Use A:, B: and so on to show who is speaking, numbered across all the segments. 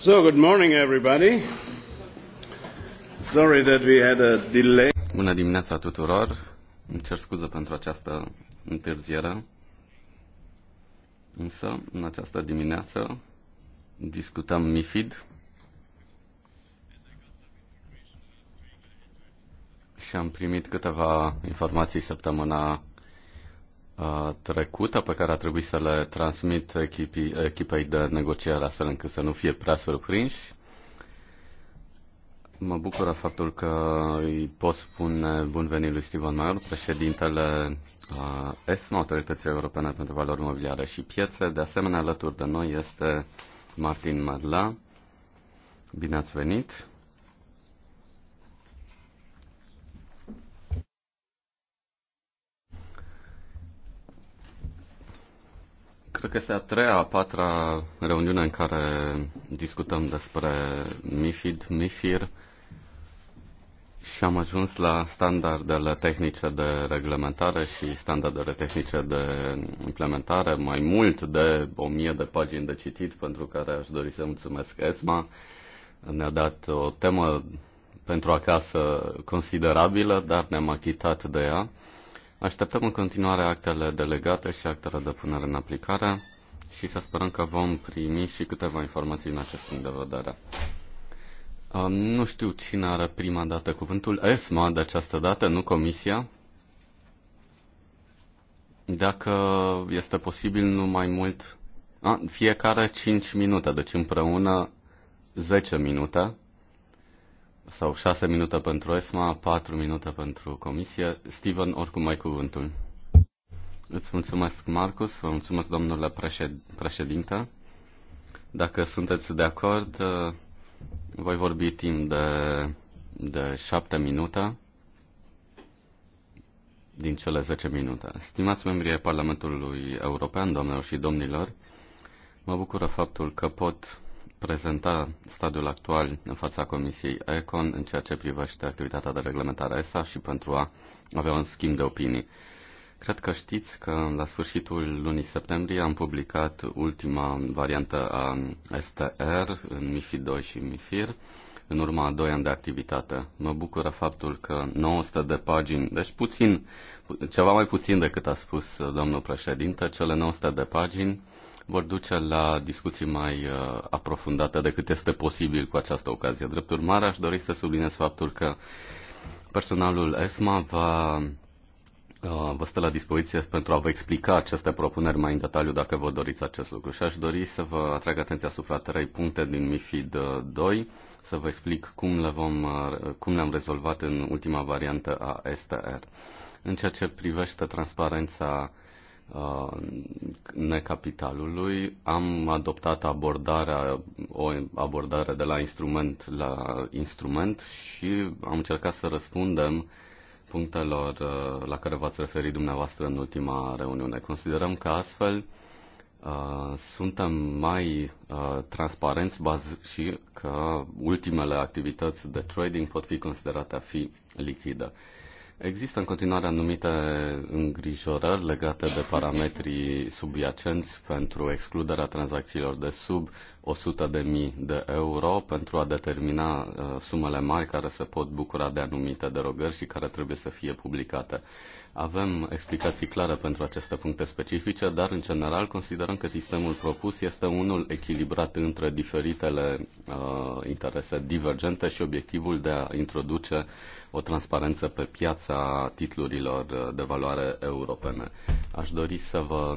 A: So, good morning everybody. Sorry that we had a delay. Bună dimineața tuturor. Îmi cer scuze pentru această întârziere. Însă, în această dimineață discutăm MIFID și am primit câteva informații săptămâna Uh, trecută pe care a trebuit să le transmit echipii, echipei de negociere astfel încât să nu fie prea surprinși. Mă bucură faptul că îi pot spune bun venit lui Steven Maior, președintele uh, ESMA, Autorității Europene pentru Valori Mobiliare și Piețe. De asemenea, alături de noi este Martin Madla. Bine ați venit! Cred că este a treia, a patra reuniune în care discutăm despre MIFID, MIFIR și am ajuns la standardele tehnice de reglementare și standardele tehnice de implementare, mai mult de o mie de pagini de citit, pentru care aș dori să mulțumesc ESMA. Ne-a dat o temă pentru acasă considerabilă, dar ne-am achitat de ea. Așteptăm în continuare actele delegate și actele de punere în aplicare și să sperăm că vom primi și câteva informații în acest punct de vedere. Nu știu cine are prima dată cuvântul. ESMA de această dată, nu Comisia. Dacă este posibil, nu mai mult. A, fiecare 5 minute, deci împreună 10 minute sau șase minute pentru ESMA, patru minute pentru Comisie. Steven, oricum mai cuvântul. Îți mulțumesc, Marcus, vă mulțumesc, domnule președ... președinte. Dacă sunteți de acord, uh, voi vorbi timp de, de șapte minute din cele 10 minute. Stimați membrii Parlamentului European, doamnelor și domnilor, mă bucură faptul că pot prezenta stadiul actual în fața Comisiei ECON în ceea ce privește activitatea de reglementare ESA și pentru a avea un schimb de opinii. Cred că știți că la sfârșitul lunii septembrie am publicat ultima variantă a STR în MIFID 2 și MIFIR în urma a doi ani de activitate. Mă bucură faptul că 900 de pagini, deci puțin, ceva mai puțin decât a spus domnul președinte, cele 900 de pagini vor duce la discuții mai uh, aprofundate decât este posibil cu această ocazie. Drept urmare, aș dori să subliniez faptul că personalul ESMA va uh, vă stă la dispoziție pentru a vă explica aceste propuneri mai în detaliu dacă vă doriți acest lucru. Și aș dori să vă atrag atenția asupra trei puncte din MIFID 2, uh, să vă explic cum, le vom, cum le-am rezolvat în ultima variantă a STR. În ceea ce privește transparența Uh, necapitalului. Am adoptat abordarea, o abordare de la instrument la instrument și am încercat să răspundem punctelor uh, la care v-ați referit dumneavoastră în ultima reuniune. Considerăm că astfel uh, suntem mai transparenți baz și că ultimele activități de trading pot fi considerate a fi lichide. Există în continuare anumite îngrijorări legate de parametrii subiacenți pentru excluderea tranzacțiilor de sub 100.000 de euro pentru a determina uh, sumele mari care se pot bucura de anumite derogări și care trebuie să fie publicate. Avem explicații clare pentru aceste puncte specifice, dar în general considerăm că sistemul propus este unul echilibrat între diferitele uh, interese divergente și obiectivul de a introduce uh, o transparență pe piața titlurilor de valoare europene. Aș dori să vă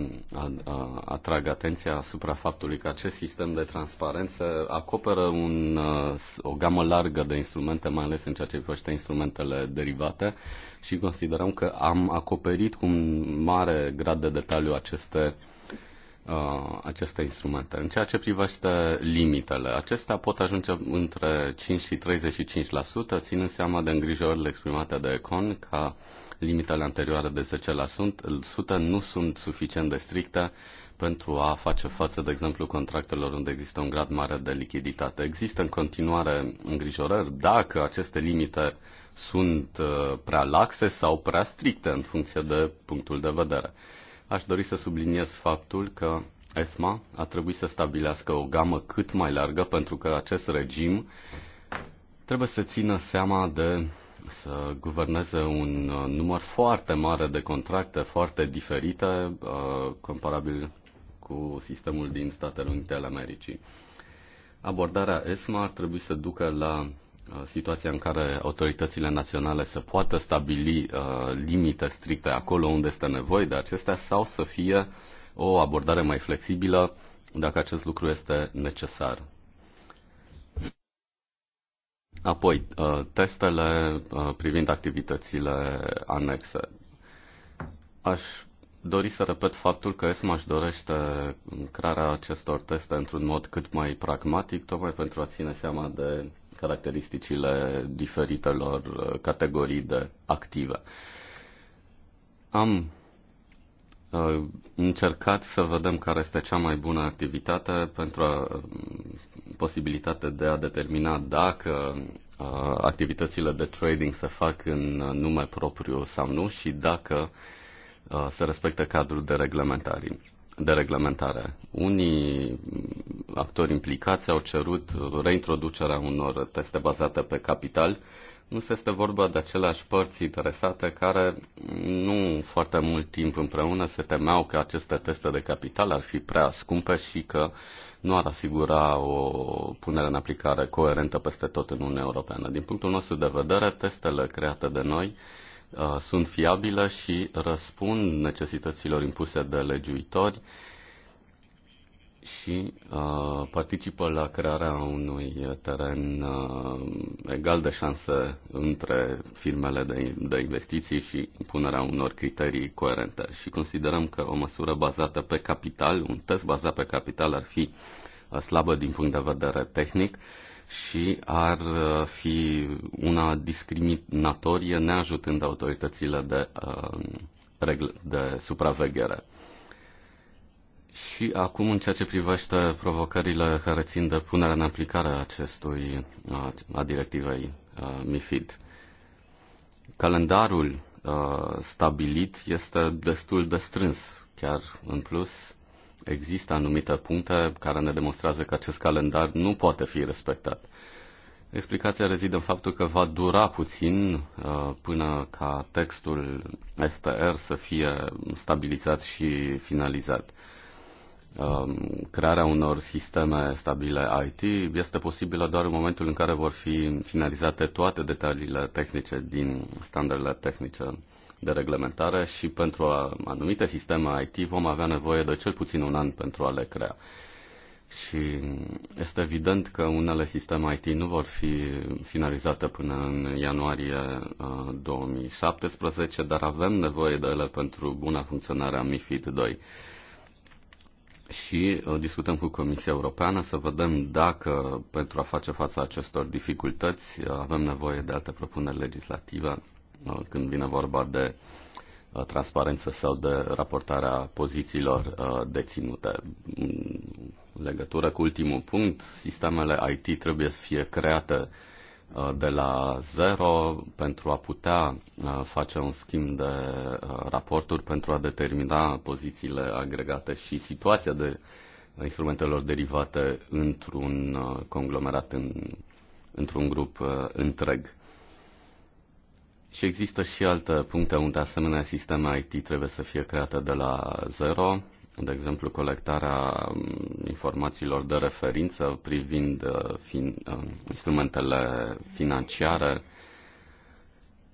A: atrag atenția asupra faptului că acest sistem de transparență acoperă un, o gamă largă de instrumente, mai ales în ceea ce privește instrumentele derivate și considerăm că am acoperit cu un mare grad de detaliu aceste uh, Uh, aceste instrumente. În ceea ce privește limitele, acestea pot ajunge între 5 și 35%, ținând seama de îngrijorările exprimate de Econ ca limitele anterioare de 10% nu sunt suficient de stricte pentru a face față, de exemplu, contractelor unde există un grad mare de lichiditate. Există în continuare îngrijorări dacă aceste limite sunt uh, prea laxe sau prea stricte în funcție de punctul de vedere. Aș dori să subliniez faptul că ESMA a trebuit să stabilească o gamă cât mai largă pentru că acest regim trebuie să țină seama de să guverneze un uh, număr foarte mare de contracte foarte diferite, uh, comparabil cu sistemul din Statele Unite ale Americii. Abordarea ESMA ar trebui să ducă la Uh, situația în care autoritățile naționale să poată stabili uh, limite stricte acolo unde este nevoie de acestea sau să fie o abordare mai flexibilă dacă acest lucru este necesar. Apoi, uh, testele privind activitățile anexe. Aș dori să repet faptul că ESMA își dorește crearea acestor teste într-un mod cât mai pragmatic, tocmai pentru a ține seama de caracteristicile diferitelor uh, categorii de active. Am uh, încercat să vedem care este cea mai bună activitate pentru a, um, posibilitate de a determina dacă uh, activitățile de trading se fac în nume propriu sau nu și dacă se respectă cadrul de reglementare de reglementare. Unii actori implicați au cerut reintroducerea unor teste bazate pe capital, Nu se este vorba de aceleași părți interesate care nu foarte mult timp împreună se temeau că aceste teste de capital ar fi prea scumpe și că nu ar asigura o punere în aplicare coerentă peste tot în Uniunea Europeană. Din punctul nostru de vedere, testele create de noi Uh, sunt fiabile și răspund necesităților impuse de legiuitori și uh, participă la crearea unui teren uh, egal de șanse între firmele de, de investiții și punerea unor criterii coerente. Și considerăm că o măsură bazată pe capital, un test bazat pe capital ar fi uh, slabă din punct de vedere tehnic, uh, și ar uh, fi una discriminatorie, neajutând autoritățile de, uh, de supraveghere. Și acum, în ceea ce privește provocările care țin de punerea în aplicare a acestui, a, uh, a directivei a, MIFID, calendarul a, stabilit este destul de strâns, chiar în plus există anumite puncte care ne demonstrează că acest calendar nu poate fi respectat. Explicația rezidă în faptul că va dura puțin uh, până ca textul STR să fie stabilizat și finalizat. Um, crearea unor sisteme stabile IT este posibilă doar în momentul în care vor fi finalizate toate detaliile tehnice din standardele tehnice de reglementare și pentru anumite sisteme IT vom avea nevoie de cel puțin un an pentru a le crea. Și este evident că unele sisteme IT nu vor fi finalizate până în ianuarie 2017, dar avem nevoie de ele pentru buna funcționare a MIFID 2. Și discutăm cu Comisia Europeană să vedem dacă, pentru a face față acestor dificultăți, avem nevoie de alte propuneri legislative Uh, când vine vorba de uh, transparență sau de raportarea pozițiilor uh, deținute. În legătură cu ultimul punct, sistemele IT trebuie să fie create de la zero pentru a putea face un schimb de raporturi, pentru a determina pozițiile agregate și situația de instrumentelor derivate într-un conglomerat, în, într-un grup întreg. Și există și alte puncte unde asemenea sisteme IT trebuie să fie create de la zero, de exemplu colectarea mm, informațiilor de referință privind uh, fin, uh, instrumentele financiare,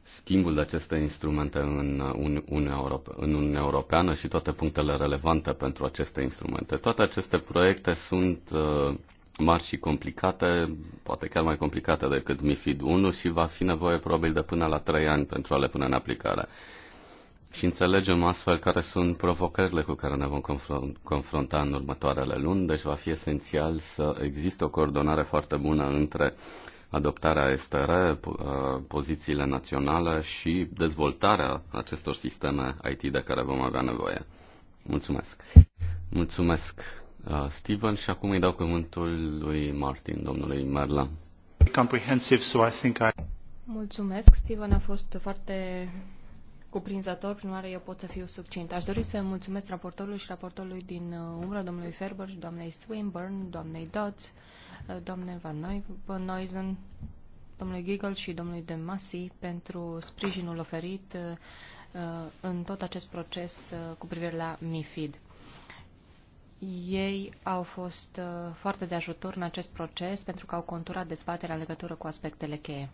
A: schimbul de aceste instrumente în uh, Uniunea, Europe- în Europeană și toate punctele relevante pentru aceste instrumente. Toate aceste proiecte sunt mari și complicate, poate chiar mai complicate decât MIFID 1 și va fi nevoie probabil de până la 3 ani pentru a le pune în aplicare. Și înțelegem astfel care sunt provocările cu care ne vom confrunta în următoarele luni, deci va fi esențial să existe o coordonare foarte bună între adoptarea STR, pozițiile naționale și dezvoltarea acestor sisteme IT de care vom avea nevoie. Mulțumesc! Mulțumesc! Uh, Steven și acum îi dau cuvântul lui Martin, domnului Marla. Comprehensive, so I think I...
B: Mulțumesc, Steven a fost foarte cuprinzător, prin urmare eu pot să fiu succint. Aș dori să mulțumesc raportorului și raportorului din uh, umbră, domnului Ferber, doamnei Swinburne, doamnei Dodds, uh, doamnei Van Noizen, domnului Giggle și domnului De Masi pentru sprijinul oferit în tot acest proces cu privire la MIFID. Ei au fost uh, foarte de ajutor în acest proces pentru că au conturat dezbaterea în legătură cu aspectele cheie.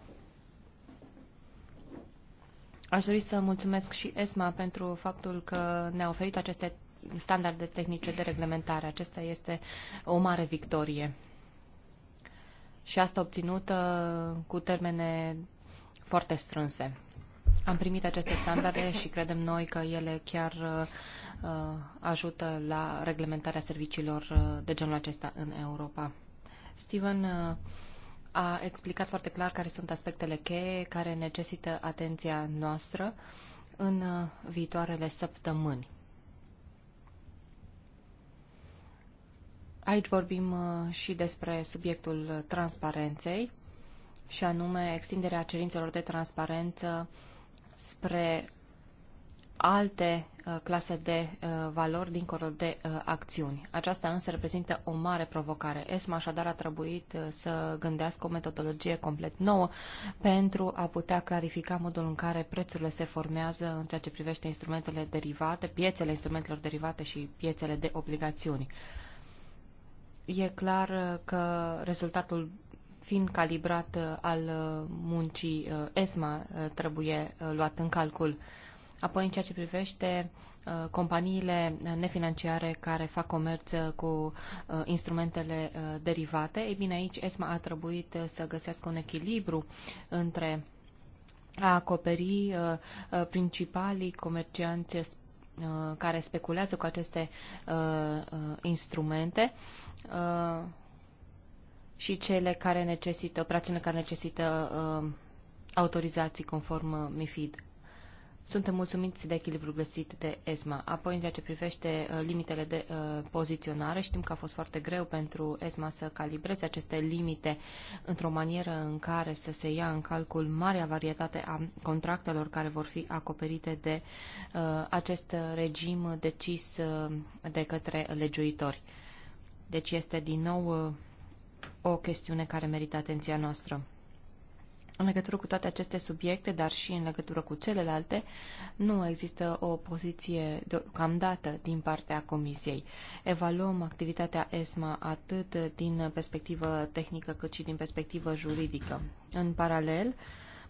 B: Aș dori să mulțumesc și ESMA pentru faptul că ne-a oferit aceste standarde tehnice de reglementare. Acesta este o mare victorie. Și asta obținută uh, cu termene foarte strânse. Am primit aceste standarde și credem noi că ele chiar uh, Uh, ajută la reglementarea serviciilor uh, de genul acesta în Europa. Steven uh, a explicat foarte clar care sunt aspectele cheie care necesită atenția noastră în viitoarele săptămâni. Aici vorbim și despre subiectul transparenței și anume extinderea cerințelor de transparență spre alte Uh, clase de uh, valori dincolo de uh, acțiuni. Aceasta însă reprezintă o mare provocare. ESMA așadar a trebuit să gândească o metodologie complet nouă pentru a putea clarifica modul în care prețurile se formează în ceea ce privește instrumentele derivate, piețele instrumentelor derivate și piețele de obligațiuni. E clar că rezultatul fiind calibrat al muncii ESMA trebuie luat în calcul. Apoi, în ceea ce privește uh, companiile uh, nefinanciare care fac comerț uh, cu instrumentele derivate, ei bine, aici ESMA a trebuit să găsească un echilibru între a acoperi principalii comercianți care speculează cu aceste instrumente și cele care necesită, operațiunile care necesită autorizații conform MIFID. Suntem mulțumiți de echilibru găsit de ESMA. Apoi, în ceea ce privește uh, limitele de uh, poziționare, știm că a fost foarte greu pentru ESMA să calibreze aceste limite într-o manieră în care să se ia în calcul marea varietate a contractelor care vor fi acoperite de uh, acest regim decis uh, de către legiuitori. Deci este din nou uh, o chestiune care merită atenția noastră. În legătură cu toate aceste subiecte, dar și în legătură cu celelalte, nu există o poziție deocamdată din partea Comisiei. Evaluăm activitatea ESMA atât din perspectivă tehnică cât și din perspectivă juridică. În paralel, uh,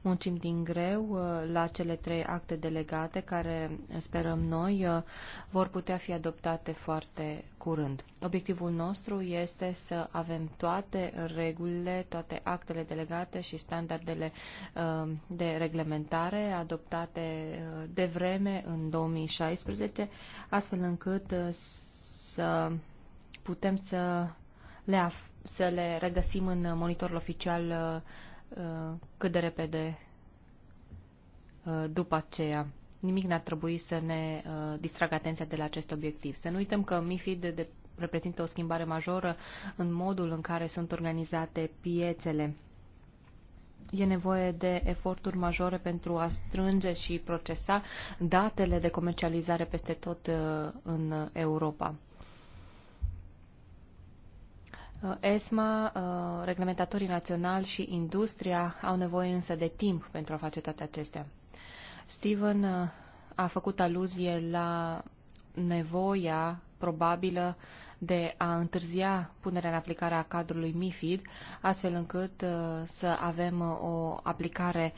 B: Muncim din greu uh, la cele trei acte delegate care, sperăm noi, uh, vor putea fi adoptate foarte curând. Obiectivul nostru este să avem toate regulile, toate actele delegate și standardele uh, de reglementare adoptate de vreme în 2016, astfel încât să putem să le, să le regăsim în monitorul oficial Uh, cât de repede uh, după aceea. Nimic n-ar trebui să ne uh, distragă atenția de la acest obiectiv. Să nu uităm că MIFID de reprezintă o schimbare majoră în modul în care sunt organizate piețele. E nevoie de eforturi majore pentru a strânge și procesa datele de comercializare peste tot în Europa. Uh, ESMA, uh, reglementatorii naționali și industria au nevoie însă de timp pentru a face toate acestea. Steven uh, a făcut aluzie la nevoia probabilă de a întârzia punerea în aplicare a cadrului MIFID, astfel încât să avem o aplicare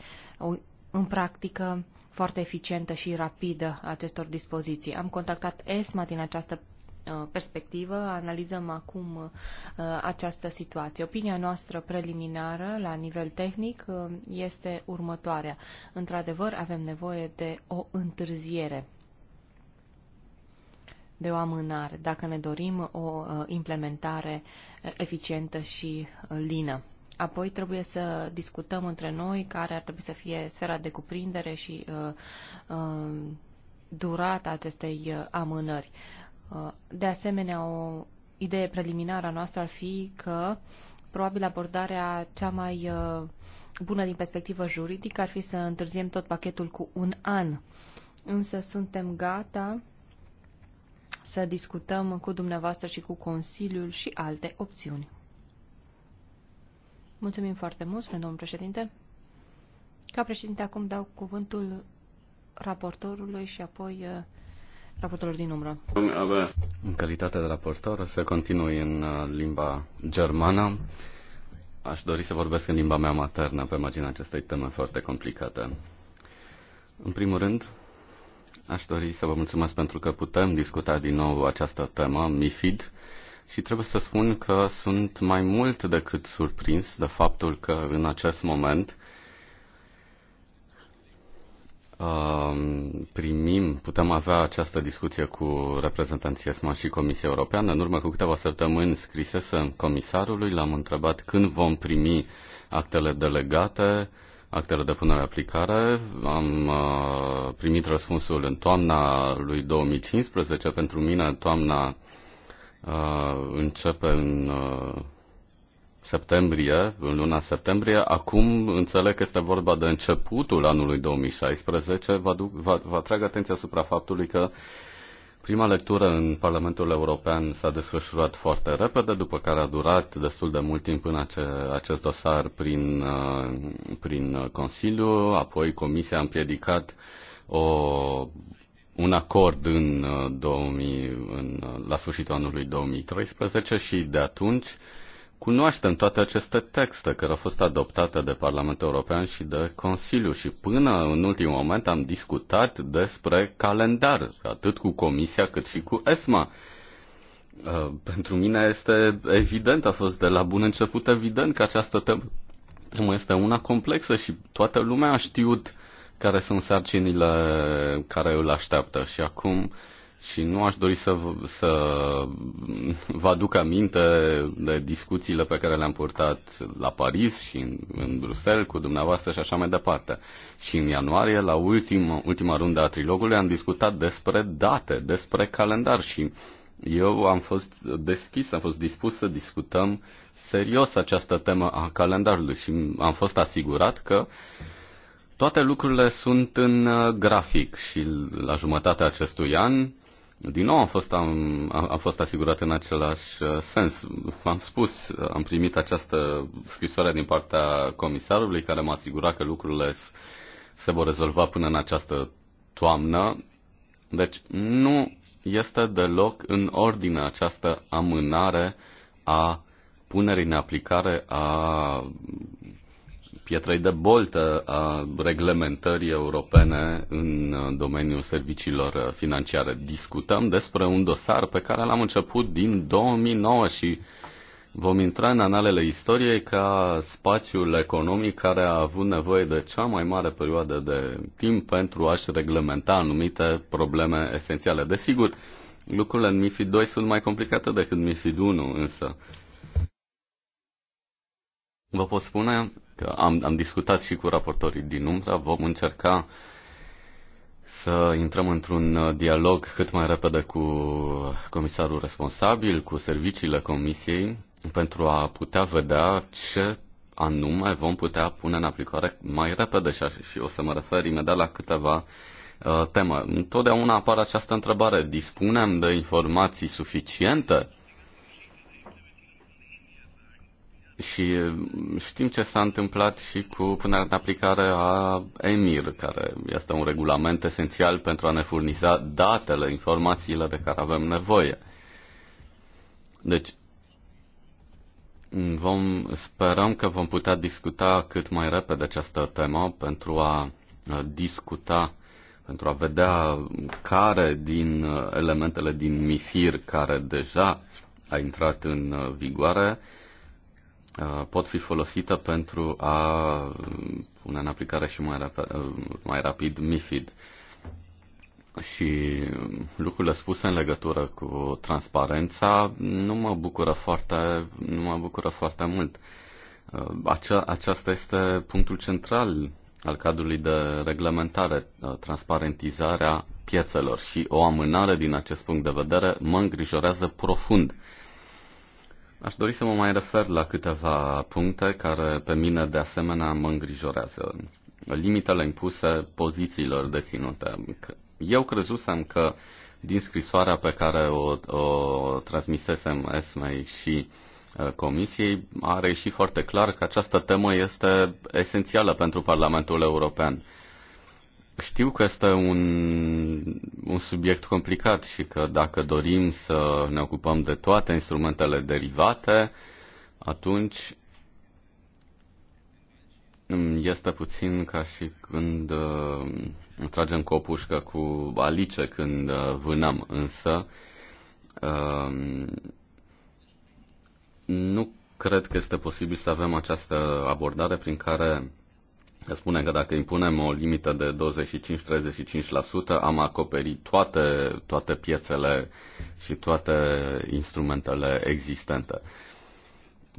B: în practică foarte eficientă și rapidă acestor dispoziții. Am contactat ESMA din această Uh, perspectivă analizăm acum uh, această situație. Opinia noastră preliminară la nivel tehnic uh, este următoarea. Într-adevăr, avem nevoie de o întârziere de o amânare, dacă ne dorim o implementare eficientă și lină. Apoi trebuie să discutăm între noi care ar trebui să fie sfera de cuprindere și uh, uh, durata acestei amânări. Uh, de asemenea, o idee preliminară a noastră ar fi că probabil abordarea cea mai uh, bună din perspectivă juridică ar fi să întârziem tot pachetul cu un an. Însă suntem gata să discutăm cu dumneavoastră și cu Consiliul și alte opțiuni. Mulțumim foarte mult, spune domnul președinte. Ca președinte, acum dau cuvântul raportorului și apoi uh, raportorul din umbră.
A: În calitate de raportor, să continui în uh, limba germană. Aș dori să vorbesc în limba mea maternă pe marginea acestei teme foarte complicate. În primul rând, aș dori să vă mulțumesc pentru că putem discuta din nou această temă, MIFID, și trebuie să spun că sunt mai mult decât surprins de faptul că în acest moment Um, primim, putem avea această discuție cu reprezentanții ESMA și Comisia Europeană. În urmă cu câteva săptămâni scrisesem comisarului, l-am întrebat când vom primi actele delegate, actele de punere aplicare. Am uh, primit răspunsul în toamna lui 2015. Pentru mine toamna uh, începe în uh, septembrie, în luna septembrie. Acum înțeleg că este vorba de începutul anului 2016. Vă, duc, vă, vă atrag atenția asupra faptului că prima lectură în Parlamentul European s-a desfășurat foarte repede, după care a durat destul de mult timp până ace, acest dosar prin, uh, prin Consiliu, apoi Comisia a împiedicat o un acord în 2000, uh, în, la sfârșitul anului 2013 și de atunci uh, Cunoaștem toate aceste texte care au fost adoptate de Parlamentul European și de Consiliu și până în ultimul moment am discutat despre calendar, atât cu Comisia cât și cu ESMA. Uh, pentru mine este evident, a fost de la bun început evident că această temă este una complexă și toată lumea a știut care sunt sarcinile care îl așteaptă și acum uh, și nu aș dori să, să vă aduc aminte de discuțiile pe care le-am purtat la Paris și în, în Bruxelles cu dumneavoastră și așa mai departe. Și în ianuarie, la ultim, ultima rundă a trilogului, am discutat despre date, despre calendar și eu am fost deschis, am fost dispus să discutăm serios această temă a calendarului și am fost asigurat că toate lucrurile sunt în uh, grafic și la jumătatea acestui an din nou am fost, am, am fost asigurat în același uh, sens. Am spus, uh, am primit această scrisoare din partea comisarului care m-a asigurat că lucrurile se vor rezolva până în această toamnă. Deci nu este deloc în ordine această amânare a punerii în aplicare a pietrei de boltă a reglementării europene în domeniul serviciilor financiare. Discutăm despre un dosar pe care l-am început din 2009 și vom intra în analele istoriei ca spațiul economic care a avut nevoie de cea mai mare perioadă de timp pentru a-și reglementa anumite probleme esențiale. Desigur, lucrurile în MIFID 2 sunt mai complicate decât MIFID 1, însă Vă pot spune că am, am discutat și cu raportorii din umbra, vom încerca să intrăm într-un uh, dialog cât mai repede cu comisarul responsabil, cu serviciile comisiei, pentru a putea vedea ce anume vom putea pune în aplicare mai repede și, și o să mă refer imediat la câteva uh, teme. Întotdeauna apare această întrebare, dispunem de informații suficiente Și mm, știm ce s-a întâmplat și cu punerea în aplicare a EMIR, care este un regulament esențial pentru a ne furniza datele, informațiile de care avem nevoie. Deci, mm, vom, sperăm că vom putea discuta cât mai repede această temă pentru a discuta, pentru a vedea care din elementele din MIFIR care deja a intrat în vigoare, Uh, pot fi folosite pentru a um, pune în aplicare și mai, rap- uh, mai rapid MIFID. Și um, lucrurile spuse în legătură cu transparența nu mă bucură foarte, nu mă bucură foarte mult. Uh, acea, aceasta este punctul central al cadrului de reglementare, transparentizarea piețelor și o amânare din acest punct de vedere mă îngrijorează profund Aș dori să mă mai refer la câteva puncte care pe mine de asemenea mă îngrijorează. Limitele impuse pozițiilor deținute. Eu crezusem că din scrisoarea pe care o, o transmisesem ESMEI și Comisiei are și foarte clar că această temă este esențială pentru Parlamentul European. Știu că este un, un subiect complicat și că dacă dorim să ne ocupăm de toate instrumentele derivate, atunci este puțin ca și când uh, tragem cu o pușcă cu alice când uh, vânăm, însă uh, nu cred că este posibil să avem această abordare prin care spune că dacă impunem o limită de 25-35%, am acoperit toate, toate piețele și toate instrumentele existente.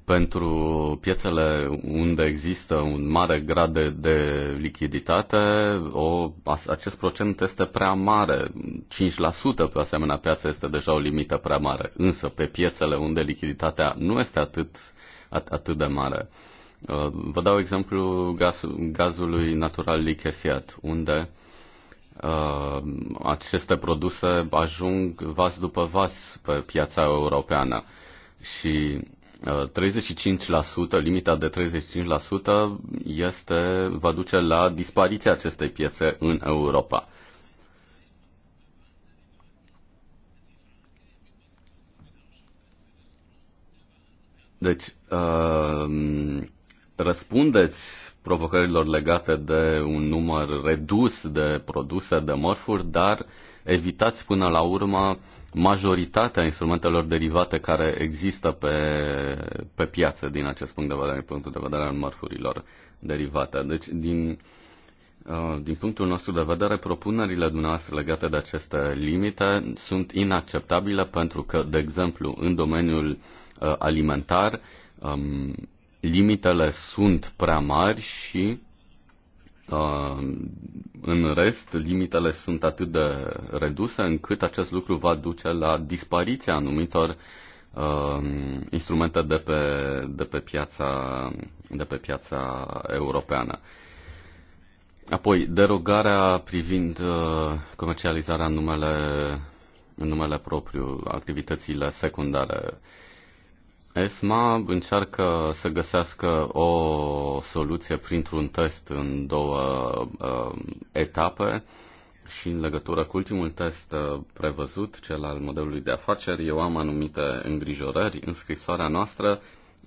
A: Pentru piețele unde există un mare grad de, de lichiditate, o, acest procent este prea mare. 5% pe asemenea piață este deja o limită prea mare. Însă pe piețele unde lichiditatea nu este atât, at, atât de mare, uh, Uh, vă dau exemplu gazului natural lichefiat, unde uh, aceste produse ajung vas după vas pe piața europeană și uh, 35%, limita de 35% este, va duce la dispariția acestei piețe în Europa. Deci, uh, răspundeți provocărilor legate de un număr redus de produse, de mărfuri, dar evitați până la urmă majoritatea instrumentelor derivate care există pe, pe piață din acest punct de vedere, din punctul de vedere al mărfurilor derivate. Deci, din, uh, din punctul nostru de vedere, propunerile dumneavoastră legate de aceste limite sunt inacceptabile pentru că, de exemplu, în domeniul uh, alimentar, um, limitele sunt prea mari și uh, în rest, limitele sunt atât de reduse încât acest lucru va duce la dispariția anumitor uh, instrumente de pe, de, pe piața, de pe piața europeană. Apoi, derogarea privind uh, comercializarea în numele, în numele propriu, activitățile secundare. Uh, ESMA încearcă să găsească o soluție printr-un test în două uh, etape și în legătură cu ultimul test uh, prevăzut, cel al modelului de afaceri, eu am anumite îngrijorări. În scrisoarea noastră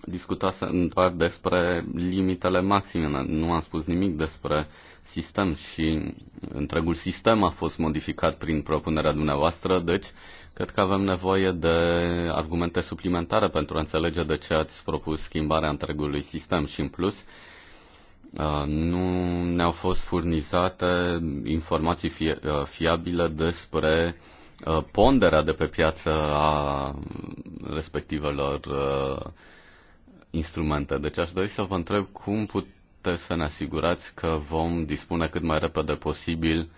A: discutase doar despre limitele maxime, nu am spus nimic despre sistem și întregul sistem a fost modificat prin propunerea dumneavoastră, deci uh, Cred că avem nevoie de argumente suplimentare pentru a înțelege de ce ați propus schimbarea întregului sistem și, în plus, uh, nu ne-au fost furnizate informații fie, uh, fiabile despre uh, ponderea de pe piață a respectivelor instrumente. Deci aș dori să vă întreb cum puteți să ne asigurați că vom dispune cât mai repede posibil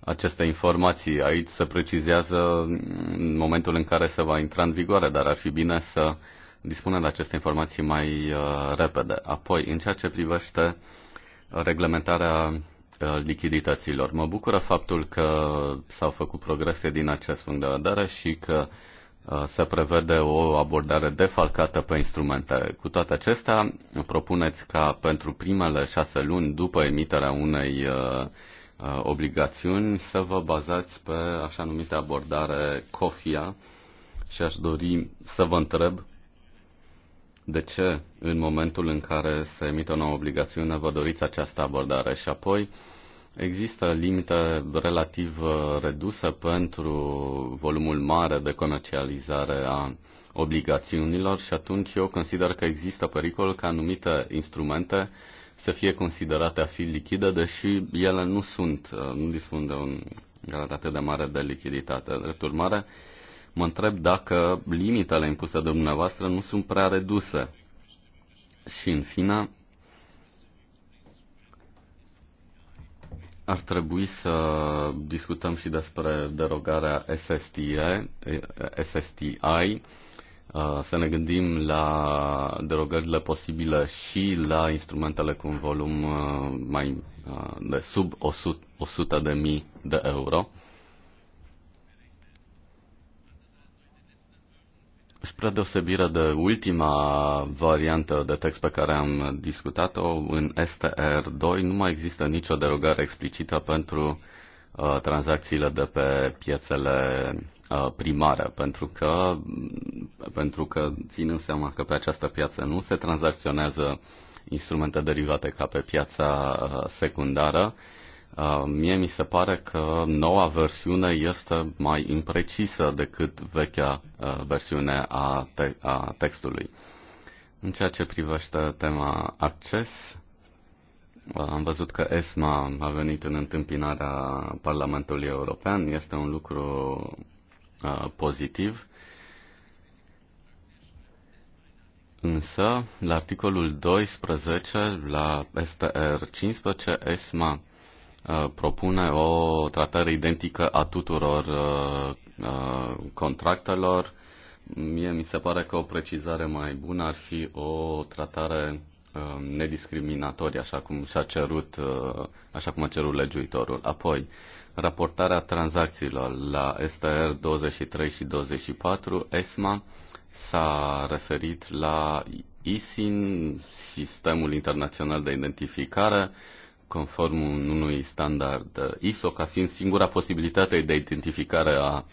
A: aceste informații. Aici se precizează momentul în care se va intra în vigoare, dar ar fi bine să dispunem de aceste informații mai uh, repede. Apoi, în ceea ce privește reglementarea uh, lichidităților. Mă bucură faptul că s-au făcut progrese din acest punct de vedere și că uh, se prevede o abordare defalcată pe instrumente. Cu toate acestea, propuneți ca pentru primele șase luni după emiterea unei uh, Uh, obligațiuni, să vă bazați pe așa numită abordare COFIA și aș dori să vă întreb de ce în momentul în care se emite o nouă obligațiune vă doriți această abordare și apoi există limite relativ uh, reduse pentru volumul mare de comercializare a obligațiunilor și atunci eu consider că există pericol ca anumite instrumente să fie considerate a fi lichide, deși ele nu sunt, uh, nu dispun de un grad atât de mare de lichiditate. Drept urmare, mă întreb dacă limitele impuse de dumneavoastră nu sunt prea reduse. Și, în fine, ar trebui să discutăm și despre derogarea SSTI, SSTI Uh, să ne gândim la derogările posibile și la instrumentele cu un volum uh, mai uh, de sub 100, 100 de mii de euro. Spre deosebire de ultima variantă de text pe care am discutat-o, în STR2 nu mai există nicio derogare explicită pentru uh, tranzacțiile de pe piețele Uh, primară, pentru că, pentru că ținând seama că pe această piață nu se tranzacționează instrumente derivate ca pe piața uh, secundară, uh, mie mi se pare că noua versiune este mai imprecisă decât vechea versiune a, te- a textului. În ceea ce privește tema acces, am văzut că ESMA a venit în întâmpinarea Parlamentului European. Este un lucru Uh, pozitiv. Însă, la articolul 12, la STR 15, ESMA uh, propune o tratare identică a tuturor uh, contractelor. Mie mi se pare că o precizare mai bună ar fi o tratare nediscriminatorie, așa cum și-a cerut, așa cum a cerut legiuitorul. Apoi, raportarea tranzacțiilor la STR 23 și 24, ESMA s-a referit la ISIN, Sistemul Internațional de Identificare, conform unui standard ISO, ca fiind singura posibilitate de identificare a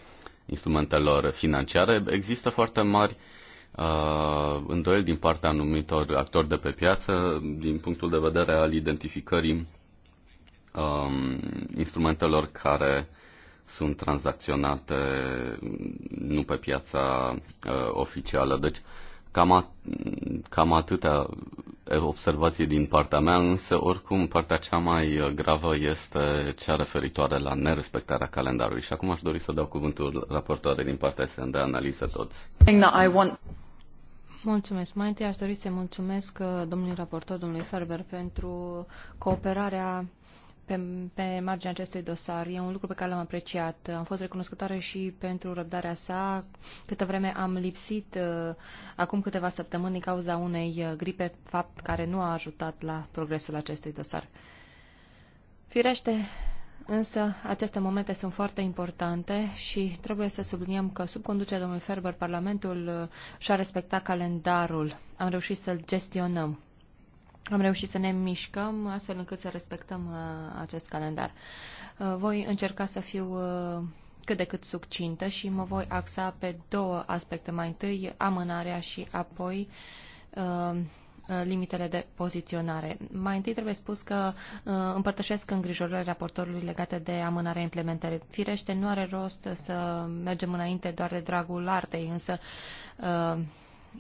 A: instrumentelor financiare. Există foarte mari uh, îndoieli din partea anumitor actori de pe piață din punctul de vedere al identificării um, instrumentelor care sunt tranzacționate nu pe piața uh, oficială. Deci cam, at- cam atâtea observații din partea mea, însă oricum partea cea mai gravă este cea referitoare la nerespectarea calendarului. Și acum aș dori să dau cuvântul raportoare din partea SND analiză Toți.
B: Mulțumesc. Mai întâi aș dori să mulțumesc uh, domnului raportor, domnului Ferber, pentru cooperarea pe, pe marginea acestui dosar. E un lucru pe care l-am apreciat. Am fost recunoscătoare și pentru răbdarea sa. Câte vreme am lipsit uh, acum câteva săptămâni din cauza unei uh, gripe, fapt care nu a ajutat la progresul acestui dosar. Firește, Însă, aceste momente sunt foarte importante și trebuie să subliniem că, sub conducerea domnului Ferber, Parlamentul uh, și-a respectat calendarul. Am reușit să-l gestionăm am reușit să ne mișcăm astfel încât să respectăm uh, acest calendar. Uh, voi încerca să fiu uh, cât de cât succintă și mă voi axa pe două aspecte. Mai întâi amânarea și apoi limitele de poziționare. Mai întâi trebuie spus că uh, împărtășesc îngrijorările raportorului legate de amânarea implementării. Firește, nu are rost să mergem înainte doar de dragul artei, însă uh,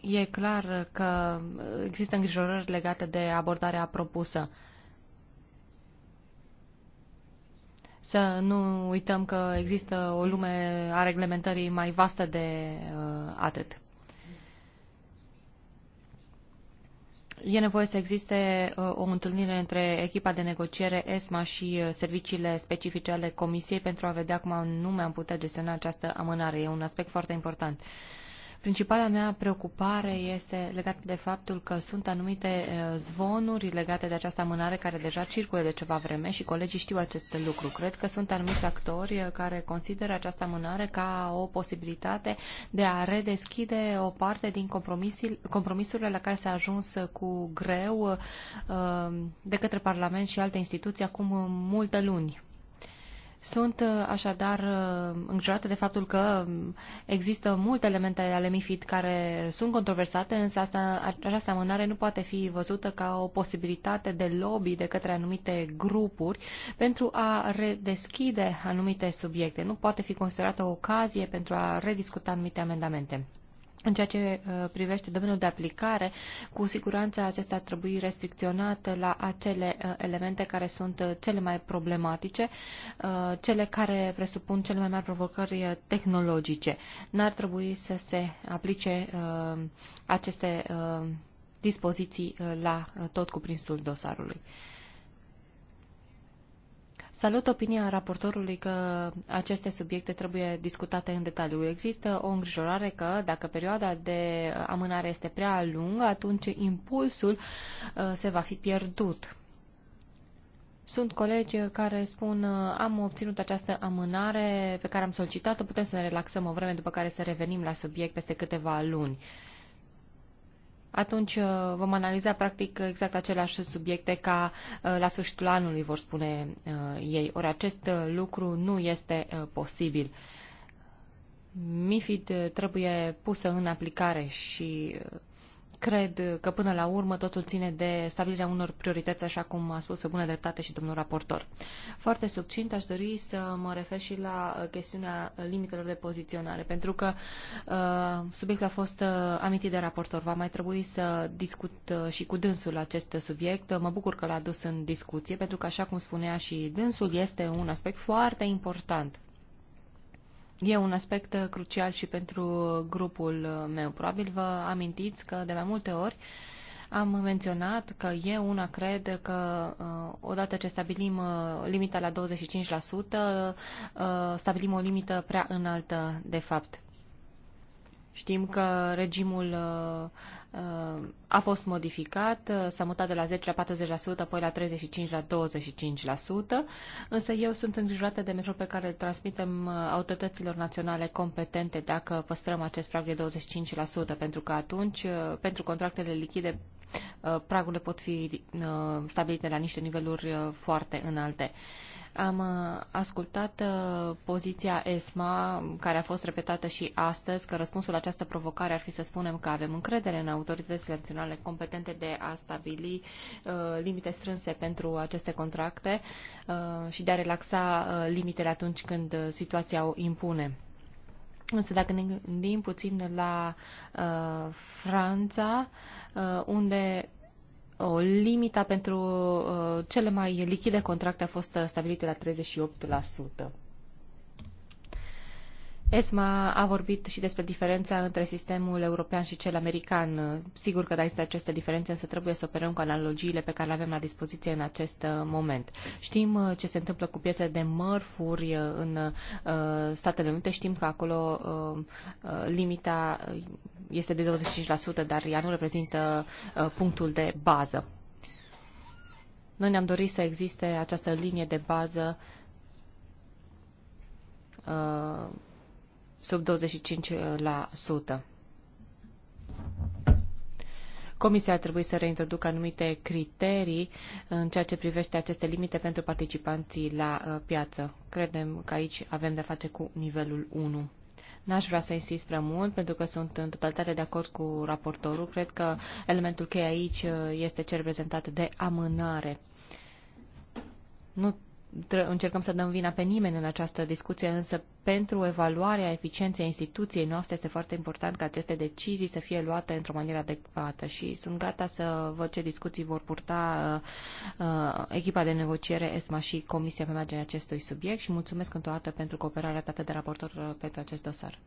B: E clar că există îngrijorări legate de abordarea propusă. Să nu uităm că există o lume a reglementării mai vastă de uh, atât. E nevoie să existe uh, o întâlnire între echipa de negociere ESMA și uh, serviciile specifice ale Comisiei pentru a vedea cum mi am putea gestiona această amânare. E un aspect foarte important. Uh, Principala mea preocupare este legată de faptul că sunt anumite zvonuri legate de această amânare care deja circulă de ceva vreme și colegii știu acest lucru. Cred că sunt anumiți actori care consideră această amânare ca o posibilitate de a redeschide o parte din compromisurile la care s-a ajuns cu greu de către Parlament și alte instituții acum multe luni. Sunt uh, așadar uh, îngrijorată de faptul că există multe elemente ale MIFID care sunt controversate, însă asta, această amânare nu poate fi văzută ca o posibilitate de lobby de către anumite grupuri pentru a redeschide anumite subiecte. Nu poate fi considerată o ocazie pentru a rediscuta anumite amendamente. În ceea ce uh, privește domeniul de aplicare, cu siguranță acesta ar trebui restricționat la acele uh, elemente care sunt uh, cele mai problematice, cele care presupun cele mai mari provocări tehnologice. N-ar trebui să se aplice aceste dispoziții la tot cuprinsul dosarului. Salut opinia raportorului că aceste subiecte trebuie discutate în detaliu. Există o îngrijorare că dacă perioada de amânare este prea lungă, atunci impulsul uh, se va fi pierdut. Sunt colegi care spun uh, am obținut această amânare pe care am solicitat-o, putem să ne relaxăm o vreme după care să revenim la subiect peste câteva luni. Uh, atunci uh, vom analiza practic exact aceleași subiecte ca uh, la sfârșitul anului, vor spune uh, ei. Ori acest lucru nu este posibil. MIFID trebuie pusă în aplicare și Cred că până la urmă totul ține de stabilirea unor priorități, așa cum a spus pe bună dreptate și domnul raportor. Foarte subțint aș dori să mă refer și la uh, chestiunea limitelor de poziționare, pentru că uh, subiectul a fost uh, amintit de raportor. Va mai trebui să discut uh, și cu dânsul acest subiect. Mă bucur că l-a dus în discuție, pentru că, așa cum spunea și dânsul, este un aspect foarte important. E un aspect uh, crucial și pentru grupul uh, meu. Probabil vă amintiți că de mai multe ori am menționat că eu una cred că uh, odată ce stabilim limita la 25%, stabilim o limită prea înaltă de fapt. Știm că regimul uh, uh, a fost modificat, uh, s-a mutat de la 10 la 40%, apoi la 35 la 25%, însă eu sunt îngrijorată de mesajul pe care îl transmitem autorităților naționale competente dacă păstrăm acest prag de 25%, pentru că atunci, pentru contractele lichide, pragurile pot fi stabilite la niște niveluri foarte înalte. Am uh, ascultat uh, poziția ESMA, care a fost repetată și astăzi, că răspunsul la această provocare ar fi să spunem că avem încredere în autoritățile naționale competente de a stabili uh, limite strânse pentru aceste contracte și de a relaxa limitele atunci când situația o impune. Însă dacă ne gândim puțin la uh, Franța, uh, unde o limita pentru uh, cele mai lichide contracte a fost stabilită la 38%. ESMA a vorbit și despre diferența între sistemul european și cel american. Sigur că da, există aceste diferențe, însă trebuie să operăm cu analogiile pe care le avem la dispoziție în acest uh, moment. Știm uh, ce se întâmplă cu piețele de mărfuri uh, în Statele Unite, știm că acolo limita este de 25%, dar ea nu reprezintă punctul de bază. Noi ne-am dorit să existe această linie de bază sub 25%. Comisia ar trebui să reintroducă anumite criterii în ceea ce privește aceste limite pentru participanții la uh, piață. Credem că aici avem de face cu nivelul 1. N-aș vrea să insist prea mult, pentru că sunt în totalitate de acord cu raportorul. Cred că elementul cheie aici uh, este cel reprezentat de amânare. Nu încercăm să dăm vina pe nimeni în această discuție, însă pentru evaluarea eficienței instituției noastre este foarte important ca aceste decizii să fie luate într-o manieră adecvată și sunt gata să văd ce discuții vor purta uh, uh, echipa de negociere ESMA și Comisia pe marginea acestui subiect și mulțumesc într o dată pentru cooperarea dată de raportor uh, pentru acest dosar.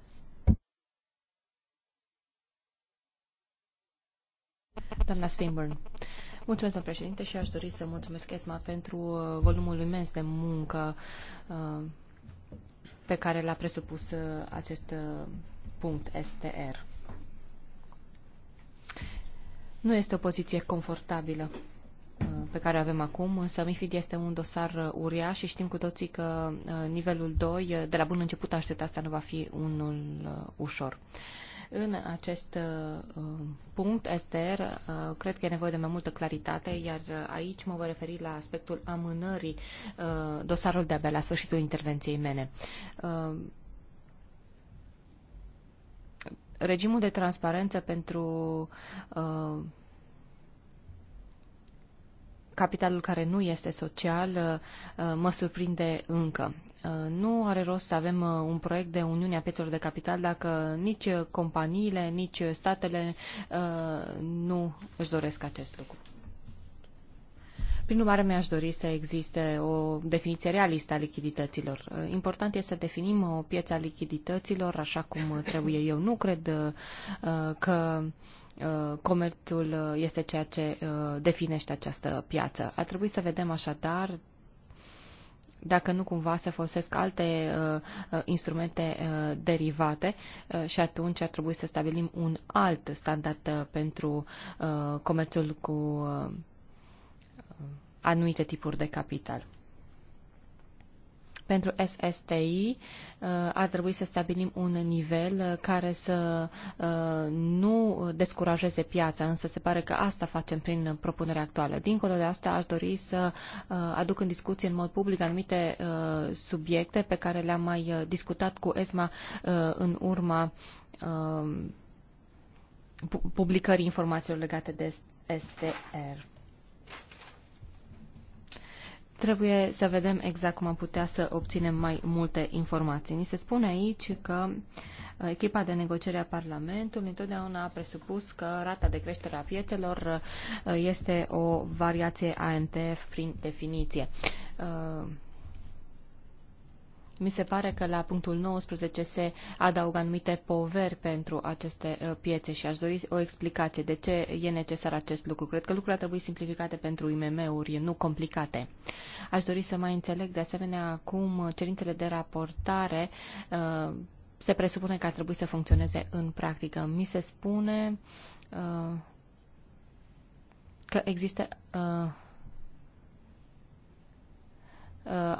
B: Doamna Swinburne. Mulțumesc, domnul președinte, și aș dori să mulțumesc ESMA pentru uh, volumul imens de muncă uh, pe care l-a presupus uh, acest punct STR. Nu este o poziție confortabilă pe care o avem acum. Samifid este un dosar uriaș și știm cu toții că nivelul 2, de la bun început aștept asta, nu va fi unul ușor. În acest uh, um, punct, Esther, uh, cred că e nevoie de mai multă claritate, iar aici mă voi referi la aspectul amânării uh, dosarul de-abia la sfârșitul intervenției mele. Regimul de transparență pentru capitalul care nu este social mă surprinde încă. Uh, nu are rost să avem uh, un proiect de Uniune a Piețelor de Capital dacă nici uh, companiile, nici statele nu își doresc acest lucru. Prin urmare, mi-aș dori să existe o definiție realistă a lichidităților. Important este să definim o piață a lichidităților așa cum trebuie. Eu nu cred că comerțul este ceea ce definește această piață. Ar trebui să vedem așadar dacă nu cumva se folosesc alte uh, uh, instrumente uh, derivate uh, și atunci ar trebui să stabilim un alt standard uh, pentru uh, comerțul cu uh, anumite tipuri de capital. Pentru SSTI uh, ar trebui să stabilim un nivel uh, care să uh, nu descurajeze piața, însă se pare că asta facem prin propunerea actuală. Dincolo de asta, aș dori să aduc în discuție în mod public anumite subiecte pe care le-am mai discutat cu ESMA în urma publicării informațiilor legate de STR. Trebuie să vedem exact cum am putea să obținem mai multe informații. Ni se spune aici că uh, echipa de negociere a Parlamentului întotdeauna a presupus că rata de creștere a piețelor uh, este o variație AMTF prin definiție. Uh, mi se pare că la punctul 19 se adaugă anumite poveri pentru aceste uh, piețe și aș dori o explicație de ce e necesar acest lucru. Cred că lucrurile ar trebui simplificate pentru IMM-uri, nu complicate. Aș dori să mai înțeleg de asemenea cum cerințele de raportare uh, se presupune că ar trebui să funcționeze în practică. Mi se spune uh, că există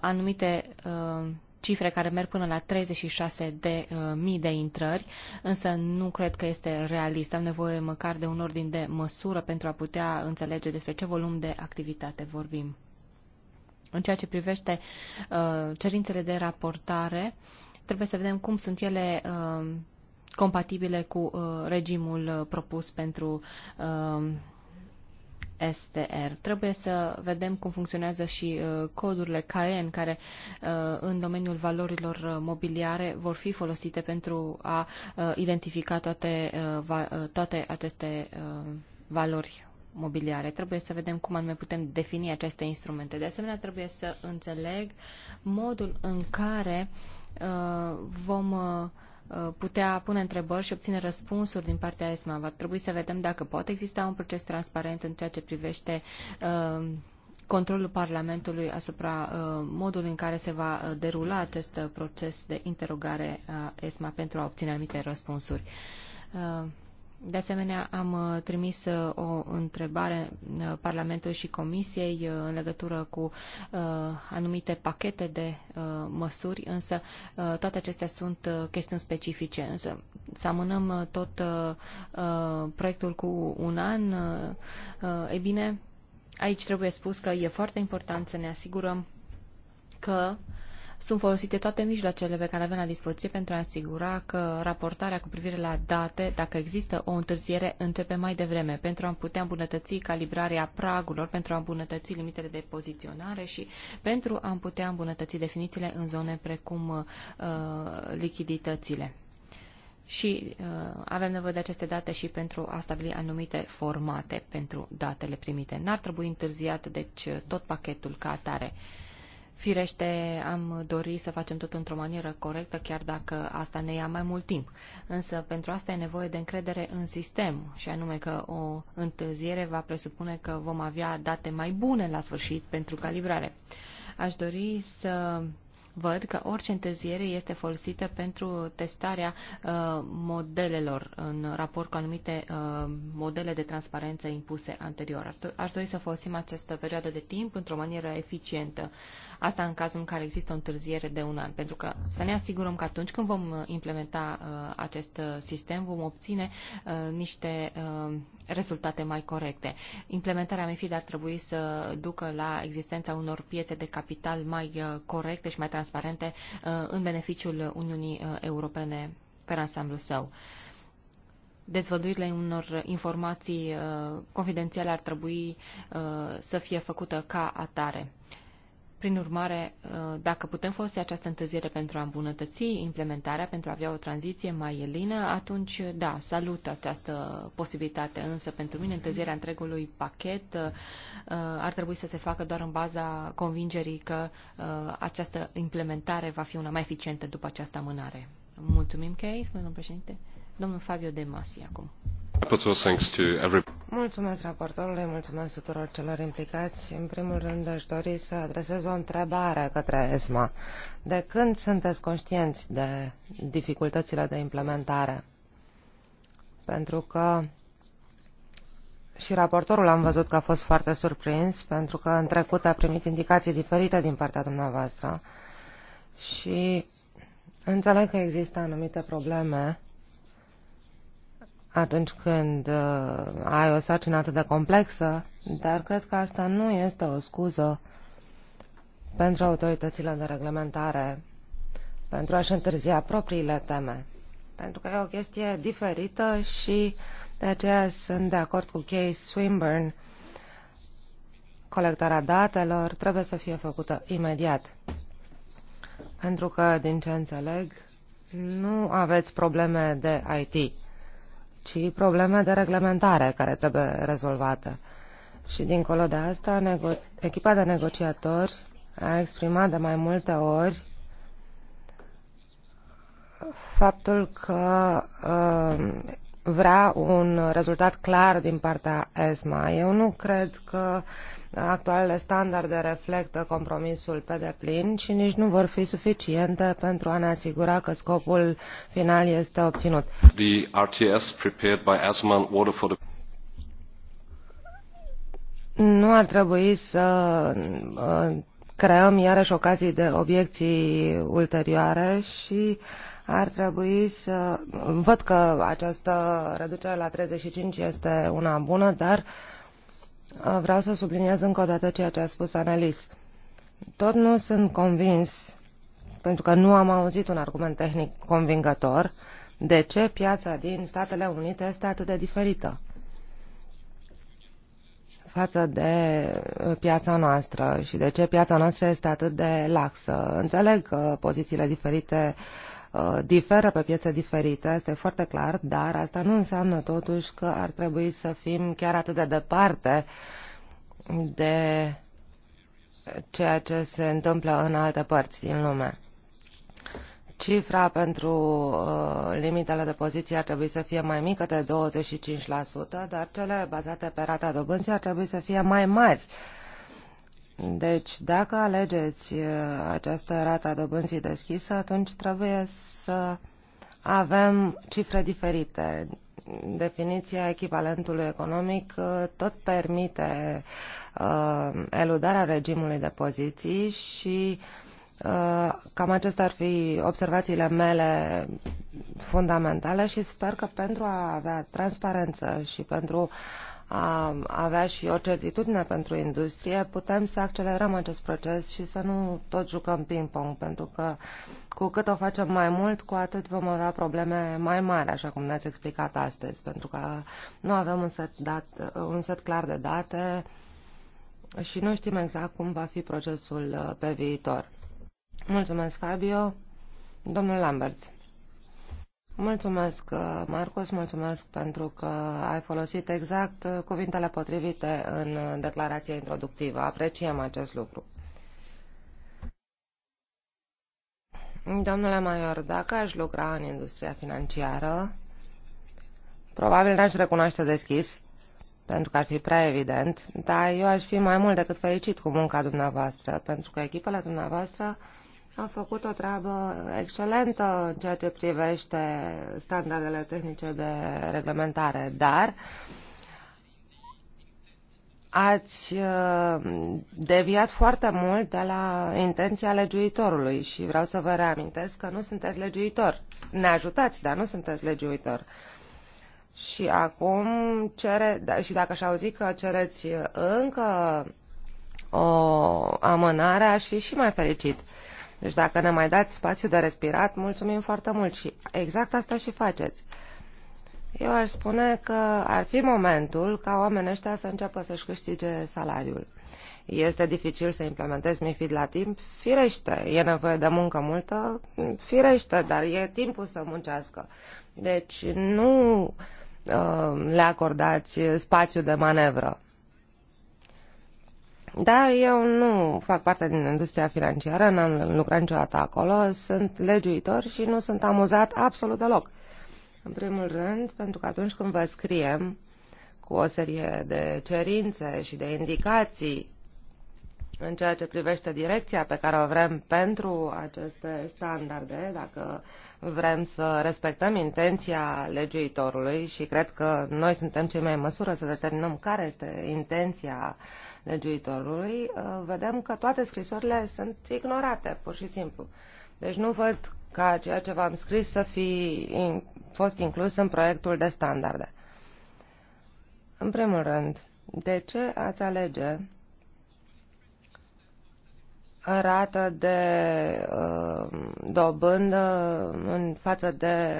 B: anumite uh, cifre care merg până la 36 de uh, mii de intrări, însă nu cred că este realist. Am nevoie măcar de un ordin de măsură pentru a putea înțelege despre ce volum de activitate vorbim. În ceea ce privește uh, cerințele de raportare, trebuie să vedem cum sunt ele uh, compatibile cu uh, regimul uh, propus pentru uh, STR. Trebuie să vedem cum funcționează și uh, codurile CAEN, care uh, în domeniul valorilor uh, mobiliare vor fi folosite pentru a identifica toate, toate aceste valori mobiliare. Trebuie să vedem cum anume putem defini aceste instrumente. De asemenea, trebuie să înțeleg modul în care vom Uh, putea pune întrebări și obține răspunsuri din partea ESMA. Va trebui să vedem dacă poate exista un proces transparent în ceea ce privește uh, controlul Parlamentului asupra uh, modului în care se va derula acest proces de interogare a ESMA pentru a obține anumite răspunsuri. De asemenea, am uh, trimis uh, o întrebare uh, Parlamentului și Comisiei în legătură cu anumite pachete de măsuri, însă toate acestea sunt chestiuni specifice. Însă să amânăm tot proiectul cu un an, e bine, aici trebuie spus că e foarte important să ne asigurăm că uh, sunt folosite toate mijloacele pe care le avem la dispoziție pentru a asigura că raportarea cu privire la date, dacă există o întârziere, începe mai devreme, pentru a putea îmbunătăți calibrarea pragurilor, pentru a îmbunătăți limitele de poziționare și pentru a putea îmbunătăți definițiile în zone precum uh, lichiditățile și uh, avem nevoie de aceste date și pentru a stabili anumite formate pentru datele primite. N-ar trebui întârziat, deci, tot pachetul ca atare. Uh, Firește, am dorit să facem tot într-o manieră corectă, chiar dacă asta ne ia mai mult timp. Însă, pentru asta e nevoie de încredere în sistem, și anume că o întârziere va presupune că vom avea date mai bune la sfârșit pentru calibrare. Aș dori să văd că orice întârziere este folosită pentru testarea uh, modelelor în raport cu anumite uh, modele de transparență impuse anterior. Aș dori să folosim această perioadă de timp într-o manieră eficientă. Uh, Asta în cazul în care există o întârziere de un an, pentru că să ne asigurăm că atunci când vom uh, implementa uh, acest uh, sistem, vom obține niște rezultate mai corecte. Implementarea MIFID ar trebui să ducă la existența unor piețe de capital mai corecte și mai transparente în beneficiul Uniunii Europene pe ansamblu său dezvăluirile unor informații uh, confidențiale ar trebui uh, să fie făcută ca atare. Prin urmare, uh, dacă putem folosi această întârziere pentru a îmbunătăți implementarea, pentru a avea o tranziție mai elină, atunci, da, salut această posibilitate. Însă, pentru mine, întârzierea întregului pachet uh, uh, ar trebui să se facă doar în baza convingerii că această implementare va fi una mai eficientă după această amânare. Mulțumim, Case, domnul președinte. Domnul Fabio De Masi, acum. Mulțumesc
C: raportorului, mulțumesc tuturor celor implicați. În primul rând aș dori să adresez o întrebare către ESMA. De când sunteți conștienți de dificultățile de implementare? Pentru că și raportorul am văzut că a fost foarte surprins, pentru că în trecut a primit indicații diferite din partea dumneavoastră și înțeleg că există anumite probleme atunci când uh, ai o sarcină atât de complexă, dar cred că asta nu este o scuză pentru autoritățile de reglementare pentru a-și întârzia propriile teme. Pentru că e o chestie diferită și de aceea sunt de acord cu Case Swinburne. Colectarea datelor trebuie să fie făcută imediat. Pentru că, din ce înțeleg, nu aveți probleme de IT ci probleme de reglementare care trebuie rezolvate. Și dincolo de asta, echipa de negociatori a exprimat de mai multe ori faptul că uh, vrea un rezultat clar din partea ESMA. Eu nu cred că uh, Actualele standarde reflectă compromisul pe deplin și nici nu vor fi suficiente pentru a ne asigura că scopul final este obținut.
A: The RTS prepared by Asman Water for the
C: nu ar trebui să uh, creăm iarăși ocazii de obiecții ulterioare și ar trebui să... Văd că această reducere la 35 este una bună, dar uh, vreau să subliniez încă o dată ceea ce a spus Annelies. Tot nu sunt convins, pentru că nu am auzit un argument tehnic convingător, de ce piața din Statele Unite este atât de diferită față de uh, piața noastră și de ce piața noastră este atât de laxă. Înțeleg că uh, pozițiile diferite uh, Uh, diferă pe piețe diferite, este foarte clar, dar asta nu înseamnă totuși că ar trebui să fim chiar atât de departe de ceea ce se întâmplă în alte părți din lume. Cifra pentru uh, limitele de poziție ar trebui să fie mai mică de 25%, dar cele bazate pe rata dobânzii ar trebui să fie mai mari, uh, deci, dacă alegeți uh, această rată a dobânzii deschisă, atunci trebuie să avem cifre diferite. Definiția echivalentului economic uh, tot permite uh, eludarea regimului de poziții și uh, cam acestea ar fi observațiile mele fundamentale și sper că pentru a avea transparență și pentru uh, a avea și o certitudine pentru industrie, putem să accelerăm acest proces și să nu tot jucăm ping-pong, pentru că cu cât o facem mai mult, cu atât vom avea probleme mai mari, așa cum ne-ați explicat astăzi, pentru că nu avem un set, dat, un set clar de date și nu știm exact cum va fi procesul uh, pe viitor. Mulțumesc, Fabio. Domnul Lamberts. Mulțumesc, uh, Marcos, mulțumesc pentru că ai folosit exact uh, cuvintele potrivite în uh, declarația introductivă. Apreciem acest lucru. Domnule Maior, dacă aș lucra în industria financiară, probabil n-aș recunoaște deschis, pentru că ar fi prea evident, dar eu aș fi mai mult decât fericit cu munca dumneavoastră, pentru că echipele dumneavoastră a făcut o treabă excelentă în ceea ce privește standardele tehnice de reglementare, dar ați uh, deviat foarte mult de la intenția legiuitorului și vreau să vă reamintesc că nu sunteți legiuitor. Ne ajutați, dar nu sunteți legiuitor. Și acum cere, da, și dacă aș auzi că cereți încă o amânare, aș fi și mai fericit. Deci dacă ne mai dați spațiu de respirat, mulțumim foarte mult și exact asta și faceți. Eu aș spune că ar fi momentul ca oamenii ăștia să înceapă să-și câștige salariul. Este dificil să implementezi MIFID la timp? Firește, e nevoie de muncă multă? Firește, dar e timpul să muncească. Deci nu uh, le acordați spațiu de manevră. Da, eu nu fac parte din industria financiară, n-am lucrat niciodată acolo, sunt legiuitor și nu sunt amuzat absolut deloc. În primul rând, pentru că atunci când vă scriem cu o serie de cerințe și de indicații în ceea ce privește direcția pe care o vrem pentru aceste standarde, dacă uh, Vrem să respectăm intenția legiuitorului și cred că noi suntem cei mai în măsură să determinăm care este intenția legiuitorului. Uh, vedem că toate scrisorile sunt ignorate, pur și simplu. Deci nu văd ca ceea ce v-am scris să fi fost inclus în proiectul de standarde. În primul rând, de ce ați alege rată de uh, dobândă în față de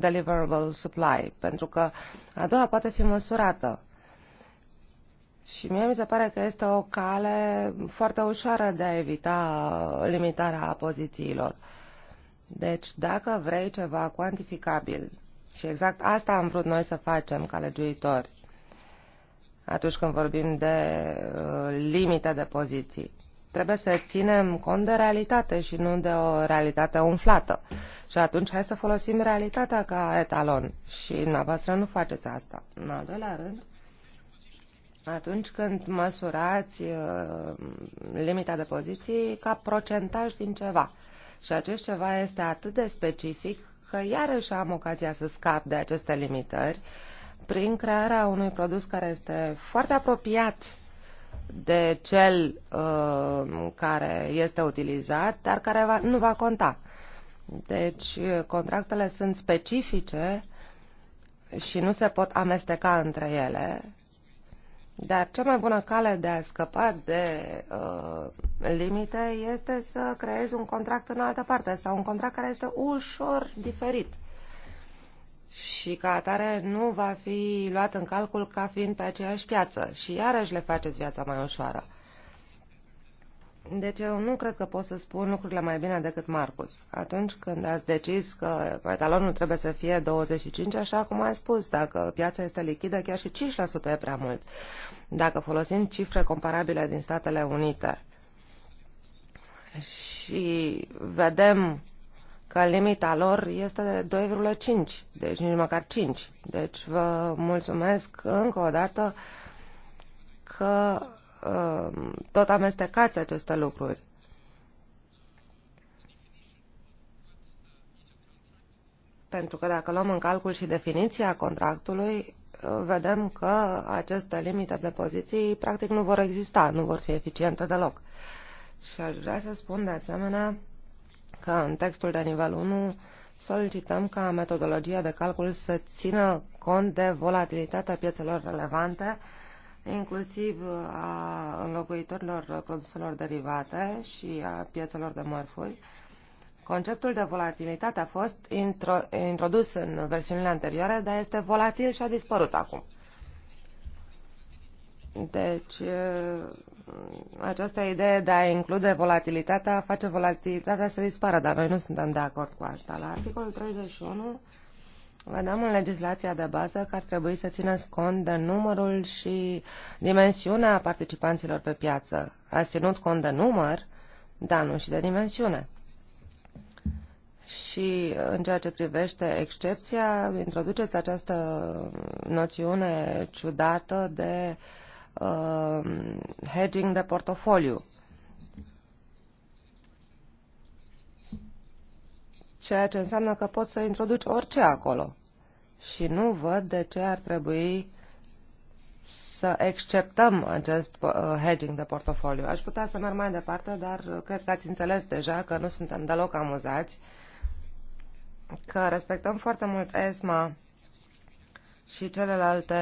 C: deliverable supply, pentru că a doua poate fi măsurată. Și mie mi se pare că este o cale foarte ușoară de a evita limitarea pozițiilor. Deci, dacă vrei ceva cuantificabil, și exact asta am vrut noi să facem ca legiuitori, atunci când vorbim de uh, limite de poziții, Trebuie să ținem cont de realitate și nu de o realitate umflată. Și atunci hai să folosim realitatea ca etalon. Și dumneavoastră nu faceți asta. În al doilea rând, atunci când măsurați uh, limita de poziții ca procentaj din ceva. Și acest ceva este atât de specific că iarăși am ocazia să scap de aceste limitări prin crearea unui produs care este foarte apropiat de cel uh, care este utilizat, dar care va, nu va conta. Deci uh, contractele sunt specifice și nu se pot amesteca între ele, dar cea mai bună cale de a scăpa de uh, limite este să creezi un contract în altă parte sau un contract care este ușor diferit. Uh, și ca atare nu va fi luat în calcul ca fiind pe aceeași piață și iarăși le faceți viața mai ușoară. Deci eu nu cred că pot să spun lucrurile mai bine decât Marcus. Atunci când ați decis că etalonul trebuie să fie 25, așa cum ai spus, dacă piața este lichidă, chiar și 5% e prea mult. Dacă folosim cifre comparabile din Statele Unite și vedem că limita lor este de 2,5, deci nici măcar 5. Deci vă mulțumesc încă o dată că uh, tot amestecați aceste lucruri. Pentru că dacă luăm în calcul și definiția contractului, vedem că aceste limite de poziții practic nu vor exista, nu vor fi eficiente deloc. Și aș vrea să spun de asemenea că în textul de nivel 1 solicităm ca metodologia de calcul să țină cont de volatilitatea piețelor relevante, inclusiv a înlocuitorilor produselor derivate și a piețelor de mărfuri. Conceptul de volatilitate a fost introdus în versiunile anterioare, dar este volatil și a dispărut acum. Deci, această idee de a include volatilitatea face volatilitatea să dispară, dar noi nu suntem de acord cu asta. La articolul 31 vedem în legislația de bază că ar trebui să țineți cont de numărul și dimensiunea participanților pe piață. A ținut cont de număr, dar nu și de dimensiune. Și în ceea ce privește excepția, introduceți această noțiune ciudată de uh, uh, hedging de portofoliu. Ceea ce înseamnă că poți să introduci orice acolo. Și nu văd de ce ar trebui să exceptăm acest uh, hedging de portofoliu. Aș putea să merg mai departe, dar cred că ați înțeles deja că nu suntem deloc amuzați, că respectăm foarte mult ESMA și celelalte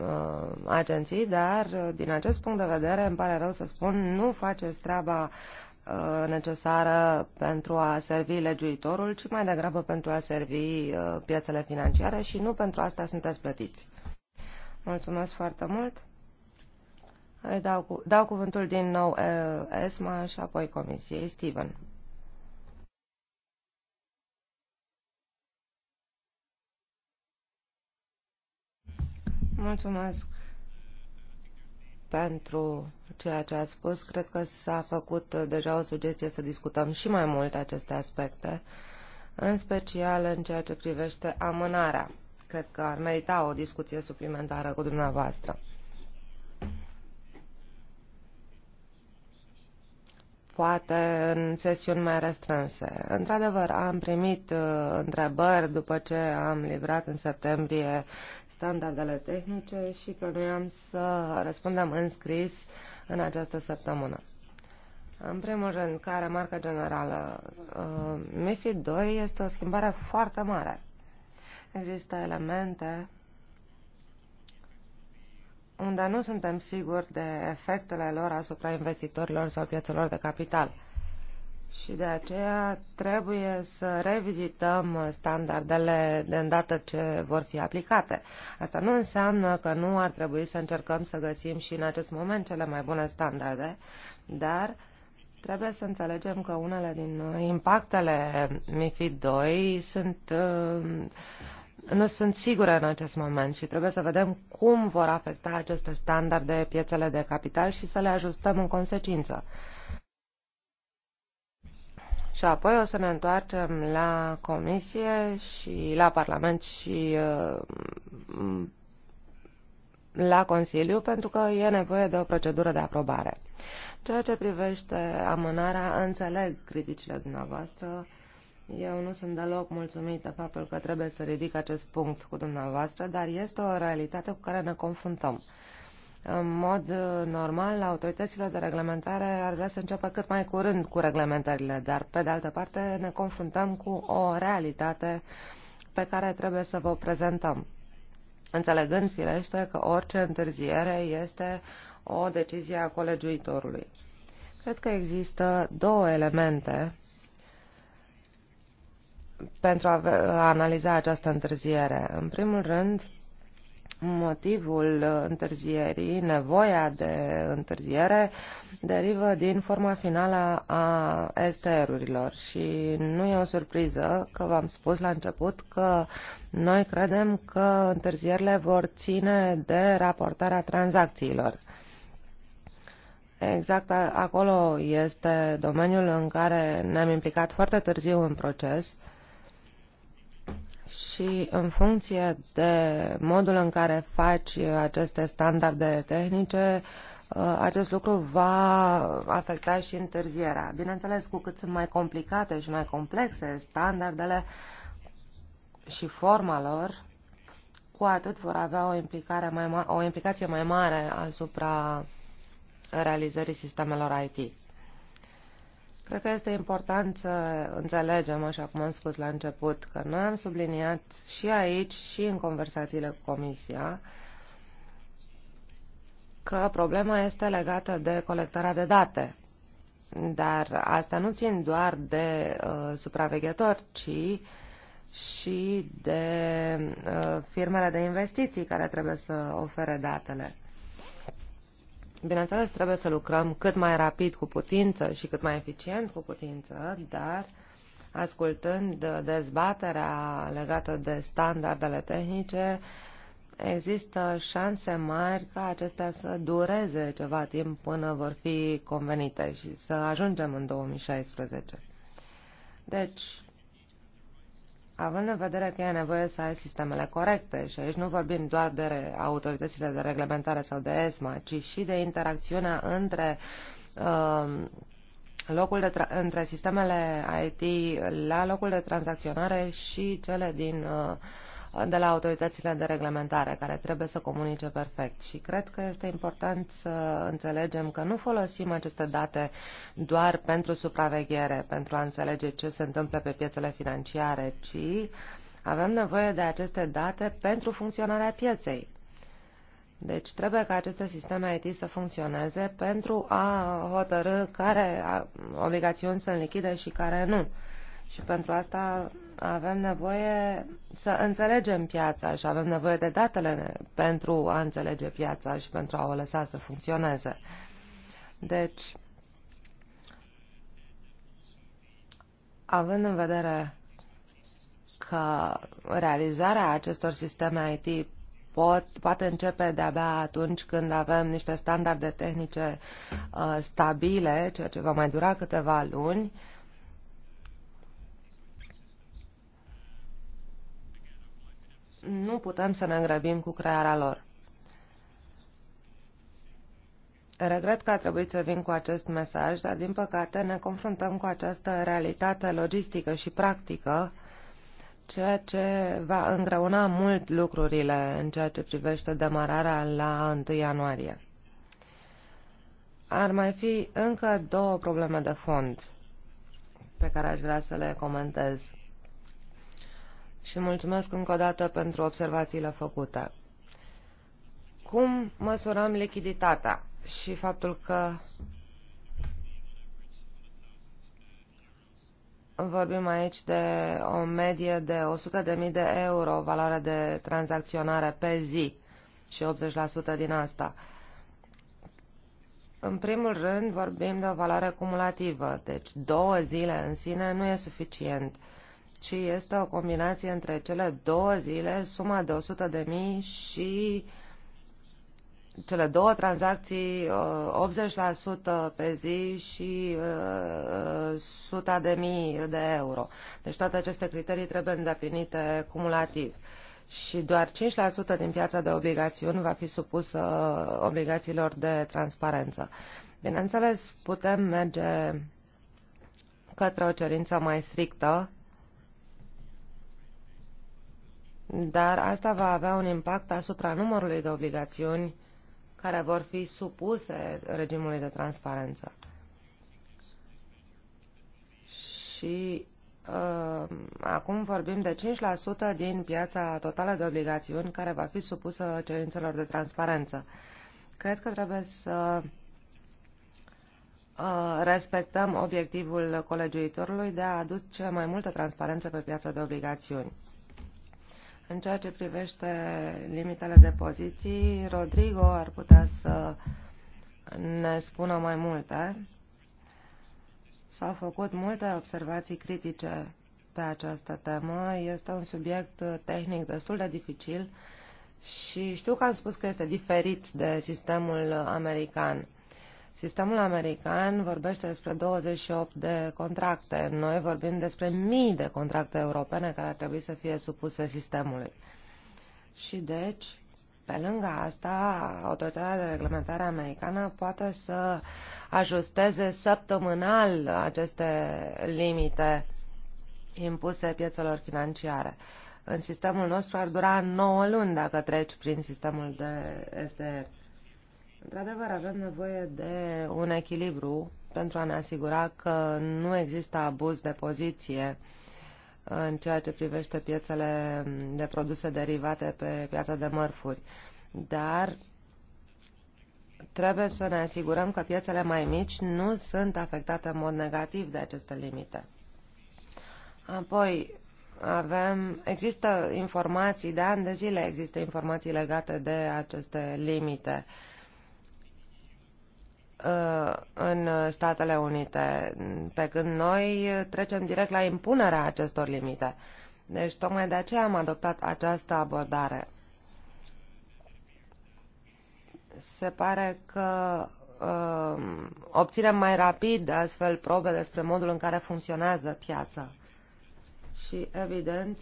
C: uh, agenții, dar uh, din acest punct de vedere, îmi pare rău să spun, nu faceți treaba uh, necesară pentru a servi legiuitorul, ci mai degrabă pentru a servi uh, piețele financiare și nu pentru asta sunteți plătiți. Mulțumesc foarte mult. Îi dau, cu, dau cuvântul din nou ESMA și apoi Comisiei. Steven. Mulțumesc pentru ceea ce ați spus. Cred că s-a făcut deja o sugestie să discutăm și mai mult aceste aspecte, în special în ceea ce privește amânarea. Cred că ar merita o discuție suplimentară cu dumneavoastră. poate în sesiuni mai restrânse. Într-adevăr, am primit uh, întrebări după ce am livrat în septembrie standardele tehnice și plănuiam să răspundem în scris în această săptămână. În primul rând, ca remarcă generală, uh, MIFID 2 este o schimbare foarte mare. Există elemente unde nu suntem siguri de efectele lor asupra investitorilor sau piețelor de capital. Și de aceea trebuie să revizităm standardele de îndată ce vor fi aplicate. Asta nu înseamnă că nu ar trebui să încercăm să găsim și în acest moment cele mai bune standarde, dar trebuie să înțelegem că unele din impactele MIFID 2 sunt, uh, nu sunt sigure în acest moment și trebuie să vedem cum vor afecta aceste standarde piețele de capital și să le ajustăm în consecință. Și apoi o să ne întoarcem la Comisie și la Parlament și uh, la Consiliu, pentru că e nevoie de o procedură de aprobare. Ceea ce privește amânarea, înțeleg criticile dumneavoastră. Eu nu sunt deloc mulțumită faptul că trebuie să ridic acest punct cu dumneavoastră, dar este o realitate cu care ne confruntăm. În mod uh, normal, autoritățile de reglementare ar vrea să înceapă cât mai curând cu reglementările, dar pe de altă parte ne confruntăm cu o realitate pe care trebuie să vă prezentăm. Înțelegând firește că orice întârziere este o decizie a colegiuitorului. Cred că există două elemente pentru a analiza această întârziere. În primul rând, motivul întârzierii, nevoia de întârziere, derivă din forma finală a STR-urilor și nu e o surpriză că v-am spus la început că noi credem că întârzierile vor ține de raportarea tranzacțiilor. Exact acolo este domeniul în care ne-am implicat foarte târziu în proces și în funcție de modul în care faci aceste standarde tehnice, uh, acest lucru va afecta și întârzierea. Bineînțeles, cu cât sunt mai complicate și mai complexe standardele și forma lor, cu atât vor avea o, implicare mai ma- o implicație mai mare asupra realizării sistemelor IT. Cred că este important să înțelegem, așa cum am spus la început, că noi am subliniat și aici și în conversațiile cu Comisia că problema este legată de colectarea de date. Dar asta nu țin doar de uh, supraveghetori, ci și de uh, firmele de investiții care trebuie să ofere datele. Bineînțeles, trebuie să lucrăm cât mai rapid cu putință și cât mai eficient cu putință, dar ascultând dezbaterea legată de standardele tehnice, există șanse mari ca acestea să dureze ceva timp până vor fi convenite și să ajungem în 2016. Deci, Având în vedere că e nevoie să ai sistemele corecte și aici nu vorbim doar de autoritățile de reglementare sau de ESMA, ci și de interacțiunea între uh, locul de între sistemele IT la locul de tranzacționare și cele din uh, de la autoritățile de reglementare, care trebuie să comunice perfect. Și cred că este important să înțelegem că nu folosim aceste date doar pentru supraveghere, pentru a înțelege ce se întâmplă pe piețele financiare, ci avem nevoie de aceste date pentru funcționarea pieței. Deci trebuie ca aceste sisteme IT să funcționeze pentru a hotărâ care obligațiuni sunt lichide și care nu. Și pentru asta avem nevoie să înțelegem piața și avem nevoie de datele pentru a înțelege piața și pentru a o lăsa să funcționeze. Deci, având în vedere că realizarea acestor sisteme IT pot, poate începe de-abia atunci când avem niște standarde tehnice uh, stabile, ceea ce va mai dura câteva luni, uh, nu putem să ne îngrăbim cu crearea lor. Regret că a trebuit să vin cu acest mesaj, dar din păcate ne confruntăm cu această realitate logistică și practică, ceea ce va îngreuna mult lucrurile în ceea ce privește demararea la 1 ianuarie. Ar mai fi încă două probleme de fond pe care aș vrea să le comentez și mulțumesc încă o dată pentru observațiile făcute. Cum măsurăm lichiditatea și faptul că vorbim aici de o medie de 100.000 de euro valoare de tranzacționare pe zi și 80% din asta. În primul rând vorbim de o valoare cumulativă, deci două zile în sine nu e suficient. Uh, ci este o combinație între cele două zile, suma de 100.000 și cele două tranzacții, 80% uh, pe zi și 100 uh, de mii de euro. Deci toate aceste criterii trebuie îndeplinite cumulativ. Și doar 5% din piața de obligațiuni va fi supusă obligațiilor de transparență. Bineînțeles, putem merge către o cerință mai strictă, dar asta va avea un impact asupra numărului de obligațiuni care vor fi supuse regimului de transparență. Și uh, acum vorbim de 5% din piața totală de obligațiuni care va fi supusă cerințelor de transparență. Cred că trebuie să uh, respectăm obiectivul colegiuitorului de a aduce mai multă transparență pe piața de obligațiuni. În ceea ce privește limitele de poziții, Rodrigo ar putea să ne spună mai multe. S-au făcut multe observații critice pe această temă. Este un subiect tehnic destul de dificil și știu că am spus că este diferit de sistemul american. Sistemul american vorbește despre 28 de contracte. Noi vorbim despre mii de contracte europene care ar trebui să fie supuse sistemului. Și deci, pe lângă asta, autoritatea de reglementare americană poate să ajusteze săptămânal aceste limite impuse piețelor financiare. În sistemul nostru ar dura 9 luni dacă treci prin sistemul de SDR. Într-adevăr, avem nevoie de un echilibru pentru a ne asigura că nu există abuz de poziție în ceea ce privește piețele de produse derivate pe piața de mărfuri. Dar trebuie să ne asigurăm că piețele mai mici nu sunt afectate în mod negativ de aceste limite. Apoi, avem, există informații, de ani de zile există informații legate de aceste limite. Uh, Uh, în Statele Unite, pe când noi trecem direct la impunerea acestor limite. Deci tocmai de aceea am adoptat această abordare. Se pare că uh, obținem mai rapid astfel probe despre modul în care funcționează piața. Și evident,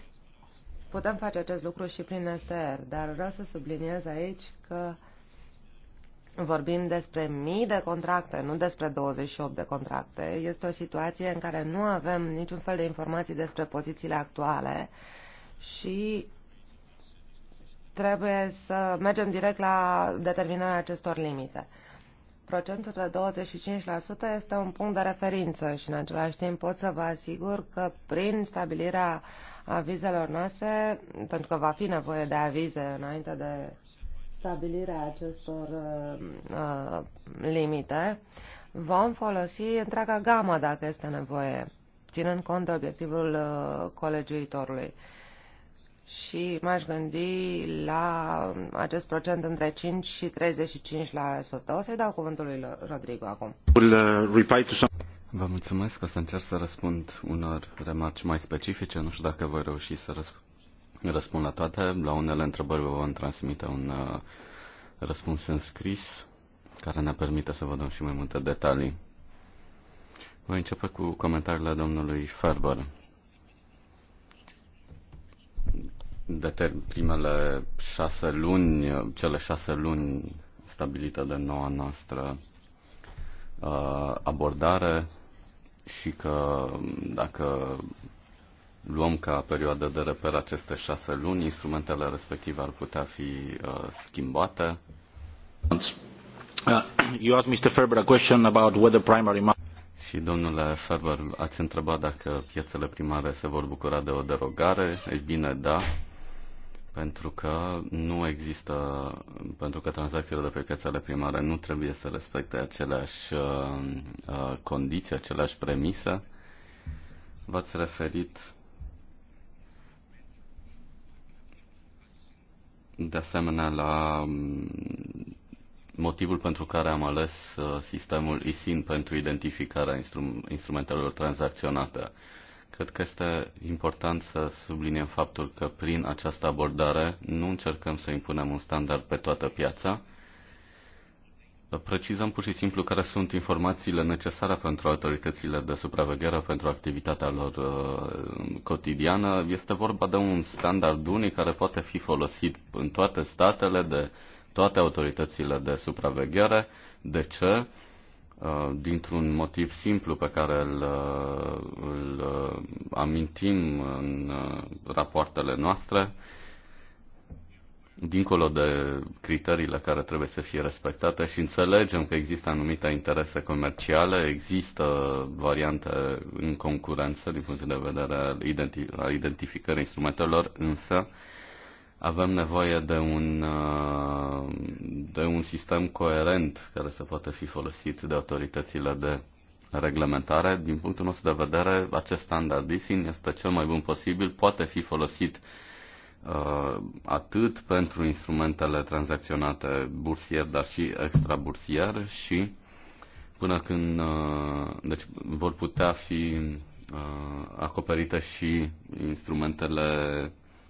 C: putem face acest lucru și prin STR, dar vreau să subliniez aici că uh, Vorbim despre mii de contracte, nu despre 28 de contracte. Este o situație în care nu avem niciun fel de informații despre pozițiile actuale și trebuie să mergem direct la determinarea acestor limite. Procentul de 25% este un punct de referință și în același timp pot să vă asigur că prin stabilirea avizelor noastre, pentru că va fi nevoie de avize înainte de stabilirea acestor uh, uh, limite, vom folosi întreaga gamă dacă este nevoie, ținând cont de obiectivul uh, colegiuitorului. Și m-aș gândi la acest procent între 5 și 35%. la O să-i dau cuvântul lui Rodrigo acum.
A: Uh, Vă mulțumesc, o să încerc să răspund unor remarci mai specifice. Nu știu dacă voi reuși să răspund răspund la toate. La unele întrebări vă vom transmite un uh, răspuns în scris care ne permite să vă dăm și mai multe detalii. Voi începe cu comentariile domnului Ferber. De primele șase luni, cele șase luni stabilite de noua noastră uh, abordare și că dacă luăm ca perioadă de reper aceste șase luni, instrumentele respective ar putea fi uh, schimbate. Uh, you asked Mr. Ferber a question about whether primary market... Și domnule Ferber, ați întrebat dacă piețele primare se vor bucura de o derogare? Ei bine, da, pentru că nu există, pentru că tranzacțiile de pe piețele primare nu trebuie să respecte aceleași uh, uh condiții, aceleași premise. V-ați referit de asemenea la mm, motivul pentru care am ales uh, sistemul ISIN pentru identificarea instrum- instrumentelor tranzacționate. Cred că este important să subliniem faptul că prin această abordare nu încercăm să impunem un standard pe toată piața, precizăm pur și simplu care sunt informațiile necesare pentru autoritățile de supraveghere pentru activitatea lor uh, cotidiană. Este vorba de un standard unic care poate fi folosit în toate statele, de toate autoritățile de supraveghere. De ce? Uh, dintr-un motiv simplu pe care îl, uh, îl amintim în rapoartele noastre, dincolo de criteriile care trebuie să fie respectate și înțelegem că există anumite interese comerciale, există variante în concurență din punctul de vedere al, identi- al identificării instrumentelor, însă avem nevoie de un, uh, de un sistem coerent care să poată fi folosit de autoritățile de reglementare. Din punctul nostru de vedere, acest standard DISIN este cel mai bun posibil, poate fi folosit uh, Uh, atât pentru instrumentele tranzacționate bursier, dar și extrabursier și până când uh, deci vor putea fi uh, acoperite și instrumentele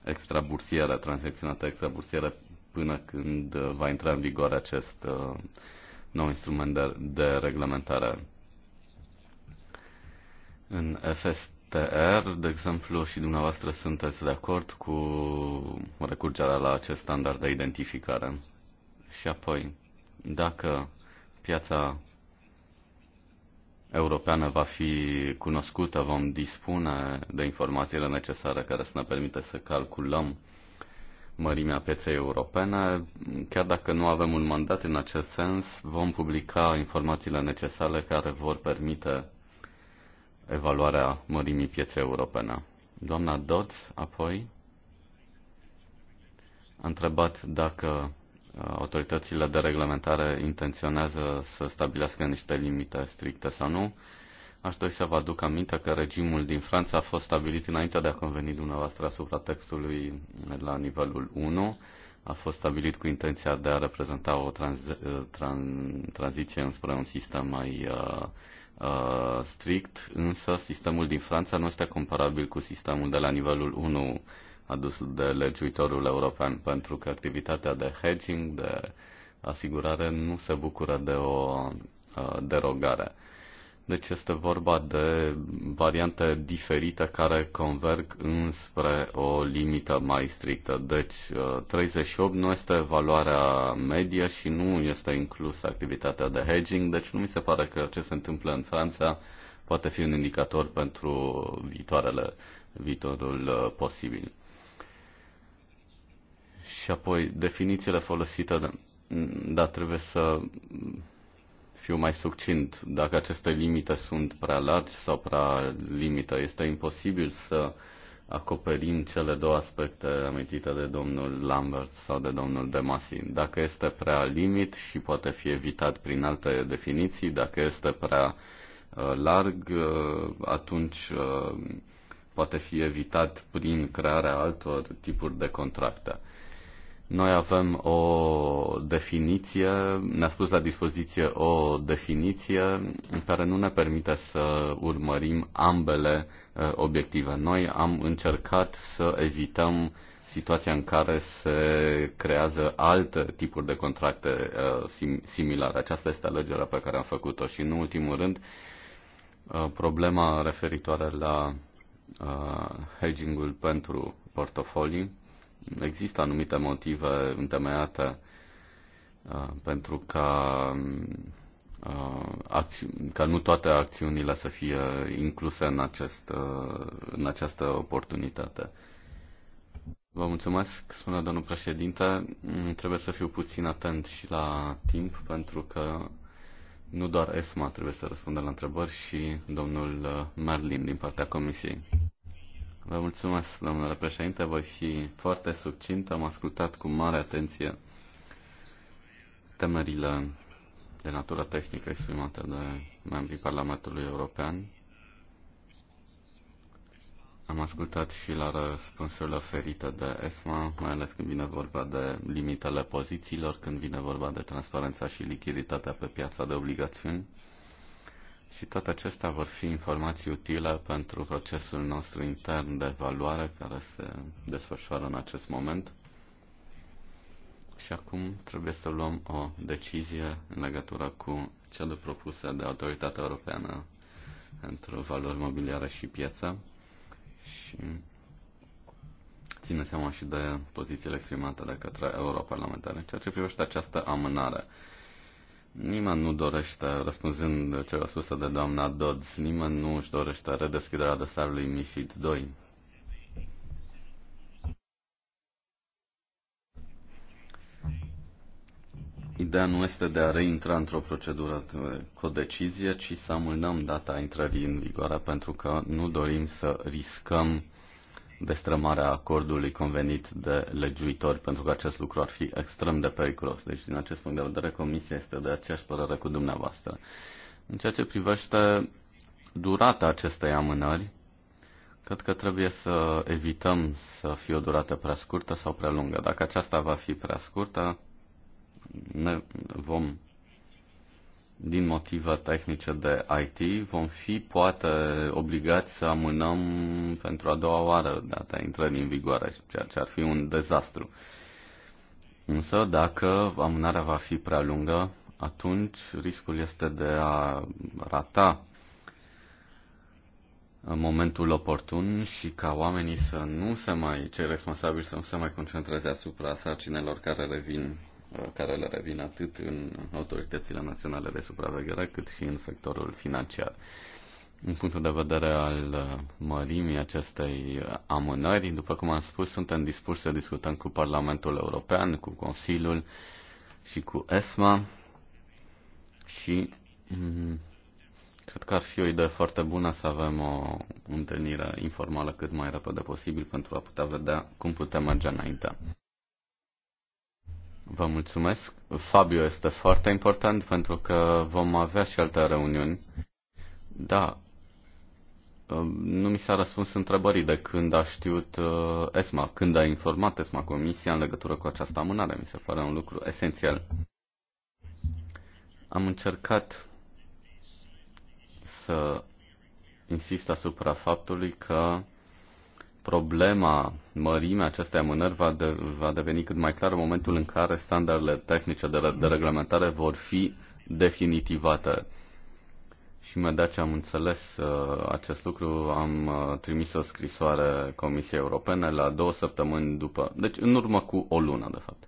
A: extrabursiere, tranzacționate extrabursiere până când va intra în vigoare acest nou instrument de, de reglementare. În FST TR, de exemplu, și dumneavoastră sunteți de acord cu recurgerea la acest standard de identificare. Și apoi, dacă piața europeană va fi cunoscută, vom dispune de informațiile necesare care să ne permite să calculăm mărimea pieței europene. Chiar dacă nu avem un mandat în acest sens, vom publica informațiile necesare care vor permite evaluarea mărimii pieței europene. Doamna Dodds, apoi, a întrebat dacă uh, autoritățile de reglementare intenționează să stabilească niște limite stricte sau nu. Aș dori să vă aduc aminte că regimul din Franța a fost stabilit înainte de a conveni dumneavoastră asupra textului la nivelul 1. A fost stabilit cu intenția de a reprezenta o tranz- uh, tran- tranziție înspre un sistem mai uh, uh, strict, însă sistemul din Franța nu este comparabil cu sistemul de la nivelul 1 adus de legiuitorul european, pentru că activitatea de hedging, de asigurare, nu se bucură de o uh, derogare. Deci este vorba de variante diferite care converg înspre o limită mai strictă. Deci 38 uh, nu este valoarea medie și nu este inclusă activitatea de hedging, deci nu mi se pare că ce se întâmplă în Franța poate fi un indicator pentru viitoarele, viitorul uh, posibil. Și apoi definițiile folosite, dar trebuie să fiu mai succint. Dacă aceste limite sunt prea largi sau prea limită, este imposibil să acoperim cele două aspecte amintite de domnul Lambert sau de domnul Demasi. Dacă este prea limit și poate fi evitat prin alte definiții, dacă este prea uh, larg, uh, atunci uh, poate fi evitat prin crearea altor tipuri de contracte. Noi avem o definiție, ne-a spus la dispoziție o definiție care nu ne permite să urmărim ambele eh, obiective. Noi am încercat să evităm situația în care se creează alte tipuri de contracte eh, similare. Aceasta este alegerea pe care am făcut-o și, în ultimul rând, eh, problema referitoare la hedging-ul pentru portofolii există anumite motive întemeiate uh, pentru ca, uh, ca nu toate acțiunile să fie incluse în, acest, uh, în această oportunitate. Vă mulțumesc, spune domnul președinte. Mm, trebuie să fiu puțin atent și la timp, pentru că nu doar ESMA trebuie să răspundă la întrebări și domnul Merlin din partea comisiei. Vă mulțumesc, domnule președinte, voi fi foarte succint. Am ascultat cu mare atenție temerile de natură tehnică exprimate de membrii Parlamentului European. Am ascultat și la răspunsurile oferite de ESMA, mai ales când vine vorba de limitele pozițiilor, când vine vorba de transparența și lichiditatea pe piața de obligațiuni. Și toate acestea vor fi informații utile pentru procesul nostru intern de evaluare care se desfășoară în acest moment. Și acum trebuie să luăm o decizie în legătură cu cele propuse de Autoritatea Europeană pentru valori mobiliare și piață și ține seama și de pozițiile exprimate de către europarlamentare. Ceea ce privește această amânare, Nimeni nu dorește, răspunzând a spuse de doamna Dodds, nimeni nu își dorește redeschiderea dosarului MIFID 2. Ideea nu este de a reintra într-o procedură cu o decizie, ci să amânăm data intrării în vigoare, pentru că nu dorim să riscăm destrămarea acordului convenit de legiuitori, pentru că acest lucru ar fi extrem de periculos. Deci, din acest punct de vedere, Comisia este de aceeași părere cu dumneavoastră. În ceea ce privește durata acestei amânări, cred că trebuie să evităm să fie o durată prea scurtă sau prea lungă. Dacă aceasta va fi prea scurtă, ne vom din motive tehnice de IT, vom fi poate obligați să amânăm pentru a doua oară data intrării în vigoare, ceea ce ar fi un dezastru. Însă, dacă amânarea va fi prea lungă, atunci riscul este de a rata momentul oportun și ca oamenii să nu se mai, cei responsabili să nu se mai concentreze asupra sarcinelor care revin care le revin atât în autoritățile naționale de supraveghere, cât și în sectorul financiar. În punctul de vedere al uh, mărimii acestei amânări, după cum am spus, suntem dispuși să discutăm cu Parlamentul European, cu Consiliul și cu ESMA și mm, cred că ar fi o idee foarte bună să avem o întâlnire informală cât mai repede posibil pentru a putea vedea cum putem merge înainte. Vă mulțumesc. Fabio este foarte important pentru că vom avea și alte reuniuni. Da. Nu mi s-a răspuns întrebării de când a știut uh, ESMA, când a informat ESMA Comisia în legătură cu această amânare. Mi se pare un lucru esențial. Am încercat să insist asupra faptului că problema mărimea acestei amânări va, de, va deveni cât mai clar în momentul în care standardele tehnice de, de reglementare vor fi definitivate. Și imediat ce am înțeles uh, acest lucru, am uh, trimis o scrisoare Comisiei Europene la două săptămâni după, deci în urmă cu o lună, de fapt.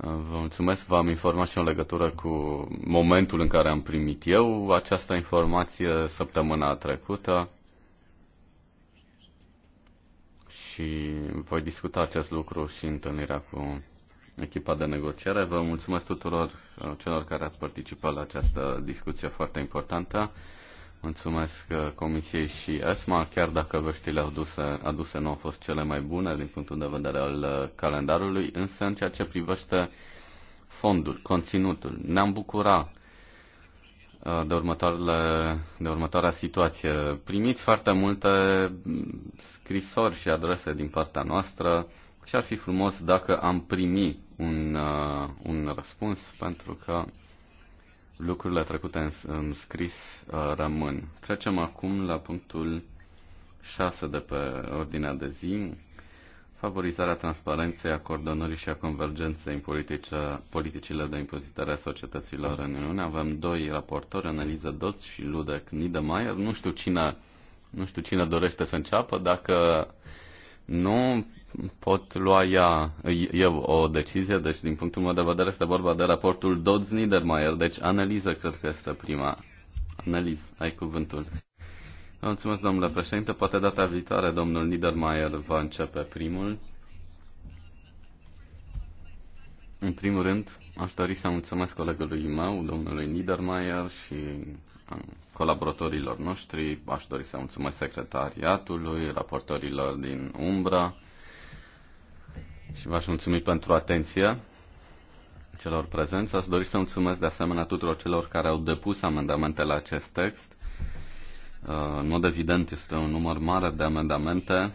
A: Vă mulțumesc, v-am informat și în legătură cu momentul în care am primit eu această informație săptămâna trecută și voi discuta acest lucru și întâlnirea cu echipa de negociere. Vă mulțumesc tuturor uh, celor care ați participat la această discuție foarte importantă. Mulțumesc uh, Comisiei și ESMA, chiar dacă veștile aduse, aduse nu au fost cele mai bune din punctul de vedere al uh, calendarului, însă în ceea ce privește fondul, conținutul, ne-am bucurat uh, de, următoarele, de următoarea situație. Primiți foarte multe mm, scrisori și adrese din partea noastră și ar fi frumos dacă am primi un, un răspuns, pentru că lucrurile trecute în, în scris uh, rămân. Trecem acum la punctul 6 de pe ordinea de zi, favorizarea transparenței, a coordonării și a convergenței în politice, politicile de impozitare a societăților în Uniune. Avem doi raportori, Analiza Doț și Ludec Niedemeyer. Nu știu cine, nu știu cine dorește să înceapă, dacă nu, pot lua ea, eu o decizie, deci din punctul meu de vedere este vorba de raportul Dodds-Niedermayer, deci analiză cred că este prima. Analiz, ai cuvântul. Mulțumesc, domnule președinte. Poate data viitoare domnul Niedermayer va începe primul. În primul rând, aș dori să mulțumesc colegului meu, domnului Niedermayer și um, colaboratorilor noștri. Aș dori să mulțumesc secretariatului, raportorilor din Umbra, și v-aș mulțumi pentru atenție celor prezenți. Aș dori să mulțumesc de asemenea tuturor celor care au depus amendamente la acest text. Uh, în mod evident este un număr mare de amendamente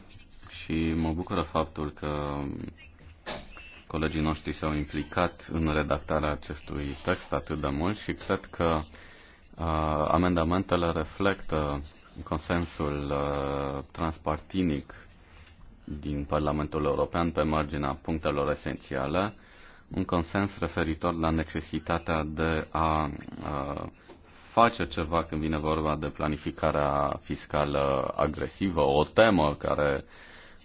A: și mă bucură faptul că colegii noștri s-au implicat în redactarea acestui text atât de mult și cred că uh, amendamentele reflectă consensul uh, transpartinic din Parlamentul European pe marginea punctelor esențiale, un consens referitor la necesitatea de a, a face ceva când vine vorba de planificarea fiscală agresivă, o temă care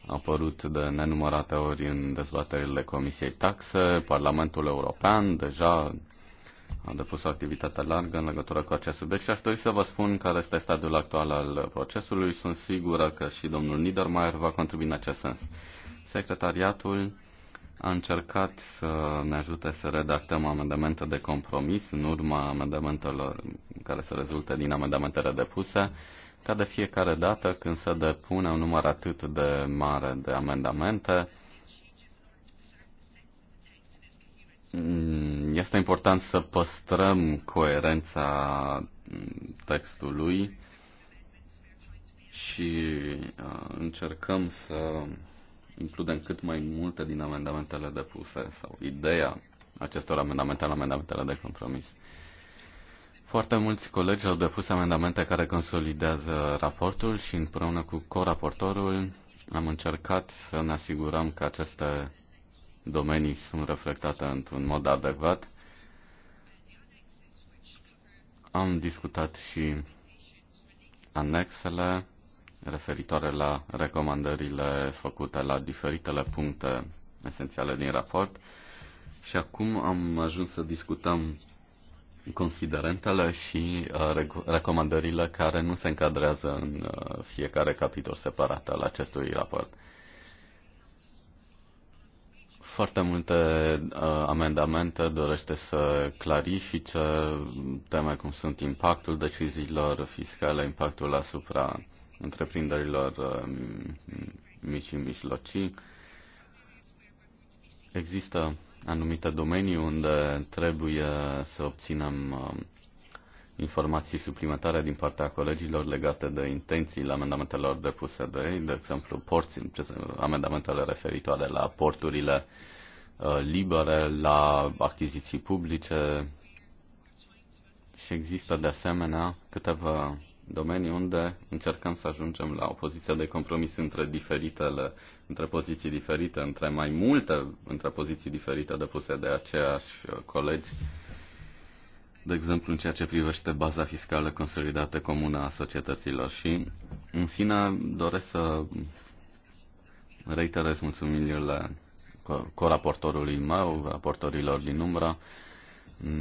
A: a apărut de nenumărate ori în dezbaterile Comisiei Taxe, Parlamentul European deja a depus o activitate largă în legătură cu acest subiect și aș dori să vă spun care este stadiul actual al procesului. Sunt sigură că și domnul Niedermayer va contribui în acest sens. Secretariatul a încercat să ne ajute să redactăm amendamente de compromis în urma amendamentelor care se rezultă din amendamentele depuse, ca de fiecare dată când se depune un număr atât de mare de amendamente, Mm, este important să păstrăm coerența textului și uh, încercăm să includem cât mai multe din amendamentele depuse sau ideea acestor amendamente la amendamentele de compromis. Foarte mulți colegi au depus amendamente care consolidează raportul și împreună cu coraportorul am încercat să ne asigurăm că aceste domenii sunt reflectate într-un mod adecvat. Am discutat și anexele referitoare la recomandările făcute la diferitele puncte esențiale din raport și acum am ajuns să discutăm considerentele și uh, recomandările care nu se încadrează în uh, fiecare capitol separat al acestui raport foarte multe uh, amendamente dorește să clarifice teme cum sunt impactul deciziilor fiscale, impactul asupra întreprinderilor uh, mici și mijlocii. Există anumite domenii unde trebuie să obținem uh, informații suplimentare din partea colegilor legate de intențiile amendamentelor depuse de ei, de exemplu porți, amendamentele referitoare la porturile uh, libere, la achiziții publice și există de asemenea câteva domenii unde încercăm să ajungem la o poziție de compromis între diferitele, între poziții diferite, între mai multe, între poziții diferite depuse de aceiași uh, colegi de exemplu în ceea ce privește baza fiscală consolidată comună a societăților. Și, în fine, doresc să reiterez mulțumirile coraportorului meu, raportorilor din umbra.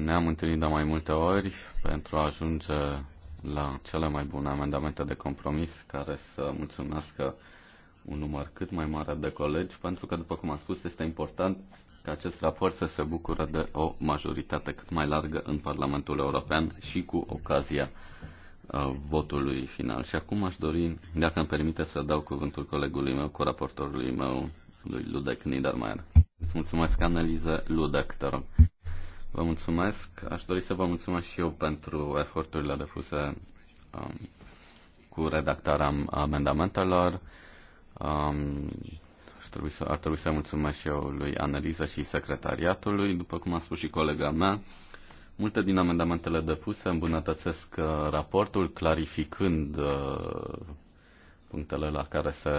A: Ne-am întâlnit de mai multe ori pentru a ajunge la cele mai bune amendamente de compromis care să mulțumesc un număr cât mai mare de colegi, pentru că, după cum am spus, este important ca acest raport să se bucure de o majoritate cât mai largă în Parlamentul European și cu ocazia uh, votului final. Și acum aș dori, dacă îmi permite, să dau cuvântul colegului meu, cu raportorului meu, lui Ludec Niedermayer. Îți mulțumesc, analiză Ludec, te rog. Vă mulțumesc. Aș dori să vă mulțumesc și eu pentru eforturile depuse um, cu redactarea amendamentelor. Um, trebui să, ar trebui să mulțumesc și eu lui Analiza și secretariatului. După cum a spus și colega mea, multe din amendamentele depuse îmbunătățesc uh, raportul, clarificând uh, punctele la care se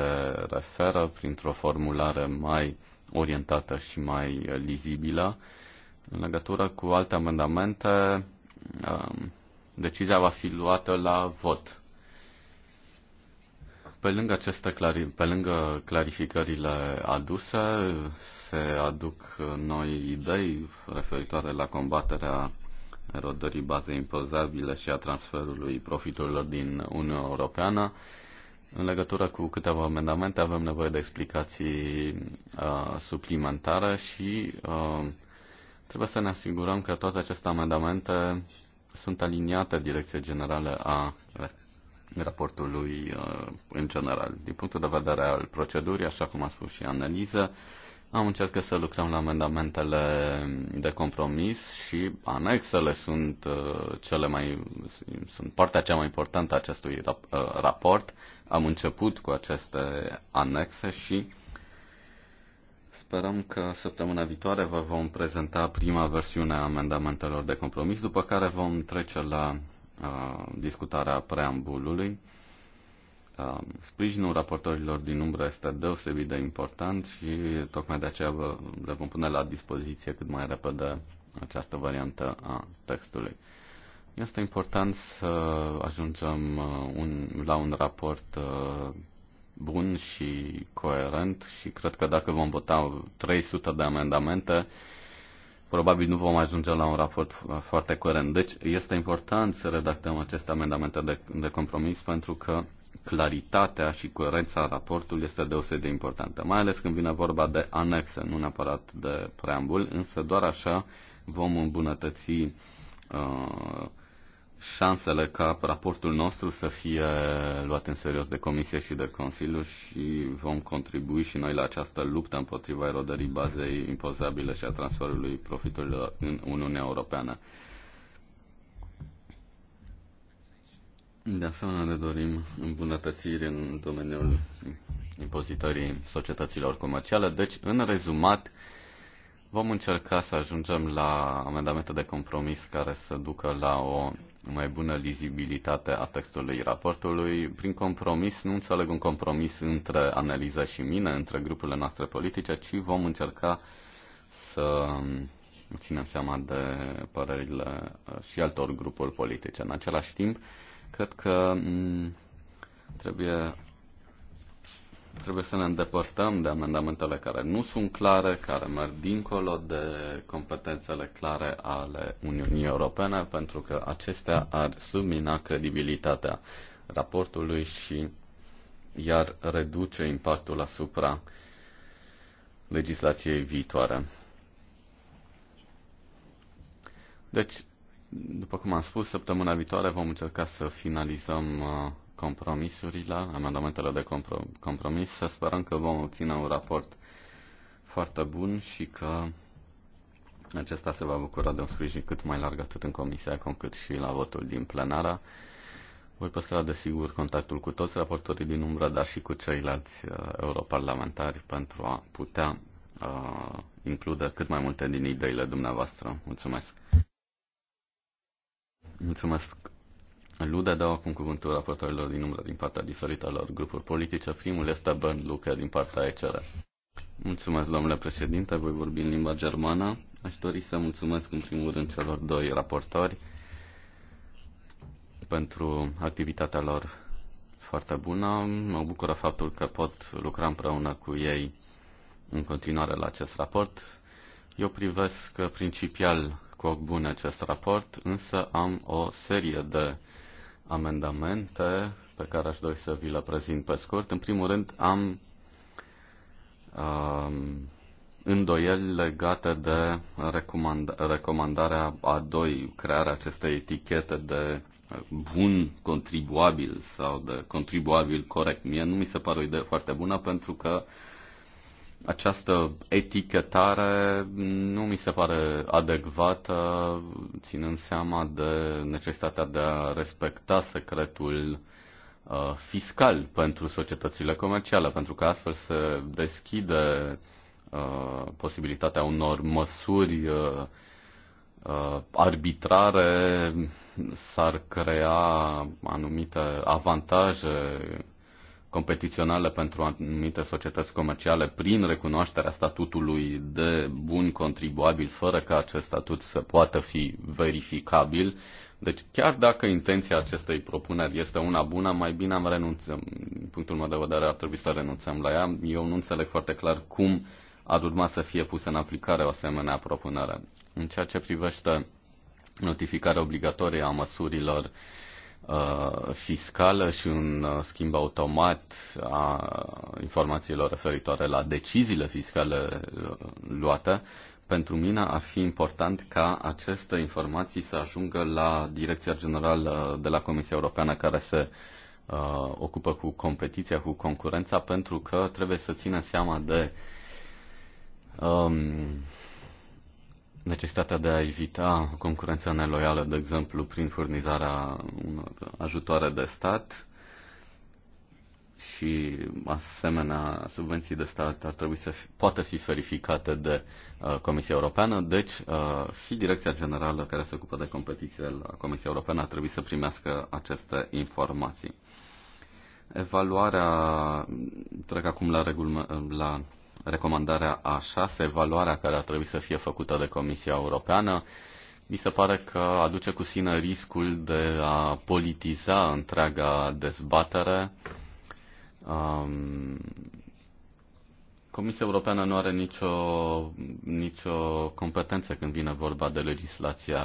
A: referă printr-o formulare mai orientată și mai lizibilă. În legătură cu alte amendamente, um, decizia va fi luată la vot. Pe lângă aceste clari- pe lângă clarificările aduse, se aduc noi idei referitoare la combaterea erodării bazei impozabile și a transferului profiturilor din Uniunea Europeană. În legătură cu câteva amendamente avem nevoie de explicații uh, suplimentare și uh, trebuie să ne asigurăm că toate aceste amendamente sunt aliniate Direcției Generale a raportului uh, în general. Din punctul de vedere al procedurii, așa cum a spus și analiză, am încercat să lucrăm la amendamentele de compromis și anexele sunt uh, cele mai sunt partea cea mai importantă a acestui uh, raport. Am început cu aceste anexe și sperăm că săptămâna viitoare vă vom prezenta prima versiune a amendamentelor de compromis, după care vom trece la Uh, discutarea preambulului. Uh, sprijinul raportorilor din umbră este deosebit de important și tocmai de aceea vă, le vom pune la dispoziție cât mai repede această variantă a textului. Este important să ajungem uh, un, la un raport bun și coerent și cred că dacă vom vota 300 de amendamente, probabil nu vom ajunge la un raport foarte curent. Deci este important să redactăm aceste amendamente de, de compromis pentru că claritatea și coerența raportului este deosebit de importantă, mai ales când vine vorba de anexe, nu neapărat de preambul, însă doar așa vom îmbunătăți uh, șansele ca raportul nostru să fie luat în serios de Comisie și de Consiliu și vom contribui și noi la această luptă împotriva erodării bazei impozabile și a transferului profiturilor în Uniunea Europeană. De asemenea, ne dorim îmbunătățiri în domeniul impozitării societăților comerciale. Deci, în rezumat, Vom încerca să ajungem la amendamente de compromis care să ducă la o mai bună lizibilitate a textului raportului. Prin compromis nu înțeleg un compromis între analiză și mine, între grupurile noastre politice, ci vom încerca să ținem seama de părerile uh, și altor grupuri politice. În același timp, cred că mm, trebuie trebuie să ne îndepărtăm de amendamentele care nu sunt clare, care merg dincolo de competențele clare ale Uniunii Europene, pentru că acestea ar submina credibilitatea raportului și iar reduce impactul asupra legislației viitoare. Deci, după cum am spus, săptămâna viitoare vom încerca să finalizăm uh, compromisurile, amendamentele de compromis. Să sperăm că vom obține un raport foarte bun și că acesta se va bucura de un sprijin cât mai larg atât în comisia cum cât și la votul din plenara. Voi păstra desigur contactul cu toți raportorii din umbră, dar și cu ceilalți uh, europarlamentari pentru a putea uh, include cât mai multe din ideile dumneavoastră. Mulțumesc! Mulțumesc Luda dau acum cuvântul raportorilor din umbră din partea diferitelor grupuri politice. Primul este Bernd Luca din partea ECR. Mulțumesc, domnule președinte, voi vorbi în limba germană. Aș dori să mulțumesc în primul rând celor doi raportori pentru activitatea lor foarte bună. Mă bucură faptul că pot lucra împreună cu ei în continuare la acest raport. Eu privesc principial cu ochi bune acest raport, însă am o serie de amendamente pe care aș dori să vi le prezint pe scurt. În primul rând, am um, îndoieli legate de recomand- recomandarea a doi, crearea acestei etichete de bun contribuabil sau de contribuabil corect. Mie nu mi se pare o idee foarte bună pentru că uh, această etichetare nu mi se pare adecvată, ținând seama de necesitatea de a respecta secretul uh, fiscal pentru societățile comerciale, pentru că astfel se deschide uh, posibilitatea unor măsuri uh, uh, arbitrare, s-ar crea anumite avantaje competițională pentru anumite societăți comerciale prin recunoașterea statutului de bun contribuabil, fără ca acest statut să poată fi verificabil. Deci chiar dacă intenția acestei propuneri este una bună, mai bine am renunțăm. Din punctul meu de vedere ar trebui să renunțăm la ea. Eu nu înțeleg foarte clar cum ar urma să fie pusă în aplicare o asemenea propunere. În ceea ce privește notificarea obligatorie a măsurilor uh, Uh, fiscală și un uh, schimb automat a informațiilor referitoare la deciziile fiscale uh, luate, pentru mine ar fi important ca aceste informații să ajungă la Direcția Generală de la Comisia Europeană care se uh, ocupă cu competiția, cu concurența, pentru că trebuie să țină seama de um, necesitatea de a evita concurența neloială, de exemplu, prin furnizarea unor ajutoare de stat și asemenea subvenții de stat ar trebui să fi, poată fi verificate de uh, Comisia Europeană, deci uh, și Direcția Generală care se ocupă de competiție la Comisia Europeană ar trebui să primească aceste informații. Evaluarea, trec acum la, regulme, la recomandarea a 6, evaluarea care ar trebui să fie făcută de Comisia Europeană, mi se pare că aduce cu sine riscul de a politiza întreaga dezbatere. Um, Comisia Europeană nu are nicio, nicio competență când vine vorba de legislația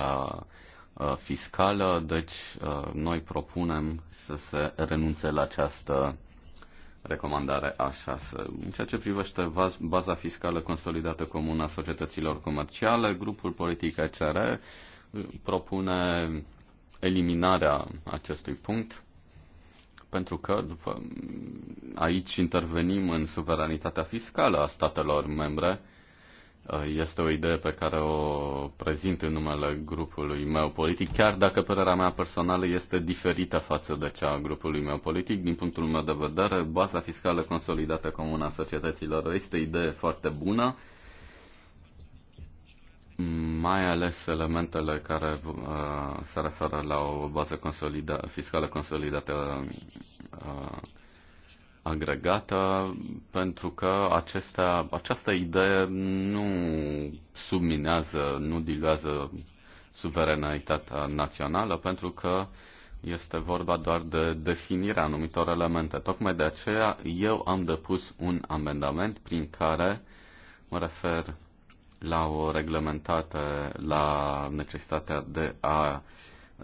A: uh, fiscală, deci uh, noi propunem să se renunțe la această recomandare A6. În ceea ce privește baza fiscală consolidată comună a societăților comerciale, grupul politic ECR uh, propune eliminarea acestui punct pentru că după, aici intervenim în suveranitatea fiscală a statelor membre este o idee pe care o prezint în numele grupului meu politic, chiar dacă părerea mea personală este diferită față de cea a grupului meu politic. Din punctul meu de vedere, baza fiscală consolidată comună a societăților este o idee foarte bună, mai ales elementele care uh, se referă la o bază consolida, fiscală consolidată uh, agregată, pentru că acestea, această idee nu subminează, nu diluează suveranitatea națională, pentru că este vorba doar de definirea anumitor elemente. Tocmai de aceea eu am depus un amendament prin care mă refer la o reglementată, la necesitatea de a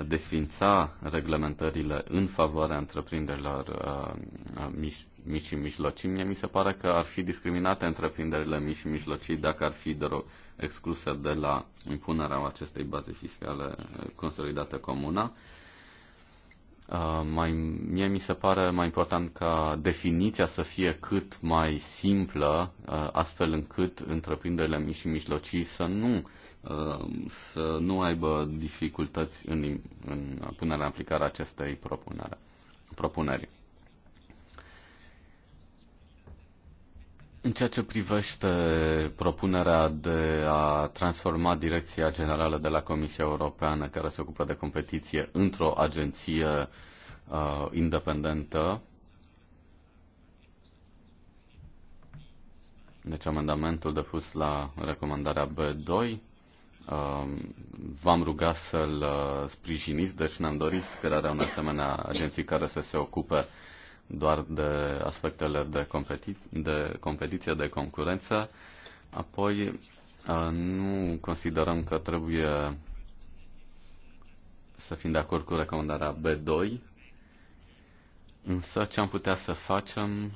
A: desfința reglementările în favoarea întreprinderilor uh, uh mici, mici și mijlocii. Mie mi se pare că ar fi discriminate întreprinderile mici și mijlocii dacă ar fi de rog, excluse de la impunerea acestei baze fiscale consolidate comună. Uh, mai, mie mi se pare mai important ca definiția să fie cât mai simplă, uh, astfel încât întreprinderile mici și mijlocii să nu, uh, să nu aibă dificultăți în, în punerea în aplicare acestei propunere, propuneri. În ceea ce privește propunerea de a transforma Direcția Generală de la Comisia Europeană, care se ocupă de competiție, într-o agenție uh, independentă, deci amendamentul depus la recomandarea B2, uh, v-am rugat să-l uh, sprijiniți, deci ne-am dorit crearea unei asemenea agenții care să se ocupe doar de aspectele de, competi- de competiție, de concurență. Apoi, nu considerăm că trebuie să fim de acord cu recomandarea B2, însă ce am putea să facem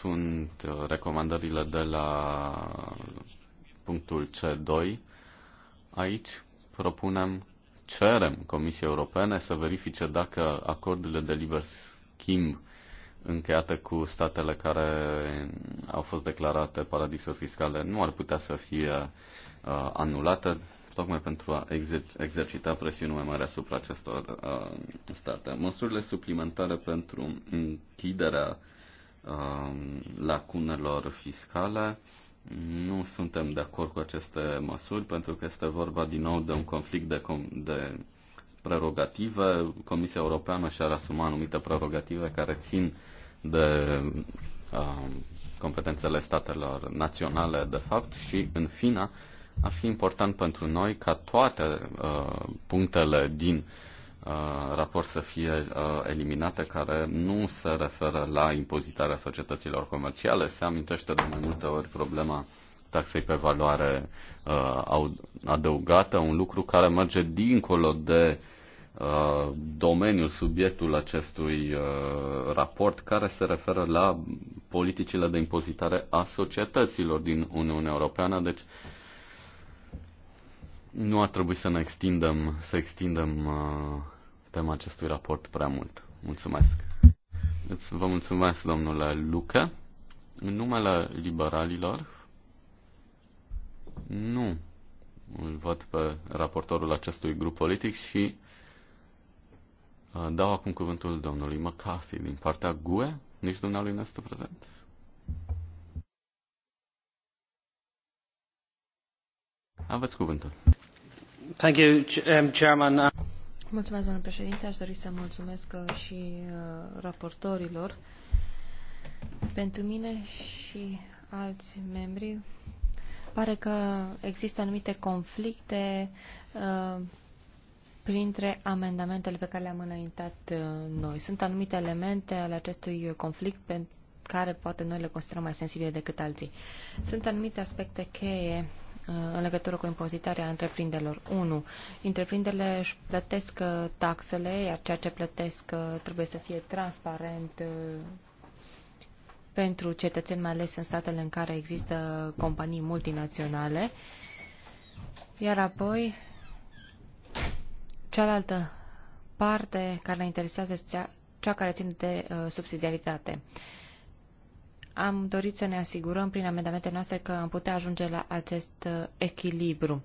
A: sunt recomandările de la punctul C2. Aici propunem, cerem Comisiei Europene să verifice dacă acordurile de liber schimb încheiată cu statele care au fost declarate paradisuri fiscale nu ar putea să fie uh, anulată, tocmai pentru a exer- exercita presiune mai mare asupra acestor uh, state. Măsurile suplimentare pentru închiderea uh, lacunelor fiscale. Nu suntem de acord cu aceste măsuri pentru că este vorba din nou de un conflict de, com- de prerogative. Comisia Europeană și-ar asuma anumite prerogative care țin de a, um, competențele statelor naționale, de fapt, și, în fine, ar fi important pentru noi ca toate a, uh, punctele din uh, raport să fie uh, eliminate care nu se referă la impozitarea societăților comerciale. Se amintește de mai multe ori problema taxei pe valoare uh, adăugată, un lucru care merge dincolo de uh, Uh, domeniul, subiectul acestui uh, raport care se referă la politicile de impozitare a societăților din Uniunea Europeană. Deci nu ar trebui să ne extindem, să extindem uh, tema acestui raport prea mult. Mulțumesc. Îți vă mulțumesc, domnule Luca. În numele liberalilor, nu îl văd pe raportorul acestui grup politic și Uh, dau acum cuvântul domnului McCarthy din partea GUE. Nici dumnealui nu este prezent. Aveți cuvântul. Thank you, um, Chairman. Uh,
B: mulțumesc, domnule președinte. Aș dori să mulțumesc uh, și raportorilor. Pentru mine și alți membri, pare că există anumite conflicte printre amendamentele pe care le-am înaintat uh, noi. Sunt anumite elemente ale acestui conflict pe care poate noi le considerăm mai sensibile decât alții. Sunt anumite aspecte cheie uh, în legătură cu impozitarea întreprinderilor. 1. Întreprinderile își plătesc uh, taxele, iar ceea ce plătesc trebuie să fie transparent pentru cetățeni, mai ales în statele în care există companii multinaționale. Iar apoi, Cealaltă parte care ne interesează este cea, cea care ține de uh, subsidiaritate. Am dorit să ne asigurăm prin amendamentele noastre că am putea ajunge la acest uh, echilibru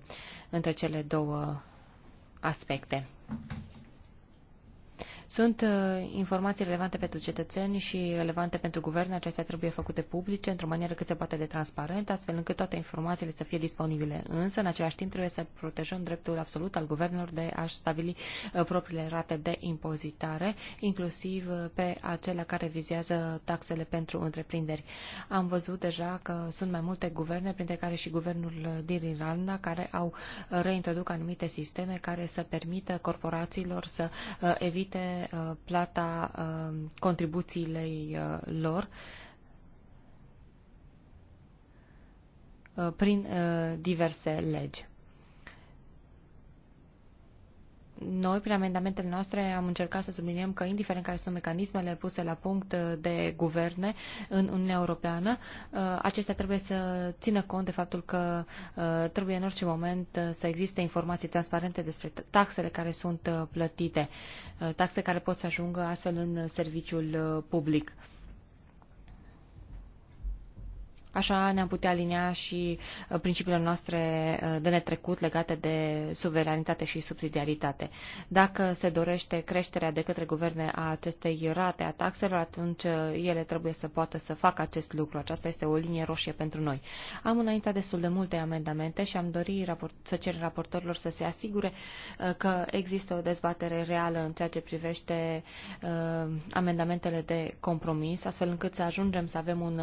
B: între cele două aspecte. Sunt uh, informații relevante pentru cetățeni și relevante pentru guvern. Acestea trebuie făcute publice într-o manieră cât se poate de transparent, astfel încât toate informațiile să fie disponibile. Însă, în același timp, trebuie să protejăm dreptul absolut al guvernelor de a-și stabili uh, propriile rate de impozitare, inclusiv uh, pe acelea care vizează taxele pentru întreprinderi. Am văzut deja că sunt mai multe guverne, printre care și guvernul din Irlanda, care au reintroduc anumite sisteme care să permită corporațiilor să evite Uh, plata uh, contribuțiile uh, lor prin diverse legi. Noi, prin amendamentele noastre, am încercat să subliniem că, indiferent care sunt mecanismele puse la punct uh, de guverne în Uniunea Europeană, uh, acestea trebuie să țină cont de faptul că uh, trebuie în orice moment să existe informații transparente despre taxele care sunt plătite, taxe care pot să ajungă astfel în serviciul public. Așa ne-am putea alinea și uh, principiile noastre uh, de netrecut legate de suveranitate și subsidiaritate. Dacă se dorește creșterea de către guverne a acestei rate a taxelor, atunci uh, ele trebuie să poată să facă acest lucru. Aceasta este o linie roșie pentru noi. Am înaintat destul de multe amendamente și am dorit să cer raportorilor să se asigure că există o dezbatere reală în ceea ce privește amendamentele de compromis, astfel încât să ajungem să avem un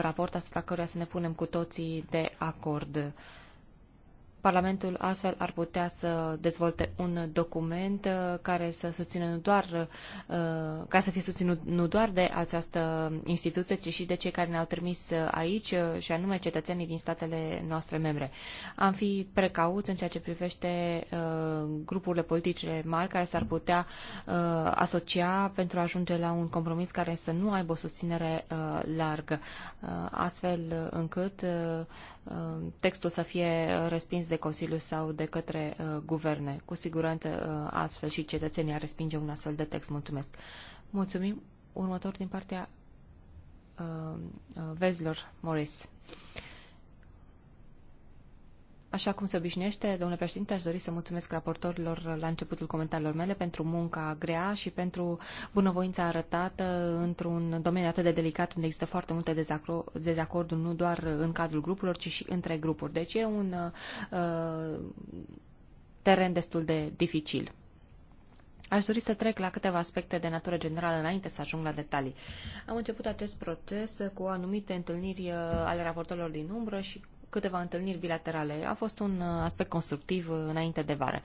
B: raport asupra asupra căruia să ne punem cu toții de acord Parlamentul astfel ar putea să dezvolte un document uh, care să susțină nu doar, uh, ca să fie susținut nu doar de această instituție, ci și de cei care ne-au trimis uh, aici, și anume cetățenii din statele noastre membre. Am fi precauți în ceea ce privește grupurile politice mari care s-ar putea asocia pentru a ajunge la un compromis care să nu aibă o susținere largă, astfel încât Uh, textul să fie respins de Consiliu sau de către uh, guverne. Cu siguranță uh, astfel și cetățenii ar respinge un astfel de text. Mulțumesc. Mulțumim. Următor din partea Vezlor Morris. Așa cum se obișnuiește, domnule președinte, aș dori să mulțumesc raportorilor la începutul comentariilor mele pentru munca grea și pentru bunăvoința arătată într-un domeniu atât de delicat unde există foarte multe dezacorduri, nu doar în cadrul grupurilor, ci și între grupuri. Deci e un uh, teren destul de dificil. Aș dori să trec la câteva aspecte de natură generală înainte să ajung la detalii. Am început acest proces cu anumite întâlniri uh, ale raportorilor din umbră și câteva întâlniri bilaterale. A fost un uh, aspect constructiv uh, înainte de vară.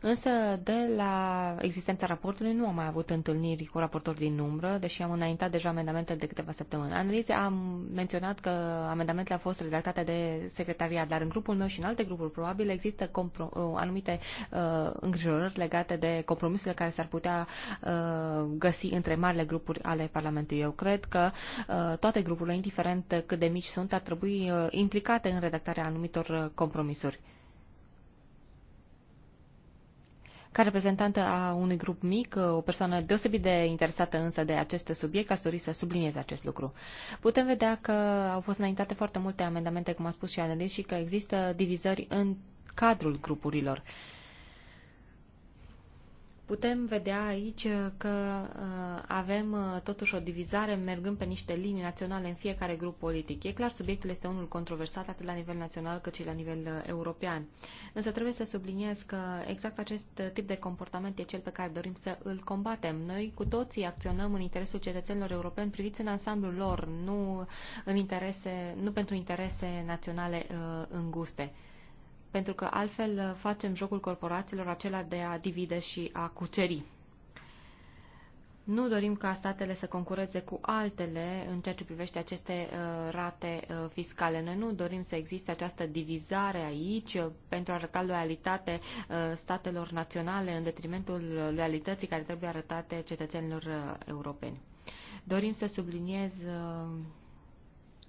B: Însă, de la existența raportului, nu am mai avut întâlniri cu raportori din umbră, deși am înaintat deja amendamentele de câteva săptămâni. Analize am menționat că amendamentele au fost redactate de secretariat, dar în grupul meu și în alte grupuri probabil există uh, anumite uh, îngrijorări legate de compromisurile care s-ar putea uh, găsi între marile grupuri ale Parlamentului. Eu cred că uh, toate grupurile, indiferent cât de mici sunt, ar trebui uh, implicate în redactarea anumitor uh, compromisuri. Ca reprezentantă a unui grup mic, uh, o persoană deosebit de interesată însă de acest subiect, aș dori să subliniez acest lucru. Putem vedea că au fost înaintate foarte multe amendamente, cum a spus și Anelis, și că există divizări în cadrul grupurilor. Uh, putem vedea aici că uh, avem uh, totuși o divizare mergând pe niște linii naționale în fiecare grup politic. E clar, subiectul este unul controversat atât la nivel național cât și la nivel uh, european. Însă trebuie să subliniez că exact acest tip de comportament e cel pe care dorim să îl combatem. Noi cu toții acționăm în interesul cetățenilor europeni priviți în ansamblul lor, nu, în interese, nu pentru interese naționale înguste pentru că altfel uh, facem jocul corporațiilor acela de a divide și a cuceri. Nu dorim ca statele să concureze cu altele în ceea ce privește aceste uh, rate uh, fiscale. Noi nu dorim să existe această divizare aici pentru a arăta loialitate statelor naționale în detrimentul loialității care trebuie arătate cetățenilor europeni. Dorim să subliniez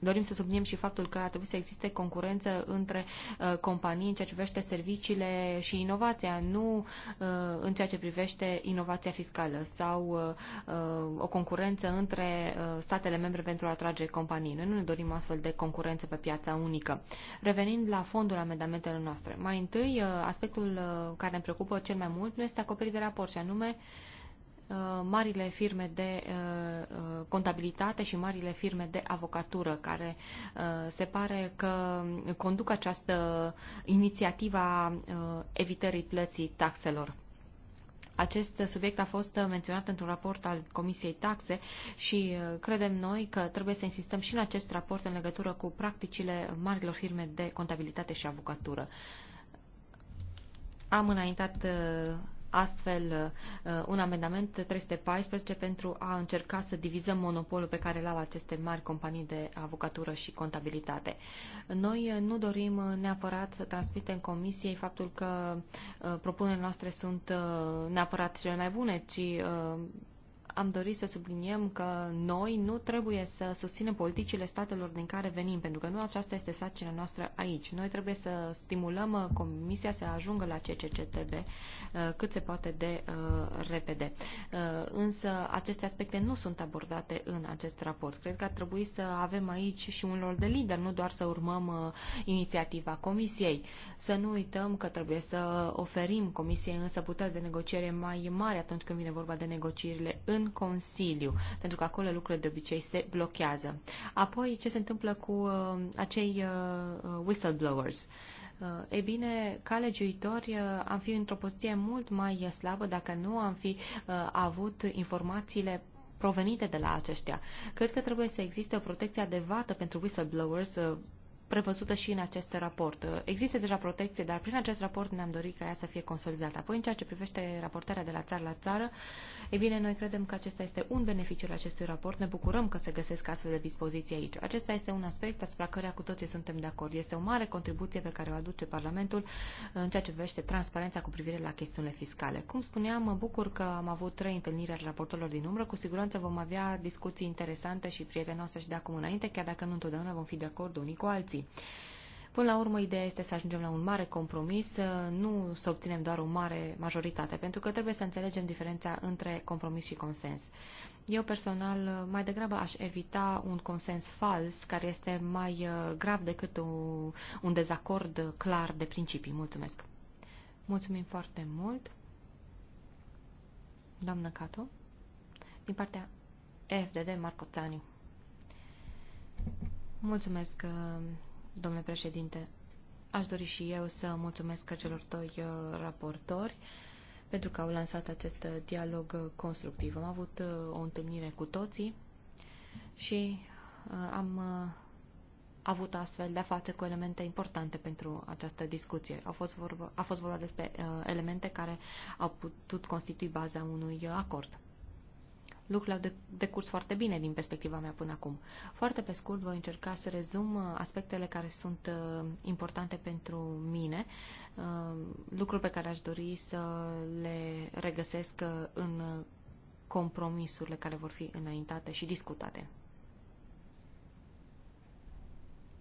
B: Dorim să subliniem și faptul că ar trebui să existe concurență între uh, companii în ceea ce privește serviciile și inovația, nu uh, în ceea ce privește inovația fiscală sau uh, uh, o concurență între uh, statele membre pentru a atrage companii. Noi nu ne dorim astfel de concurență pe piața unică. Revenind la fondul amendamentelor noastre, mai întâi, uh, aspectul uh, care ne preocupă cel mai mult nu este acoperit de raport, și anume uh, Uh, marile firme de uh, uh, contabilitate și marile firme de avocatură, care se pare că conduc această inițiativă a evitării plății taxelor. Acest subiect a fost menționat într-un raport al Comisiei Taxe și credem noi că trebuie să insistăm și în acest raport în legătură cu practicile marilor firme de contabilitate și avocatură. Am înaintat astfel uh, un amendament 314 pentru a încerca să divizăm monopolul pe care l-au aceste mari companii de avocatură și contabilitate. Noi uh, nu dorim uh, neapărat să transmitem comisiei faptul că propunerile noastre sunt neapărat cele mai bune, ci am dorit să subliniem că noi nu trebuie să susținem politicile statelor din care venim, pentru că nu aceasta este sacina noastră aici. Noi trebuie să stimulăm uh, Comisia să ajungă la CCCTB uh, cât se poate de uh, repede. Însă aceste aspecte nu sunt abordate în acest raport. Cred că ar trebui să avem aici și un rol de lider, nu doar să urmăm inițiativa Comisiei. Să nu uităm că trebuie să oferim Comisiei însă puteri de negociere mai mari atunci când vine vorba de negocierile în în Consiliu, pentru că acolo lucrurile de obicei se blochează. Apoi, ce se întâmplă cu uh, acei uh, uh whistleblowers? Uh, e bine, ca legiuitori uh, am fi într-o poziție mult mai slabă dacă nu am fi avut informațiile provenite de la aceștia. Cred că trebuie să existe o protecție adevată pentru whistleblowers prevăzută și în acest raport. Există deja protecție, dar prin acest raport ne-am dorit ca ea să fie consolidată. Apoi, în ceea ce privește raportarea de la țară la țară, e bine, noi credem că acesta este un beneficiu al acestui raport. Ne bucurăm că se găsesc astfel de dispoziții aici. Acesta este un aspect asupra căreia cu toții suntem de acord. Este o mare contribuție pe care o aduce Parlamentul în ceea ce privește transparența cu privire la chestiunile fiscale. Cum spuneam, mă bucur că am avut trei întâlniri ale raportorilor din umbră. Cu siguranță vom avea discuții interesante și prietenoase și de acum înainte, chiar dacă nu întotdeauna vom fi de acord unii cu alții zi. Până la urmă, ideea este să ajungem la un mare compromis, nu să obținem doar o mare majoritate, pentru că trebuie să înțelegem diferența între compromis și consens. Eu personal mai degrabă aș evita un consens fals, care este mai uh, grav decât un dezacord clar de principii. Mulțumesc! Mulțumim foarte mult! Doamnă Cato, din partea FDD Marco Țaniu. Mulțumesc, uh, domnule președinte. Aș dori și eu să mulțumesc celor doi uh, raportori pentru că au lansat acest uh, dialog uh, constructiv. Am avut o întâlnire cu toții și am avut astfel de-a face cu elemente importante pentru această discuție. A fost vorba, a fost vorba despre elemente care au putut constitui baza unui acord. Lucrurile au decurs foarte bine din perspectiva mea până acum. Foarte pe scurt voi încerca să rezum uh, aspectele care sunt uh, importante pentru mine, uh, lucruri pe care aș dori să le regăsesc în compromisurile care vor fi înaintate și discutate.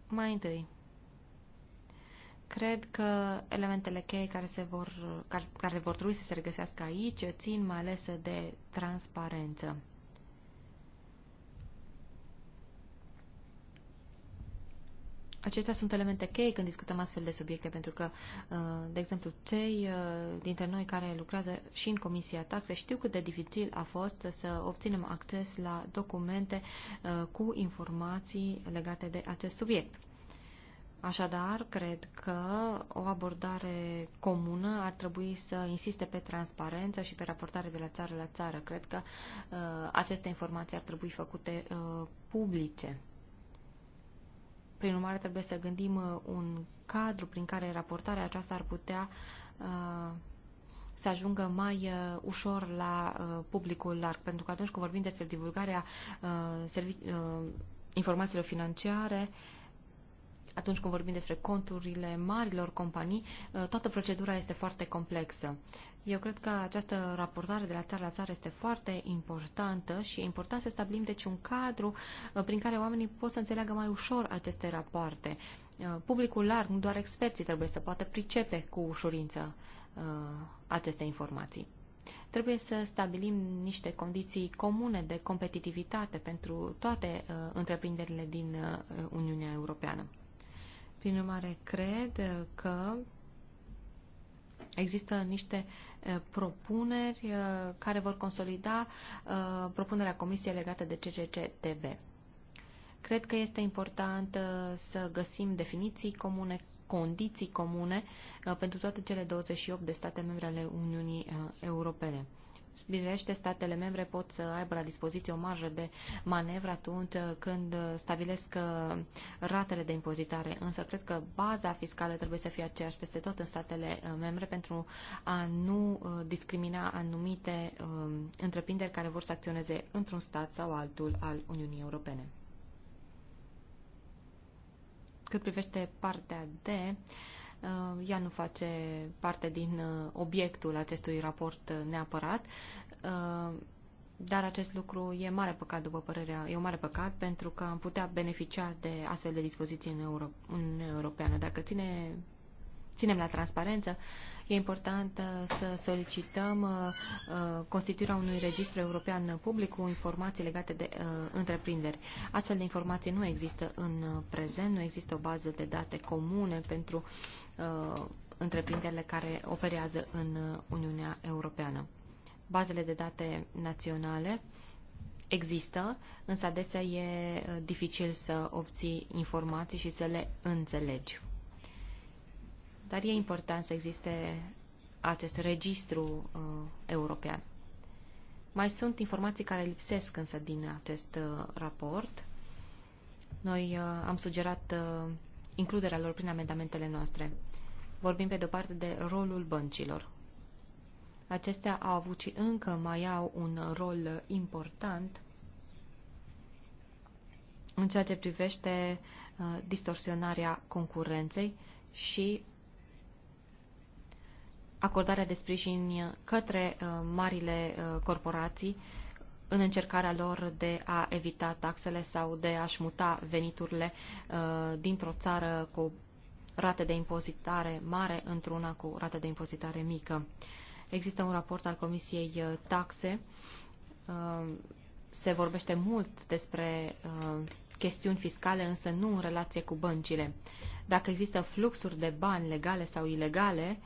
B: Mai întâi, Cred că elementele cheie care, se vor, care, care vor trebui să se regăsească aici țin mai ales de transparență. Acestea sunt elemente cheie când discutăm astfel de subiecte, pentru că, uh, de exemplu, cei uh, dintre noi care lucrează și în Comisia Taxe știu cât de dificil a fost să obținem acces la documente uh, cu informații legate de acest subiect. Așadar, cred că o abordare comună ar trebui să insiste pe transparență și pe raportare de la țară la țară. Cred că uh, aceste informații ar trebui făcute uh, publice. Prin urmare, trebuie să gândim uh, un cadru prin care raportarea aceasta ar putea uh, să ajungă mai uh, ușor la uh, publicul larg. Pentru că atunci când vorbim despre divulgarea uh, uh, informațiilor financiare, uh, atunci când vorbim despre conturile marilor companii, uh, toată procedura este foarte complexă. Eu cred că această raportare de la țară la țară este foarte importantă și e important să stabilim deci un cadru uh, prin care oamenii pot să înțeleagă mai ușor aceste rapoarte. Uh, publicul larg, nu doar experții, trebuie să poată pricepe cu ușurință aceste informații trebuie să stabilim niște condiții comune de competitivitate pentru toate uh, întreprinderile din uh, Uniunea Europeană. Prin urmare, cred că există niște eh, propuneri eh, care vor consolida eh, propunerea Comisiei legată de CCCTB. Cred că este important să găsim definiții comune, condiții comune pentru toate cele 28 de state membre ale Uniunii Europene. Bineînțeles, statele membre pot să aibă la dispoziție o marjă de manevră atunci când stabilesc uh, ratele de impozitare, însă cred că baza fiscală trebuie să fie aceeași peste tot în statele uh, membre pentru a nu uh, discrimina anumite um, întreprinderi care vor să acționeze într-un stat sau altul al Uniunii Europene. Cât privește partea de uh, Uh, ea nu face parte din uh, obiectul acestui raport uh, neapărat, dar acest lucru e mare păcat, după părerea, e un mare păcat pentru că am putea beneficia de astfel de dispoziții în, Euro, Europeană. Dacă ține ținem la transparență, e important să solicităm constituirea unui registru european public cu informații legate de întreprinderi. Astfel de informații nu există în prezent, nu există o bază de date comune pentru Uh, întreprinderile care operează în uh, Uniunea Europeană. Bazele de date naționale există, însă adesea e uh, dificil să obții informații și să le înțelegi. Dar e important să existe acest registru uh, european. Mai sunt informații care lipsesc însă din acest uh, raport. Noi uh, am sugerat uh, includerea lor prin amendamentele noastre. Vorbim pe de-o parte de rolul băncilor. Acestea au avut și încă mai au un rol important în ceea ce privește uh, distorsionarea concurenței și acordarea de sprijin către uh, marile uh, corporații în încercarea lor de a evita taxele sau de a-și muta veniturile uh, dintr-o țară cu rate de impozitare mare într-una cu rate de impozitare mică. Există un raport al Comisiei uh, Taxe. Uh, se vorbește mult despre chestiuni fiscale, însă nu în relație cu băncile. Dacă există fluxuri de bani legale sau ilegale, uh,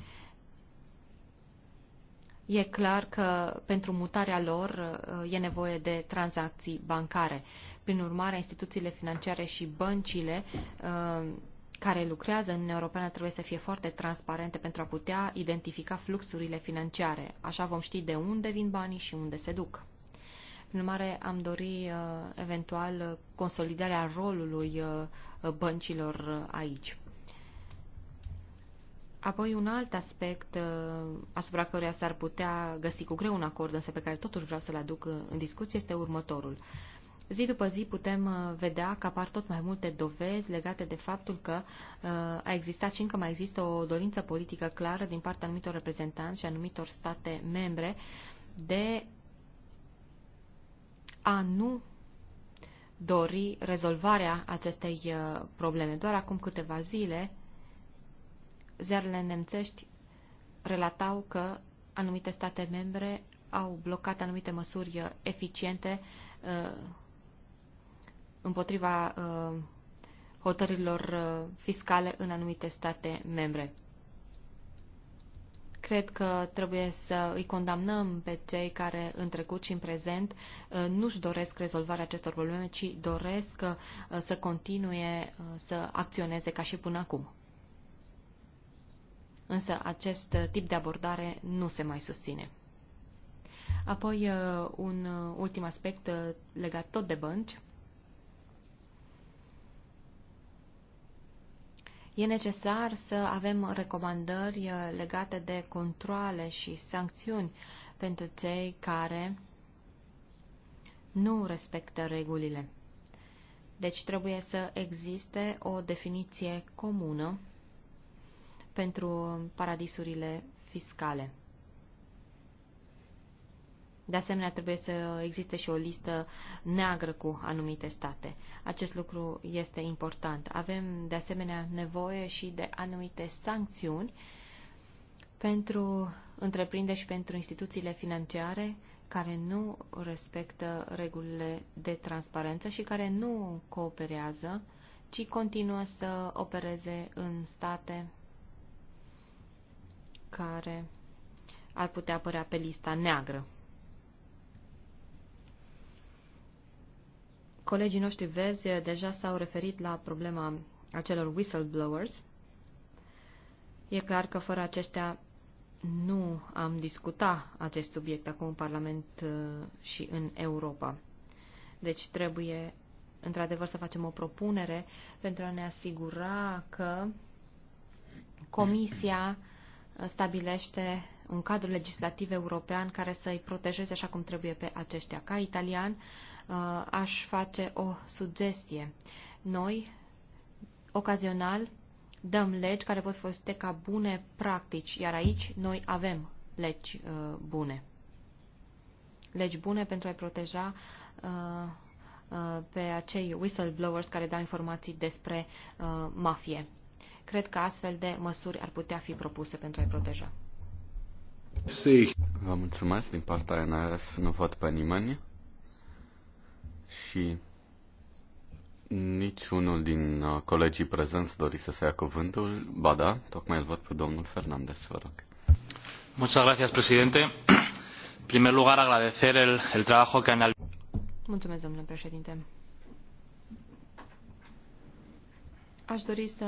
B: e clar că pentru mutarea lor uh, e nevoie de tranzacții bancare. Prin urmare, instituțiile financiare și băncile uh, care lucrează în Europeană trebuie să fie foarte transparente pentru a putea identifica fluxurile financiare. Așa vom ști de unde vin banii și unde se duc. Prin urmare, am dori uh, eventual consolidarea rolului băncilor aici. Apoi un alt aspect uh, asupra căruia s-ar putea găsi cu greu un acord, însă pe care totuși vreau să-l aduc uh, în discuție, este următorul. Zi după zi putem uh, vedea că apar tot mai multe dovezi legate de faptul că a existat și încă mai există o dorință politică clară din partea anumitor reprezentanți și anumitor state membre de a nu dori rezolvarea acestei probleme. Doar acum câteva zile, ziarele nemțești relatau că anumite state membre au blocat anumite măsuri uh, eficiente uh, împotriva uh, hotărârilor fiscale în anumite state membre. Cred că trebuie să îi condamnăm pe cei care în trecut și în prezent nu-și doresc rezolvarea acestor probleme, ci doresc să continue să acționeze ca și până acum însă acest uh, tip de abordare nu se mai susține. Apoi, uh, un uh, ultim aspect legat tot de bănci. E necesar să avem recomandări legate de controle și sancțiuni pentru cei care nu respectă regulile. Deci trebuie să existe o definiție comună pentru paradisurile fiscale. De asemenea, trebuie să existe și o listă neagră cu anumite state. Acest lucru este important. Avem, de asemenea, nevoie și de anumite sancțiuni pentru întreprinderi și pentru instituțiile financiare care nu respectă regulile de transparență și care nu cooperează, ci continuă să opereze în state care ar putea apărea pe lista neagră. Colegii noștri verzi deja s-au referit la problema acelor whistleblowers. E clar că fără aceștia nu am discutat acest subiect acum în Parlament uh, și în Europa. Deci trebuie, într-adevăr, să facem o propunere pentru a ne asigura că Comisia stabilește un cadru legislativ european care să îi protejeze așa cum trebuie pe aceștia. Ca italian, uh, aș face o sugestie. Noi, ocazional, dăm legi care pot folosite ca bune practici, iar aici noi avem legi uh, bune. Legi bune pentru a-i proteja uh, pe acei whistleblowers care dau informații despre mafie. Cred că astfel de măsuri ar putea fi propuse pentru a-i proteja.
A: Vă mulțumesc din partea NRF, nu văd pe nimeni și niciunul din uh, colegii prezenți dori să se ia cuvântul. Ba da, tocmai îl văd pe domnul Fernandez, vă rog. Muchas gracias, presidente. În primul lugar, agradecer el, el trabajo que anal...
B: Mulțumesc, domnule președinte. Aș dori să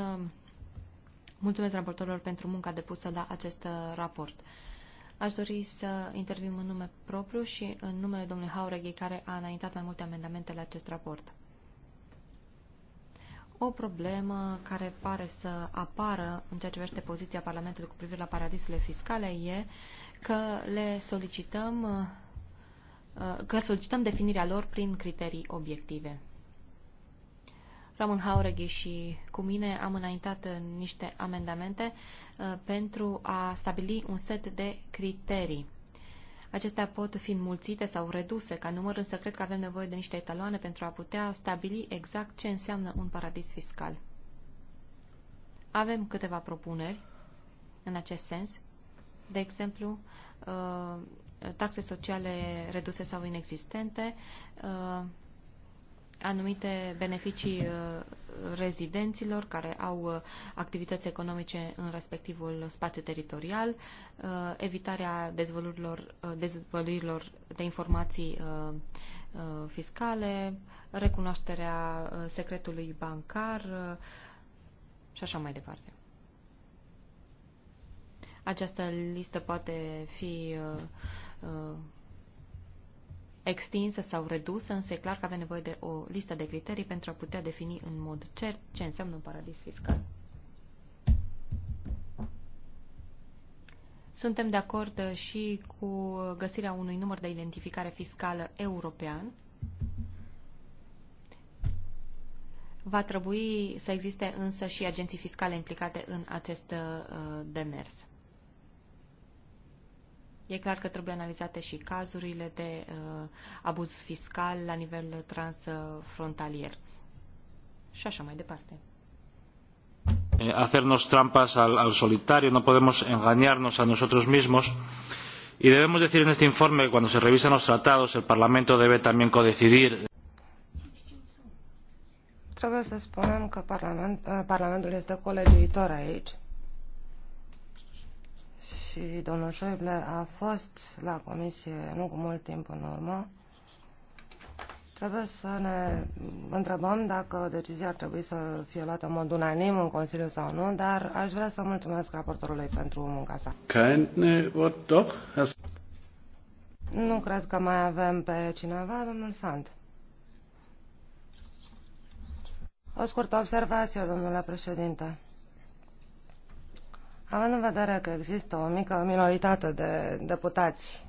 B: Mulțumesc raportorilor pentru munca depusă la acest uh, raport. Aș dori să intervim în nume propriu și în numele domnului Haureghi, care a înaintat mai multe amendamente la acest raport. O problemă care pare să apară în ceea ce privește poziția Parlamentului cu privire la paradisurile fiscale e că le solicităm uh, că solicităm definirea lor prin criterii obiective. Ramon Haureghi și cu mine am înaintat niște amendamente uh, pentru a stabili un set de criterii. Acestea pot fi înmulțite sau reduse ca număr, însă cred că avem nevoie de niște etaloane pentru a putea stabili exact ce înseamnă un paradis fiscal. Avem câteva propuneri în acest sens, de exemplu, uh, taxe sociale reduse sau inexistente, uh, anumite beneficii uh, rezidenților care au uh, activități economice în respectivul spațiu teritorial, uh, evitarea dezvăluirilor, dezvăluirilor de informații fiscale, recunoașterea secretului bancar și așa mai departe. Această listă poate fi extinsă sau redusă, însă e clar că avem nevoie de o listă de criterii pentru a putea defini în mod cert ce înseamnă un paradis fiscal. Suntem de acord și cu găsirea unui număr de identificare fiscală european. Va trebui să existe însă și agenții fiscale implicate în acest uh, demers. E clar că trebuie analizate și cazurile de uh, abuz fiscal la nivel transfrontalier. Și așa mai departe.
A: Eh, Hacernos trampas al, al solitario, no podemos engañarnos a nosotros mismos. Y debemos decir en este informe que cuando se revisan los tratados, el Parlamento debe también codecidir.
C: Trebuie să spunem că parlament, eh, Parlamentul este colegiuitor aici și domnul Schäuble a fost la comisie nu cu mult timp în urmă, trebuie să ne întrebăm dacă decizia ar trebui să fie luată în mod unanim în Consiliu sau nu, dar aș vrea să mulțumesc raportorului pentru munca sa. nu cred că mai avem pe cineva, domnul Sand. O scurtă observație, domnule președinte. Având în vedere că există o mică minoritate de deputați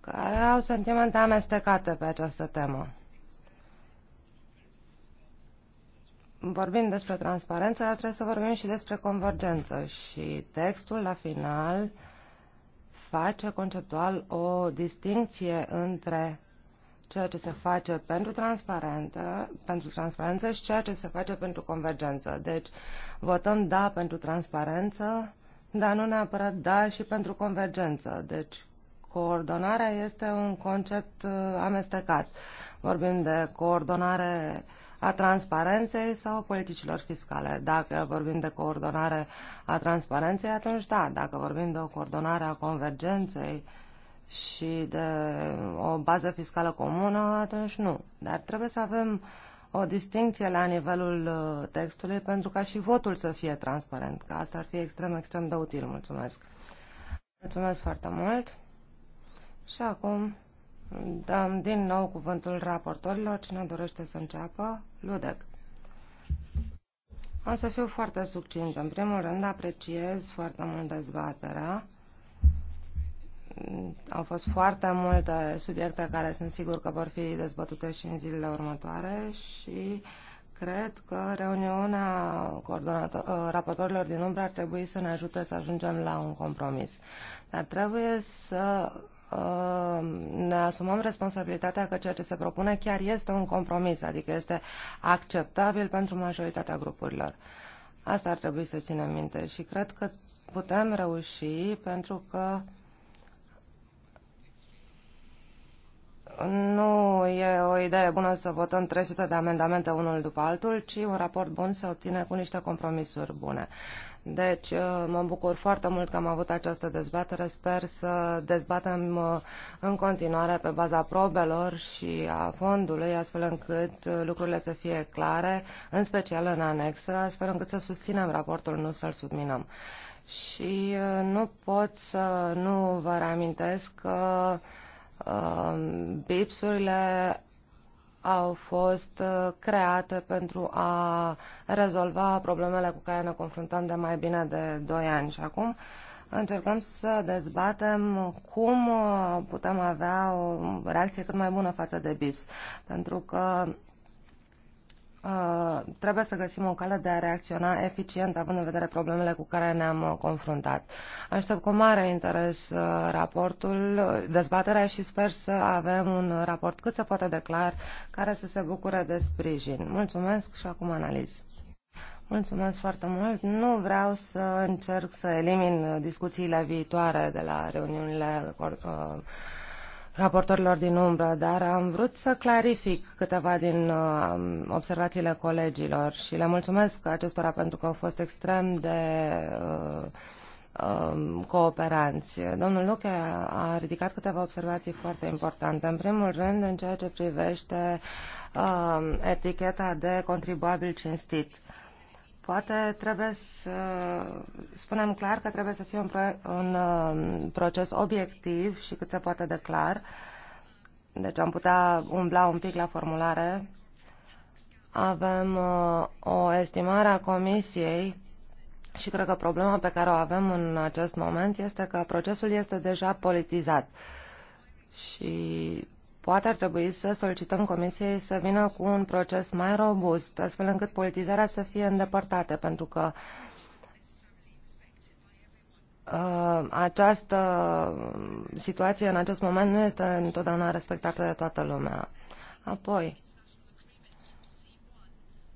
C: care au sentimente amestecate pe această temă, vorbind despre transparență, trebuie să vorbim și despre convergență și textul la final face conceptual o distinție între ceea ce se face pentru transparență, pentru transparență și ceea ce se face pentru convergență. Deci votăm da pentru transparență, dar nu neapărat da și pentru convergență. Deci coordonarea este un concept uh, amestecat. Vorbim de coordonare a transparenței sau politicilor fiscale. Dacă vorbim de coordonare a transparenței, atunci da. Dacă vorbim de o coordonare a convergenței, și de o bază fiscală comună, atunci nu. Dar trebuie să avem o distinție la nivelul uh, textului pentru ca și votul să fie transparent, că asta ar fi extrem, extrem de util. Mulțumesc! Mulțumesc foarte mult! Și acum dăm din nou cuvântul raportorilor. Cine dorește să înceapă? Ludec. O să fiu foarte succint. În primul rând apreciez foarte mult dezbaterea au fost foarte multe subiecte care sunt sigur că vor fi dezbătute și în zilele următoare și cred că reuniunea ă, raportorilor din umbră ar trebui să ne ajute să ajungem la un compromis. Dar trebuie să ă, ne asumăm responsabilitatea că ceea ce se propune chiar este un compromis, adică este acceptabil pentru majoritatea grupurilor. Asta ar trebui să ținem minte și cred că putem reuși pentru că uh, nu e o idee bună să votăm 300 de amendamente unul după altul, ci un raport bun se obține cu niște compromisuri bune. Deci uh, mă bucur foarte mult că am avut această dezbatere. Sper să dezbatem uh, în continuare pe baza probelor și a fondului, astfel încât uh, lucrurile să fie clare, în special în anexă, astfel încât să susținem raportul, nu să-l subminăm. Și nu pot să nu vă reamintesc că Um, BIPS-urile au fost uh, create pentru a rezolva problemele cu care ne confruntăm de mai bine de 2 ani și acum încercăm să dezbatem cum uh, putem avea o reacție cât mai bună față de BIPS, pentru că Uh, trebuie să găsim o cale de a reacționa eficient, având în vedere problemele cu care ne-am uh, confruntat. Aștept cu mare interes uh, raportul, dezbaterea și sper să avem un raport cât se poate de clar care să se bucure de sprijin. Mulțumesc și acum analiz. Mulțumesc foarte mult. Nu vreau să încerc să elimin discuțiile viitoare de la reuniunile raportorilor din umbră, dar am vrut să clarific câteva din uh, observațiile colegilor și le mulțumesc acestora pentru că au fost extrem de uh, uh, cooperanți. Domnul Luche a ridicat câteva observații foarte importante. În primul rând, în ceea ce privește uh, eticheta de contribuabil cinstit. Uh, Poate trebuie să spunem clar că trebuie să fie un, un um, proces obiectiv și cât se poate de clar. Deci am putea umbla un pic la formulare. Avem uh, o estimare a Comisiei și cred că problema pe care o avem în acest moment este că procesul este deja politizat. Și Poate ar trebui să solicităm Comisiei să vină cu un proces mai robust, astfel încât politizarea să fie îndepărtată, pentru că uh, această situație în acest moment nu este întotdeauna respectată de toată lumea. Apoi,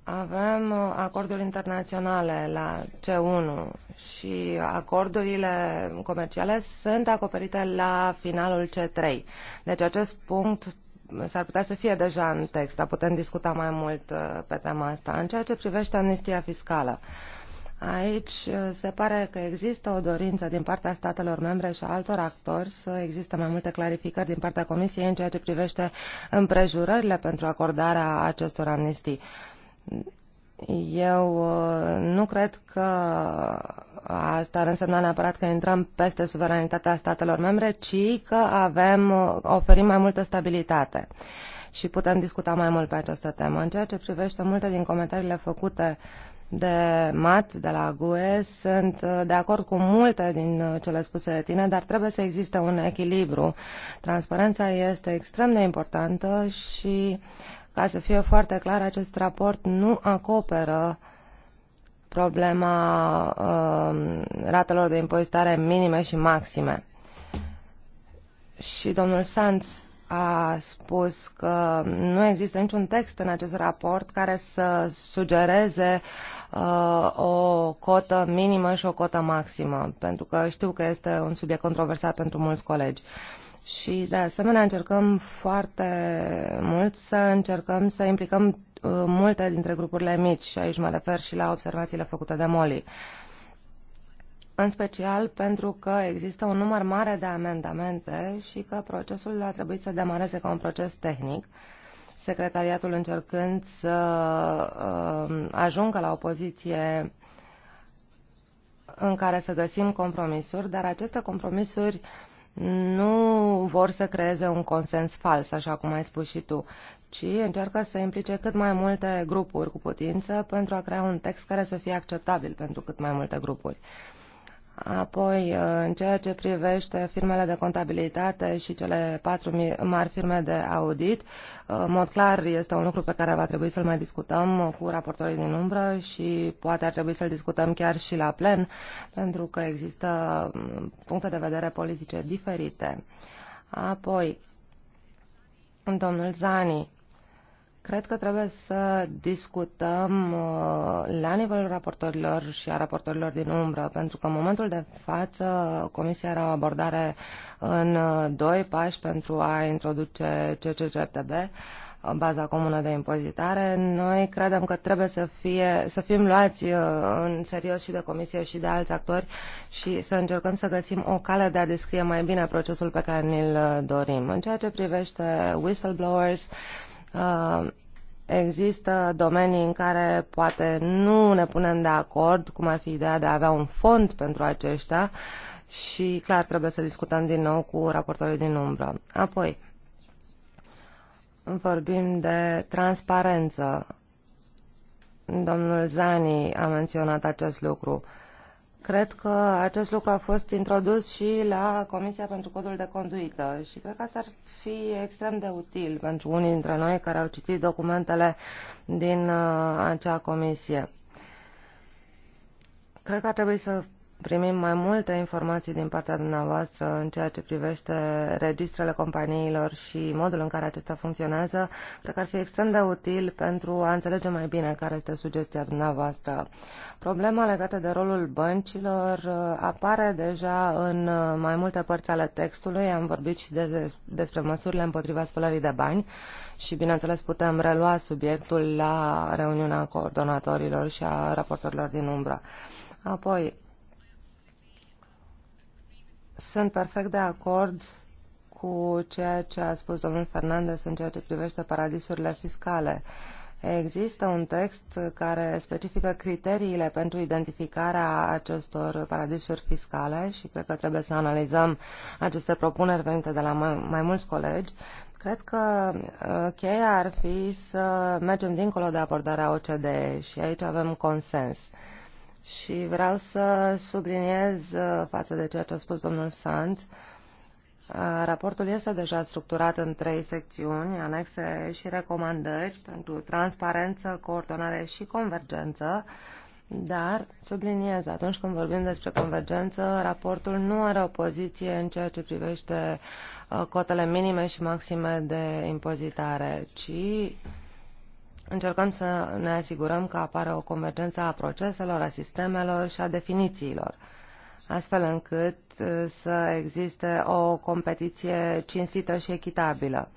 C: avem uh, acorduri internaționale la C1 și acordurile comerciale sunt acoperite la finalul C3. Deci acest punct s-ar putea să fie deja în text, dar putem discuta mai mult uh, pe tema asta. În ceea ce privește amnistia fiscală, aici uh, se pare că există o dorință din partea statelor membre și a altor actori să existe mai multe clarificări din partea Comisiei în ceea ce privește împrejurările pentru acordarea acestor amnistii. Eu uh, nu cred că asta ar însemna neapărat că intrăm peste suveranitatea statelor membre, ci că avem, uh, oferim mai multă stabilitate și putem discuta mai mult pe această temă. În ceea ce privește multe din comentariile făcute de Mat, de la GUE, sunt uh, de acord cu multe din cele spuse de tine, dar trebuie să existe un echilibru. Transparența este extrem de importantă și ca să fie foarte clar, acest raport nu acoperă problema uh, ratelor de impozitare minime și maxime. Și domnul Sanz a spus că nu există niciun text în acest raport care să sugereze uh, o cotă minimă și o cotă maximă, pentru că știu că este un subiect controversat pentru mulți colegi. Uh, și de asemenea încercăm foarte mult să încercăm să implicăm uh, multe dintre grupurile mici și aici mă refer și la observațiile făcute de Moli. În special pentru că există un număr mare de amendamente și că procesul a trebuit să demareze ca un proces tehnic, secretariatul încercând să um, ajungă la o poziție în care să găsim compromisuri, dar aceste compromisuri uh, nu vor să creeze un consens fals, așa cum ai spus și tu, ci încearcă să implice cât mai multe grupuri cu putință pentru a crea un text care să fie acceptabil pentru cât mai multe grupuri. Uh, Apoi, uh, în ceea ce privește firmele de contabilitate și cele patru mari firme de audit, uh, în mod clar este un lucru pe care va trebui să-l mai discutăm cu raportorii din umbră și poate ar trebui să-l discutăm chiar și la plen, pentru că există mm, puncte de vedere politice diferite. Apoi, domnul Zani Cred că trebuie să discutăm uh, la nivelul raportorilor și a raportorilor din umbră, pentru că în momentul de față Comisia era o abordare în uh, doi pași pentru a introduce CCCTB, baza comună de impozitare. Noi credem că trebuie să, fie, să fim luați uh, în serios și de Comisie și de alți actori și să încercăm să găsim o cale de a descrie mai bine procesul pe care ne l dorim. În ceea ce privește whistleblowers, Uh, există domenii în care poate nu ne punem de acord, cum ar fi ideea de a avea un fond pentru aceștia și clar trebuie să discutăm din nou cu raportorii din umbră. Apoi, vorbim de transparență. Domnul Zani a menționat acest lucru. Uh, Cred că acest lucru a fost introdus și la Comisia pentru Codul de Conduită și cred că asta ar fi extrem de util pentru unii dintre noi care au citit documentele din uh, acea comisie. Cred că ar trebui să primim mai multe informații din partea dumneavoastră în ceea ce privește registrele companiilor și modul în care acesta funcționează, cred că ar fi extrem de util pentru a înțelege mai bine care este sugestia dumneavoastră. Problema legată de rolul băncilor uh, apare deja în uh, mai multe părți ale textului. Am vorbit și de, despre măsurile împotriva spălării de bani și, bineînțeles, putem relua subiectul la reuniunea coordonatorilor și a raportorilor din umbră. Apoi, sunt perfect de acord cu ceea ce a spus domnul Fernandez în ceea ce privește paradisurile fiscale. Există un text care specifică criteriile pentru identificarea acestor paradisuri fiscale și cred că trebuie să analizăm aceste propuneri venite de la mai mulți colegi. Cred că uh, cheia ar fi să mergem dincolo de abordarea OCDE și aici avem consens. Și vreau să subliniez uh, față de ceea ce a spus domnul Sanz, uh, Raportul este deja structurat în trei secțiuni, anexe și recomandări pentru transparență, coordonare și convergență, dar, subliniez, atunci când vorbim despre convergență, raportul nu are o poziție în ceea ce privește uh, cotele minime și maxime de impozitare, ci încercăm să ne asigurăm că apare o convergență a proceselor, a sistemelor și a definițiilor, astfel încât uh, să existe o competiție cinstită și echitabilă.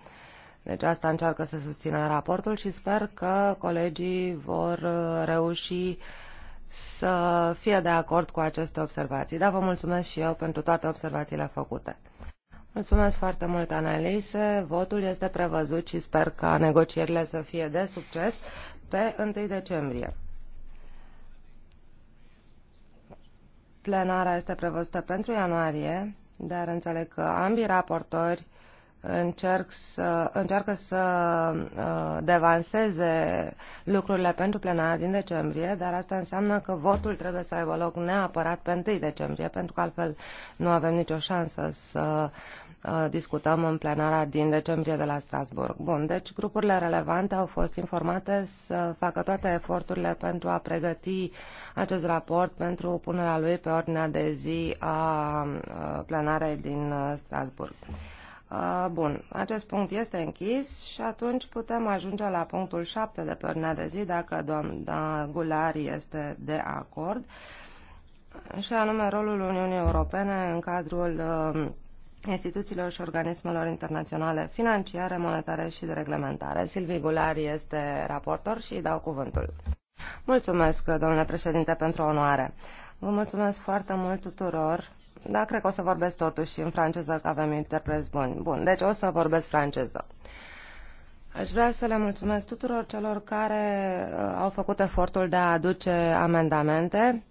C: Deci asta încearcă să susțină raportul și sper că colegii vor uh, reuși să fie de acord cu aceste observații. Da, vă mulțumesc și eu pentru toate observațiile făcute foarte mult, Votul este prevăzut și sper ca negocierile să fie de succes pe 1 decembrie. Plenara este prevăzută pentru ianuarie, dar înțeleg că ambii raportori încerc să, încearcă să uh, devanseze lucrurile pentru plenara din decembrie, dar asta înseamnă că votul trebuie să aibă loc neapărat pe 1 decembrie, pentru că altfel nu avem nicio șansă să Uh, discutăm în plenara din decembrie de la Strasburg. Bun, deci grupurile relevante au fost informate să facă toate eforturile pentru a pregăti acest raport pentru punerea lui pe ordinea de zi a uh, plenarei din uh, Strasburg. Bun, acest punct este închis și atunci putem ajunge la punctul 7 de pe ordinea de zi, dacă doamna Gulari este de acord, și anume rolul Uniunii Europene în cadrul uh, instituțiilor și organismelor internaționale financiare, monetare și de reglementare. Silvi Gular este raportor și îi dau cuvântul. Mulțumesc, domnule președinte, pentru onoare. Vă mulțumesc foarte mult tuturor. Da, cred că o să vorbesc totuși în franceză, că avem interpreți buni. Bun, deci o să vorbesc franceză. Aș vrea să le mulțumesc tuturor celor care uh, au făcut efortul de a aduce amendamente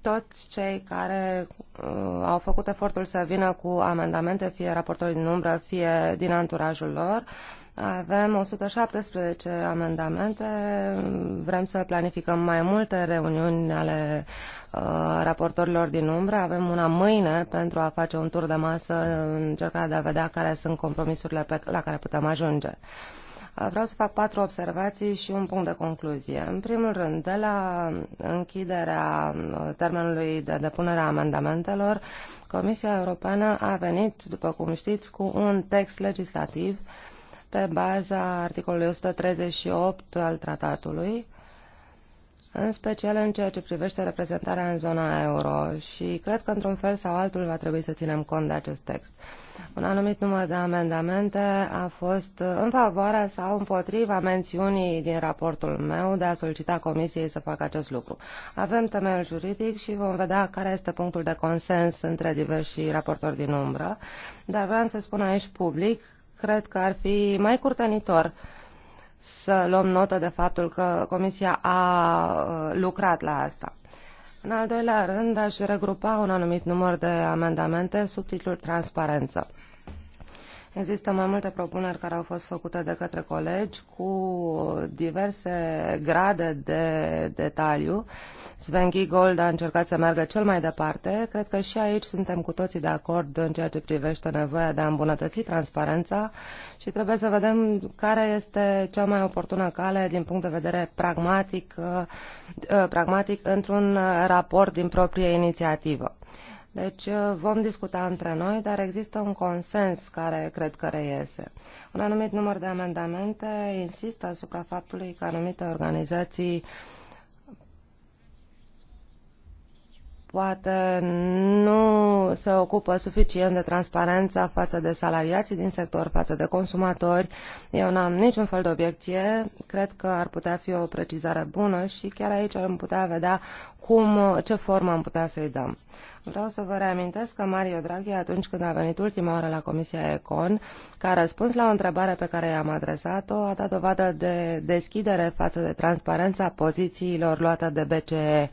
C: toți cei care Uh, au făcut efortul să vină cu amendamente, fie raportori din umbră, fie din anturajul lor. Avem 117 amendamente, vrem să planificăm mai multe reuniuni ale uh, raportorilor din umbră. Avem una mâine pentru a face un tur de masă în încercarea de a vedea care sunt compromisurile pe, la care putem ajunge. Uh, Vreau să fac patru observații și un punct de concluzie. În primul rând, de la închiderea uh, termenului de depunere a amendamentelor, Comisia Europeană a venit, după cum știți, cu un text legislativ pe baza articolului 138 al tratatului, în special în ceea ce privește reprezentarea în zona euro și cred că într-un fel sau altul va trebui să ținem cont de acest text. Un anumit număr de amendamente a fost în favoarea sau împotriva mențiunii din raportul meu de a solicita Comisiei să facă acest lucru. Avem temeiul juridic și vom vedea care este punctul de consens între diversi raportori din umbră, dar vreau să spun aici public, cred că ar fi mai curtenitor uh, să luăm notă de faptul că Comisia a lucrat la asta. În al doilea rând, aș regrupa un anumit număr de amendamente sub titlul Transparență. Există mai multe propuneri care au fost făcute de către colegi cu diverse grade de detaliu uh, Sven Giegold a încercat să meargă cel mai departe. Cred că și aici suntem cu toții de acord în ceea ce privește nevoia de a îmbunătăți transparența și trebuie să vedem care este cea mai oportună cale din punct de vedere pragmatic, uh, uh, pragmatic într-un raport din proprie inițiativă. Deci uh, vom discuta între noi, dar există un consens care cred că reiese. Un anumit număr de amendamente insistă asupra faptului că anumite organizații uh, poate nu se ocupă suficient de transparența față de salariații din sector, față de consumatori. Eu n-am niciun fel de obiecție. Cred că ar putea fi o precizare bună și chiar aici am putea vedea cum, ce formă am putea să-i dăm. Vreau să vă reamintesc că Mario Draghi, atunci când a venit ultima oară la Comisia Econ, ca răspuns la o întrebare pe care i-am adresat-o, a dat dovadă de deschidere față de transparența pozițiilor luate de BCE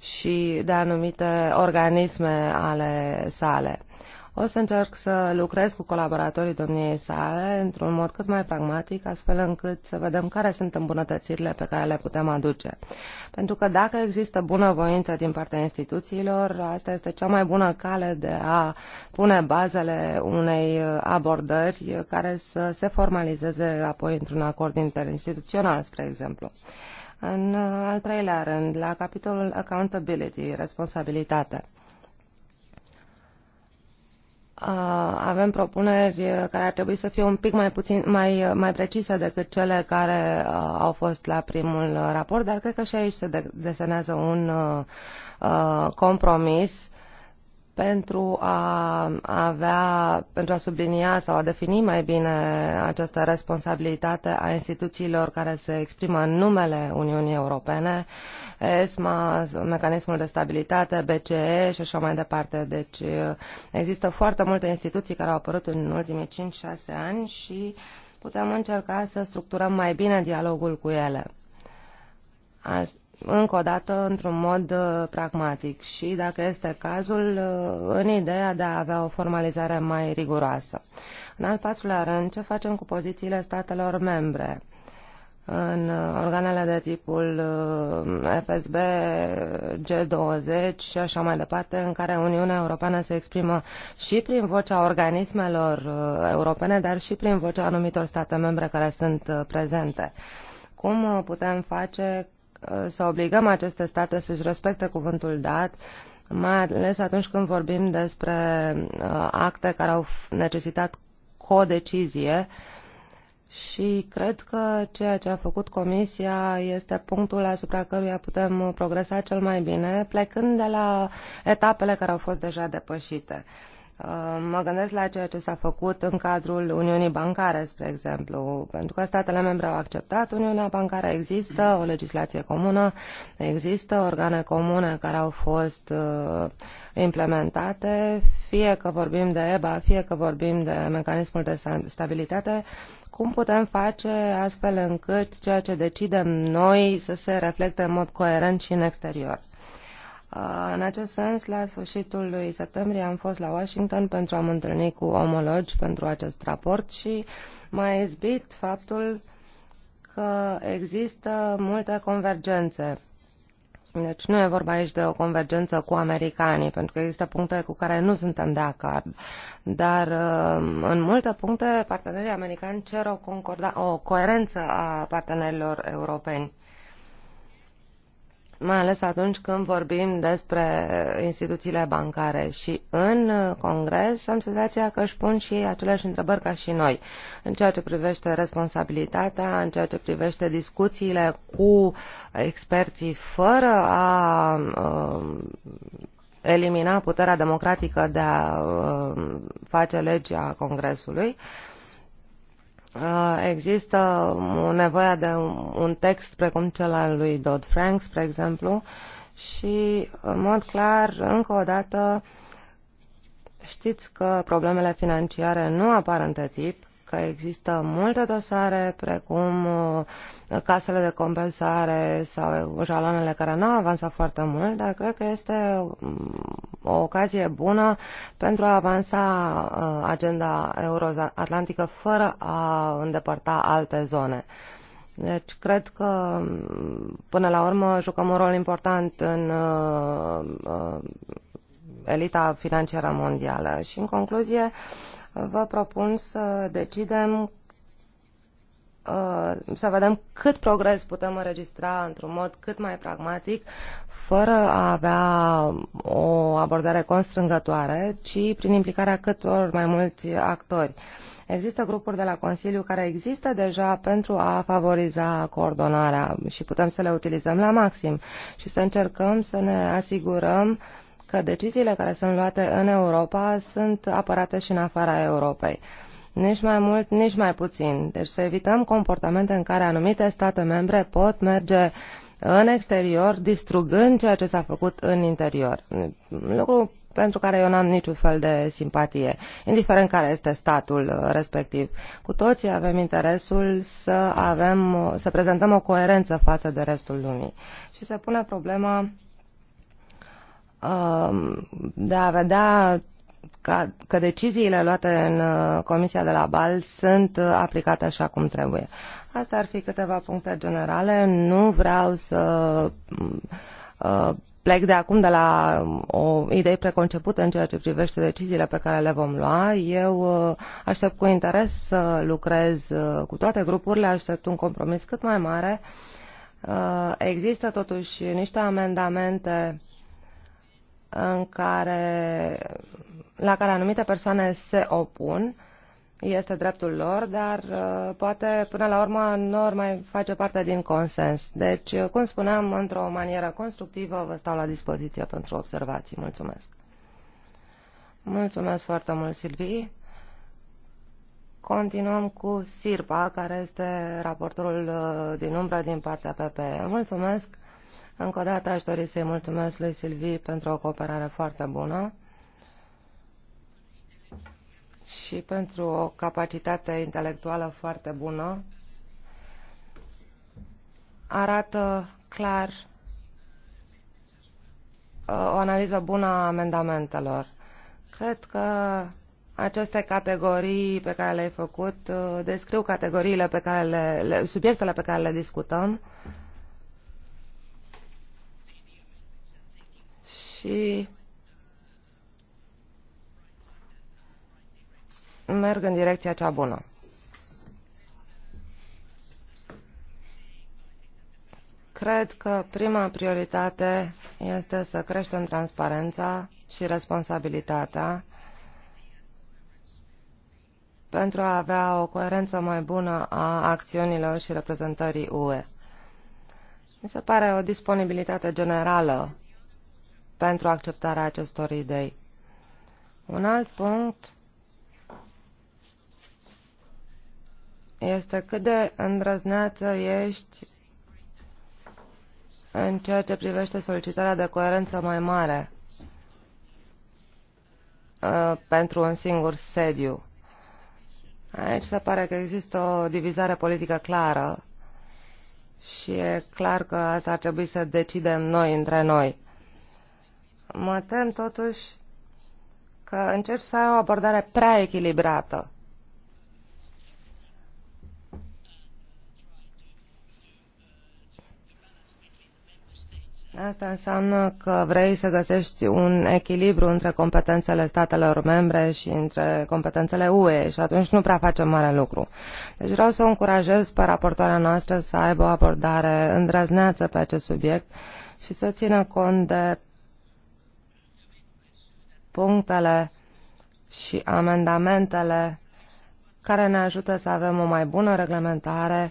C: și de anumite organisme ale sale. O să încerc să lucrez cu colaboratorii domniei sale într-un mod cât mai pragmatic, astfel încât să vedem care sunt îmbunătățirile pe care le putem aduce. Pentru că dacă există bună voință din partea instituțiilor, asta este cea mai bună cale de a pune bazele unei abordări care să se formalizeze apoi într-un acord interinstituțional, spre exemplu. În al treilea rând, la capitolul accountability, responsabilitate. Avem propuneri care ar trebui să fie un pic mai, puțin, mai, mai precise decât cele care au fost la primul raport, dar cred că și aici se desenează un compromis pentru a avea, pentru a sublinia sau a defini mai bine această responsabilitate a instituțiilor care se exprimă în numele Uniunii Europene, ESMA, Mecanismul de Stabilitate, BCE și așa mai departe. Deci există foarte multe instituții care au apărut în ultimii 5-6 ani și putem încerca să structurăm mai bine dialogul cu ele. Azi, încă o dată într-un mod uh, pragmatic și, dacă este cazul, uh, în ideea de a avea o formalizare mai riguroasă. În al patrulea rând, ce facem cu pozițiile statelor membre? în uh, organele de tipul FSB, G20 și așa mai departe, în care Uniunea Europeană se exprimă și prin vocea organismelor europene, dar și prin vocea anumitor state membre care sunt prezente. Cum putem face Uh, să obligăm aceste state să-și respecte cuvântul dat, mai ales atunci când vorbim despre uh, acte care au necesitat decizie și cred că ceea ce a făcut Comisia este punctul asupra căruia putem uh, progresa cel mai bine, plecând de la etapele care au fost deja depășite. Uh, Uh, mă gândesc la ceea ce s-a făcut în cadrul Uniunii Bancare, spre exemplu, pentru că statele membre au acceptat Uniunea Bancară, există o legislație comună, există organe comune care au fost uh, implementate, fie că vorbim de EBA, fie că vorbim de mecanismul de stabilitate, cum putem face astfel încât ceea ce decidem noi să se reflecte în mod coerent și în exterior. Uh, în acest sens, la sfârșitul lui septembrie am fost la Washington pentru a mă întâlni cu omologi pentru acest raport și m-a izbit faptul că există multe convergențe. Deci nu e vorba aici de o convergență cu americanii, pentru că există puncte cu care nu suntem de acord. Dar um, în multe puncte partenerii americani cer o, concorda- o coerență a partenerilor europeni mai ales atunci când vorbim despre instituțiile bancare. Și în Congres am senzația că își pun și aceleași întrebări ca și noi, în ceea ce privește responsabilitatea, în ceea ce privește discuțiile cu experții fără a uh, elimina puterea democratică de a uh, face legea Congresului. Uh, Uh, există nevoie de un text precum cel al lui Dodd-Frank, spre exemplu, și, în mod clar, încă o dată, știți că problemele financiare nu apar în TTIP, că există multe dosare, precum uh, casele de compensare sau jaloanele care nu au avansat foarte mult, dar cred că este mm, o ocazie bună pentru a avansa uh, agenda euroatlantică fără a îndepărta alte zone. Deci cred că mm, până la urmă jucăm un rol important în uh, uh, elita financiară mondială. Și în concluzie, vă propun să decidem uh, să vedem cât progres putem înregistra într-un mod cât mai pragmatic, fără a avea o abordare constrângătoare, ci prin implicarea câtor mai mulți actori. Există grupuri de la Consiliu care există deja pentru a favoriza coordonarea și putem să le utilizăm la maxim și să încercăm să ne asigurăm uh, că deciziile care sunt luate în Europa sunt apărate și în afara Europei. Nici mai mult, nici mai puțin. Deci să evităm comportamente în care anumite state membre pot merge în exterior, distrugând ceea ce s-a făcut în interior. Lucru pentru care eu n-am niciun fel de simpatie, indiferent care este statul uh, respectiv. Cu toții avem interesul să, avem, să prezentăm o coerență față de restul lumii. Și se pune problema Um, de a vedea ca, că deciziile luate în uh, Comisia de la BAL sunt uh, aplicate așa cum trebuie. Asta ar fi câteva puncte generale. Nu vreau să uh, plec de acum de la um, o idee preconcepută în ceea ce privește deciziile pe care le vom lua. Eu aștept cu interes să lucrez cu toate grupurile, aștept un compromis cât mai mare. Există totuși niște amendamente uh, în care, la care anumite persoane se opun, este dreptul lor, dar uh, poate până la urmă nu ori mai face parte din consens. Deci, uh, cum spuneam, într-o manieră constructivă vă stau la dispoziție pentru observații. Mulțumesc! Mulțumesc foarte mult, Silvii! Continuăm cu Sirpa, care este raportorul uh, din umbră din partea PPE. Mulțumesc! Încă o dată aș dori să-i mulțumesc lui Silvi pentru o cooperare foarte bună și pentru o capacitate intelectuală foarte bună. Arată clar uh, o analiză bună a amendamentelor. Cred că aceste categorii pe care le-ai făcut uh, descriu categoriile pe care le, subiectele pe care le discutăm. Uh, și merg în direcția cea bună. Cred că prima prioritate este să creștem transparența și responsabilitatea pentru a avea o coerență mai bună a acțiunilor și reprezentării UE. Mi se pare o disponibilitate generală pentru acceptarea acestor idei. Un alt punct este cât de îndrăzneață ești în ceea ce privește solicitarea de coerență mai mare uh, pentru un singur sediu. Aici se pare că există o divizare politică clară și e clar că asta ar trebui să decidem noi între noi mă tem totuși că încerci să ai o abordare prea echilibrată. Asta înseamnă că vrei să găsești un echilibru între competențele statelor membre și între competențele UE și atunci nu prea facem mare lucru. Deci vreau să o încurajez pe raportoarea noastră să aibă o abordare îndrăzneață pe acest subiect și să țină cont de punctele și amendamentele care ne ajută să avem o mai bună reglementare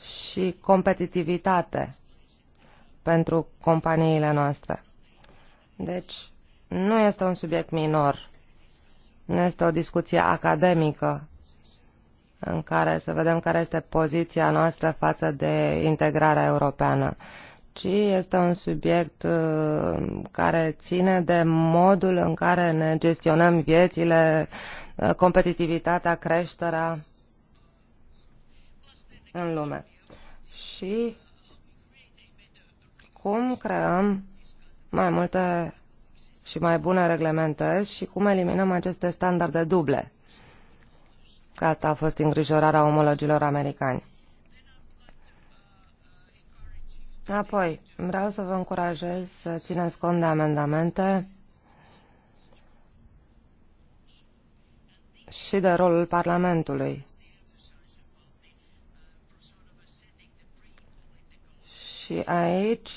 C: și competitivitate pentru companiile noastre. Deci, nu este un subiect minor, nu este o discuție academică în care să vedem care este poziția noastră față de integrarea europeană ci este un subiect uh, care ține de modul în care ne gestionăm viețile, uh, competitivitatea, creșterea în lume. Și cum creăm mai multe și mai bune reglementări și cum eliminăm aceste standarde duble. Că asta a fost îngrijorarea omologilor americani. Apoi, vreau să vă încurajez să țineți cont de amendamente și de rolul Parlamentului. Și aici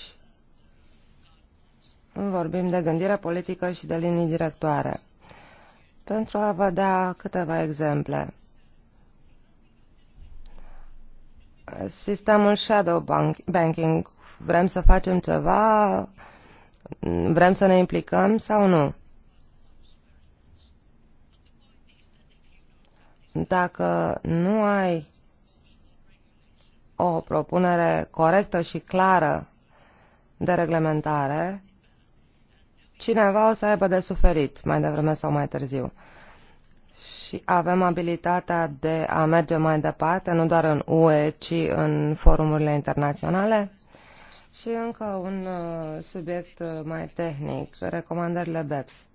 C: vorbim de gândire politică și de linii directoare. Pentru a vă da câteva exemple. Sistemul shadow banking, vrem să facem ceva, vrem să ne implicăm sau nu. Dacă nu ai o propunere corectă și clară de reglementare, cineva o să aibă de suferit mai devreme sau mai târziu. Și avem abilitatea de a merge mai departe, nu doar în UE, ci în forumurile internaționale? Și încă un uh, subiect uh, mai tehnic, recomandările BEPS.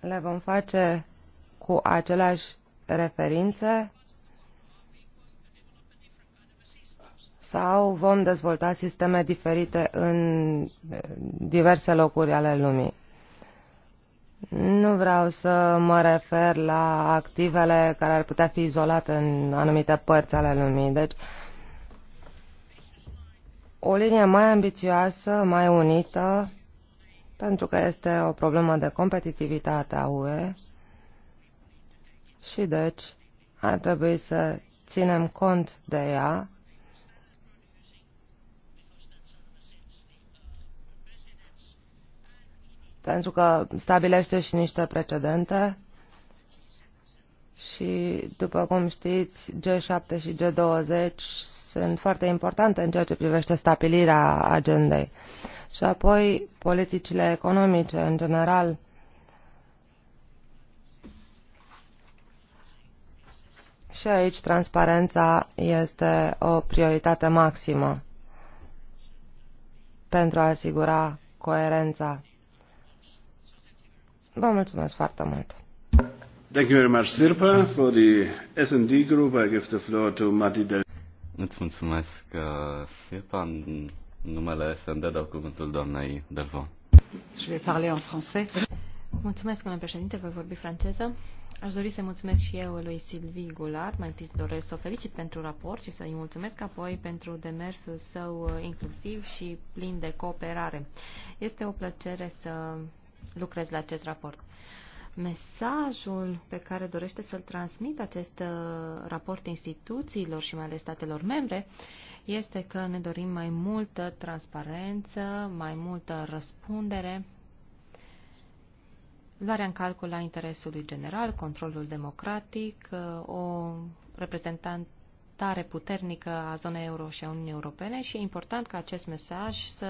C: Le vom face cu aceleași referințe sau vom dezvolta sisteme diferite în uh, diverse locuri ale lumii? Nu vreau să mă refer la activele care ar putea fi izolate în anumite părți ale lumii. Deci, o linie mai ambițioasă, mai unită, pentru că este o problemă de competitivitate a UE și deci ar trebui să ținem cont de ea pentru că stabilește și niște precedente și, după cum știți, G7 și G20 sunt foarte importante în ceea ce privește stabilirea agendei. Și apoi, politicile economice, în general, Și aici transparența este o prioritate maximă pentru a asigura coerența Vă mulțumesc foarte mult!
A: Thank you very much, Sirpa. For the S&D group, I give the floor to Mati Del... Îți mulțumesc, uh, Sirpa. În numele S&D dau cuvântul doamnei Delvaux. Je vais parler en
B: français. Mulțumesc, domnule președinte, voi vorbi franceză. Aș dori să mulțumesc și eu lui Silvi Gular. Mai întâi doresc să o felicit pentru raport și să-i mulțumesc apoi pentru demersul său uh, inclusiv și plin de cooperare. Este o plăcere să lucrez la acest raport. Mesajul pe care dorește să-l transmit acest uh, raport instituțiilor și mai ales statelor membre este că ne dorim mai multă transparență, mai multă răspundere, luarea în calcul a interesului general, controlul democratic, uh, o reprezentant adaptare puternică a zonei euro și a Uniunii Europene și e important ca acest mesaj să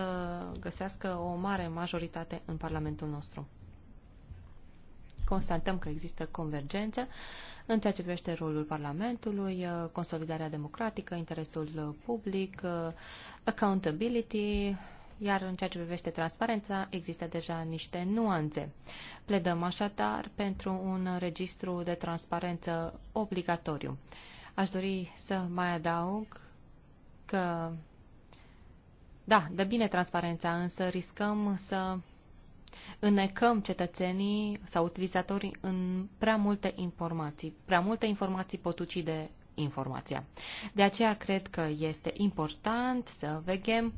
B: găsească o mare majoritate în Parlamentul nostru. Constatăm că există convergență în ceea ce privește rolul Parlamentului, consolidarea democratică, interesul public, accountability, iar în ceea ce privește transparența, există deja niște nuanțe. Pledăm așadar pentru un registru de transparență obligatoriu. Aș dori să mai adaug că, da, de bine transparența, însă riscăm să înnecăm cetățenii sau utilizatorii în prea multe informații. Prea multe informații pot ucide informația. De aceea cred că este important să veghem uh,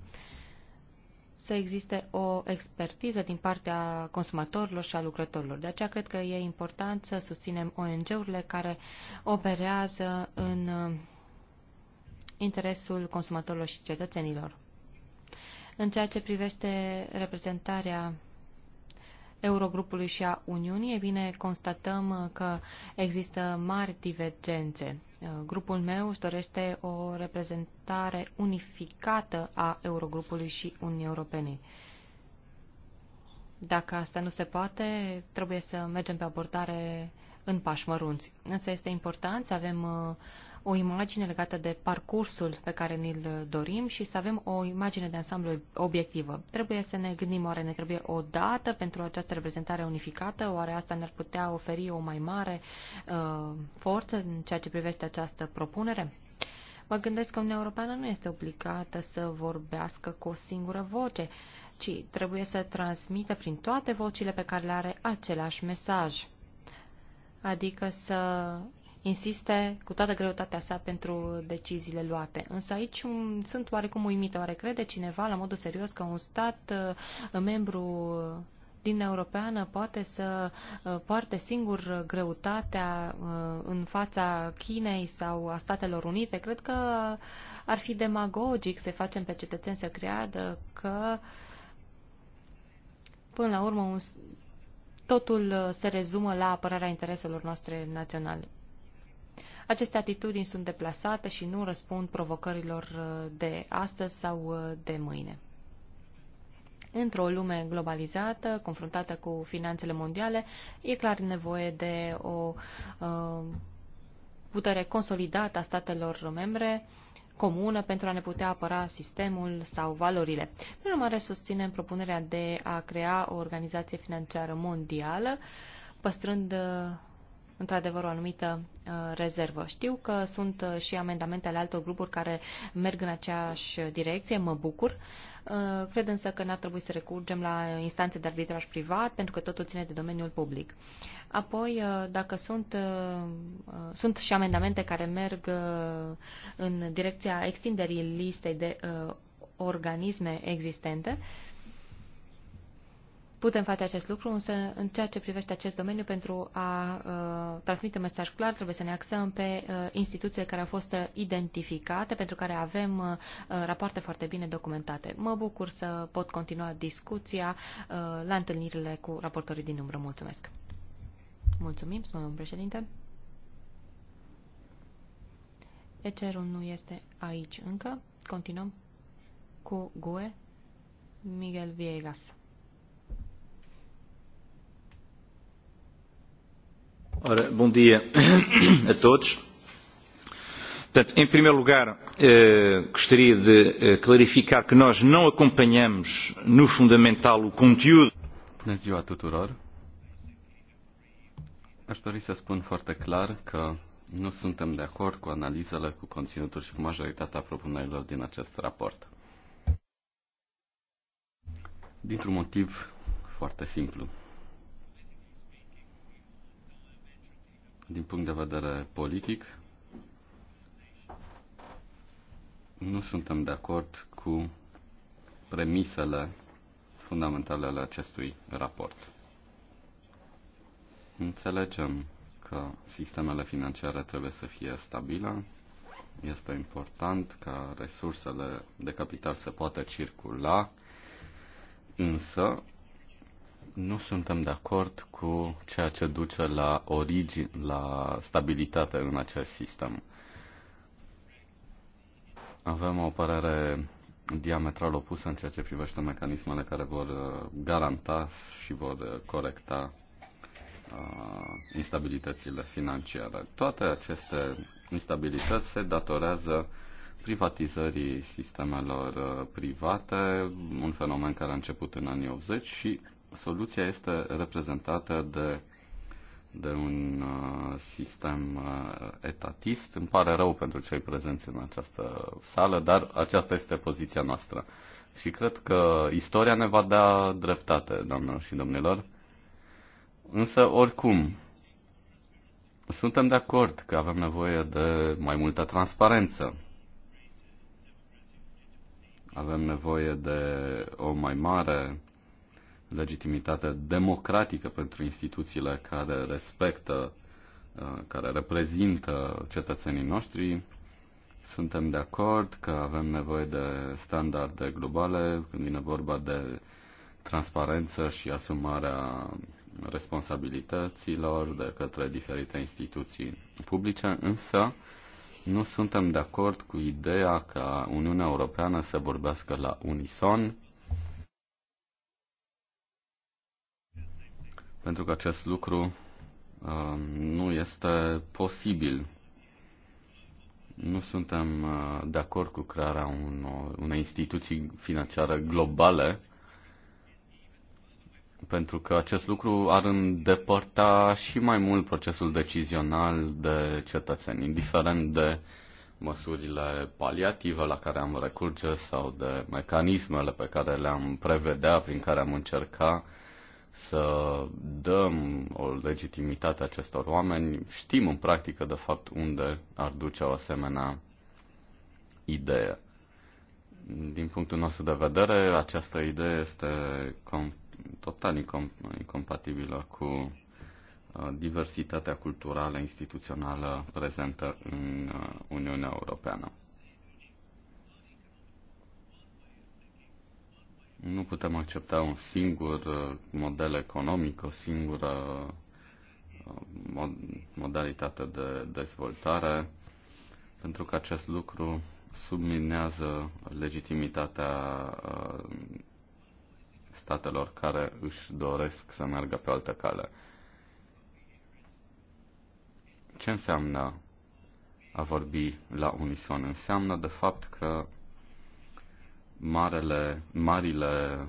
B: să existe o expertiză din partea consumatorilor și a lucrătorilor. De aceea cred că e important să susținem ONG-urile care operează în uh, interesul consumatorilor și cetățenilor. În ceea ce privește reprezentarea Eurogrupului și a Uniunii, e bine, constatăm uh, că există mari divergențe. Grupul meu își dorește o reprezentare unificată a Eurogrupului și Uniunii Europene. Dacă asta nu se poate, trebuie să mergem pe abordare în pași mărunți. Însă este important să avem uh, o imagine legată de parcursul pe care ni-l dorim și să avem o imagine de ansamblu obiectivă. Trebuie să ne gândim oare ne trebuie o dată pentru această reprezentare unificată, oare asta ne-ar putea oferi o mai mare uh, forță în ceea ce privește această propunere? Mă gândesc că Uniunea Europeană nu este obligată să vorbească cu o singură voce, ci trebuie să transmită prin toate vocile pe care le are același mesaj. Adică să insiste cu toată greutatea sa pentru deciziile luate. Însă aici sunt oarecum uimită. Oare crede cineva la modul serios că un stat uh, membru din Europeană poate să uh, poarte singur greutatea uh, în fața Chinei sau a Statelor Unite? Cred că ar fi demagogic să facem pe cetățeni să creadă că până la urmă un totul se rezumă la apărarea intereselor noastre naționale. Aceste atitudini sunt deplasate și nu răspund provocărilor uh, de astăzi sau uh, de mâine. Într-o lume globalizată, confruntată cu finanțele mondiale, e clar nevoie de o uh, putere consolidată a statelor membre comună pentru a ne putea apăra sistemul sau valorile. Prin urmare, susținem propunerea de a crea o organizație financiară mondială, păstrând uh, într-adevăr o anumită uh, rezervă. Știu că sunt uh, și amendamente ale altor grupuri care merg în aceeași direcție, mă bucur. Uh, cred însă că n-ar trebui să recurgem la instanțe de arbitraj privat, pentru că totul ține de domeniul public. Apoi, dacă sunt, sunt și amendamente care merg în direcția extinderii listei de organisme existente, Putem face acest lucru, însă în ceea ce privește acest domeniu, pentru a uh, transmite un mesaj clar, trebuie să ne axăm pe uh, instituțiile care au fost uh, identificate, pentru care avem uh, uh, rapoarte foarte bine documentate. Mă bucur să pot continua discuția uh, la întâlnirile cu raportorii din umbră. Mulțumesc! Mulțumim, domnul președinte. Ecerul nu este aici încă. Continuăm cu GUE Miguel Viegas.
A: Ora, bom dia a todos. Portanto, em primeiro lugar, eh, gostaria de eh, clarificar que nós não acompanhamos no fundamental o conteúdo. Bună ziua tuturor. Aș dori să spun foarte clar că nu suntem de acord cu analizele, cu conținutul și cu majoritatea propunerilor din acest raport. Dintr-un motiv foarte simplu. din punct de vedere politic, nu suntem de acord cu premisele fundamentale ale acestui raport. Înțelegem că sistemele financiare trebuie să fie stabile, este important ca resursele de capital să poată circula, însă nu suntem de acord cu ceea ce duce la origine, la stabilitate în acest sistem. Avem o părere diametral opusă în ceea ce privește mecanismele care vor uh, garanta și vor uh, corecta uh, instabilitățile financiare. Toate aceste instabilități se datorează privatizării sistemelor uh, private, un fenomen care a început în anii 80 și Soluția este reprezentată de, de un uh, sistem uh, etatist. Îmi pare rău pentru cei prezenți în această sală, dar aceasta este poziția noastră. Și cred că istoria ne va da dreptate, doamnelor și domnilor. Însă, oricum, suntem de acord că avem nevoie de mai multă transparență. Avem nevoie de o mai mare legitimitate democratică pentru instituțiile care respectă, uh, care reprezintă cetățenii noștri. Suntem de acord că avem nevoie de standarde globale când vine vorba de transparență și asumarea responsabilităților de către diferite instituții publice, însă nu suntem de acord cu ideea ca Uniunea Europeană să vorbească la unison pentru că acest lucru uh, nu este posibil. Nu suntem uh, de acord cu crearea unor, unei instituții financiare globale, pentru că acest lucru ar îndepărta și mai mult procesul decizional de cetățeni, indiferent de măsurile paliative la care am recurge sau de mecanismele pe care le-am prevedea, prin care am încerca să dăm o legitimitate acestor oameni. Știm în practică, de fapt, unde ar duce o asemenea idee. Din punctul nostru de vedere, această idee este com- total incom- incompatibilă cu uh, diversitatea culturală instituțională prezentă în uh, Uniunea Europeană. Nu putem accepta un singur uh, model economic, o singură uh, modalitate de dezvoltare, pentru că acest lucru subminează legitimitatea uh, statelor care își doresc să meargă pe altă cale. Ce înseamnă a vorbi la unison? Înseamnă, de fapt, că marele, marile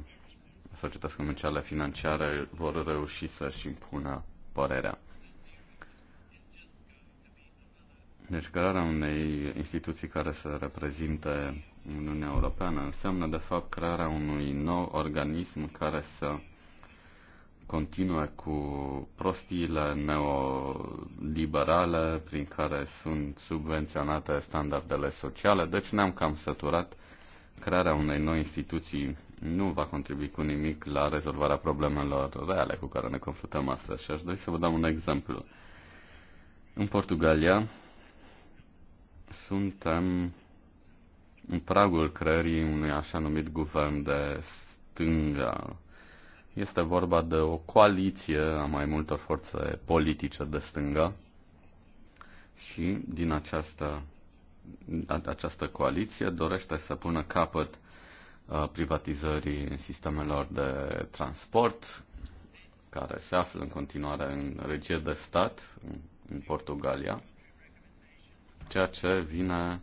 A: societăți comerciale financiare vor reuși să-și impună părerea. Deci crearea unei instituții care să reprezinte Uniunea Europeană înseamnă de fapt crearea unui nou organism care să continue cu prostiile neoliberale prin care sunt subvenționate standardele sociale. Deci ne-am cam săturat crearea unei noi instituții nu va contribui cu nimic la rezolvarea problemelor reale cu care ne confruntăm astăzi. Și aș dori să vă dau un exemplu. În Portugalia suntem în pragul creării unui așa numit guvern de stânga. Este vorba de o coaliție a mai multor forțe politice de stânga și din această această coaliție dorește să pună capăt uh, privatizării sistemelor de transport, care se află în continuare în regie de stat, în Portugalia, ceea ce vine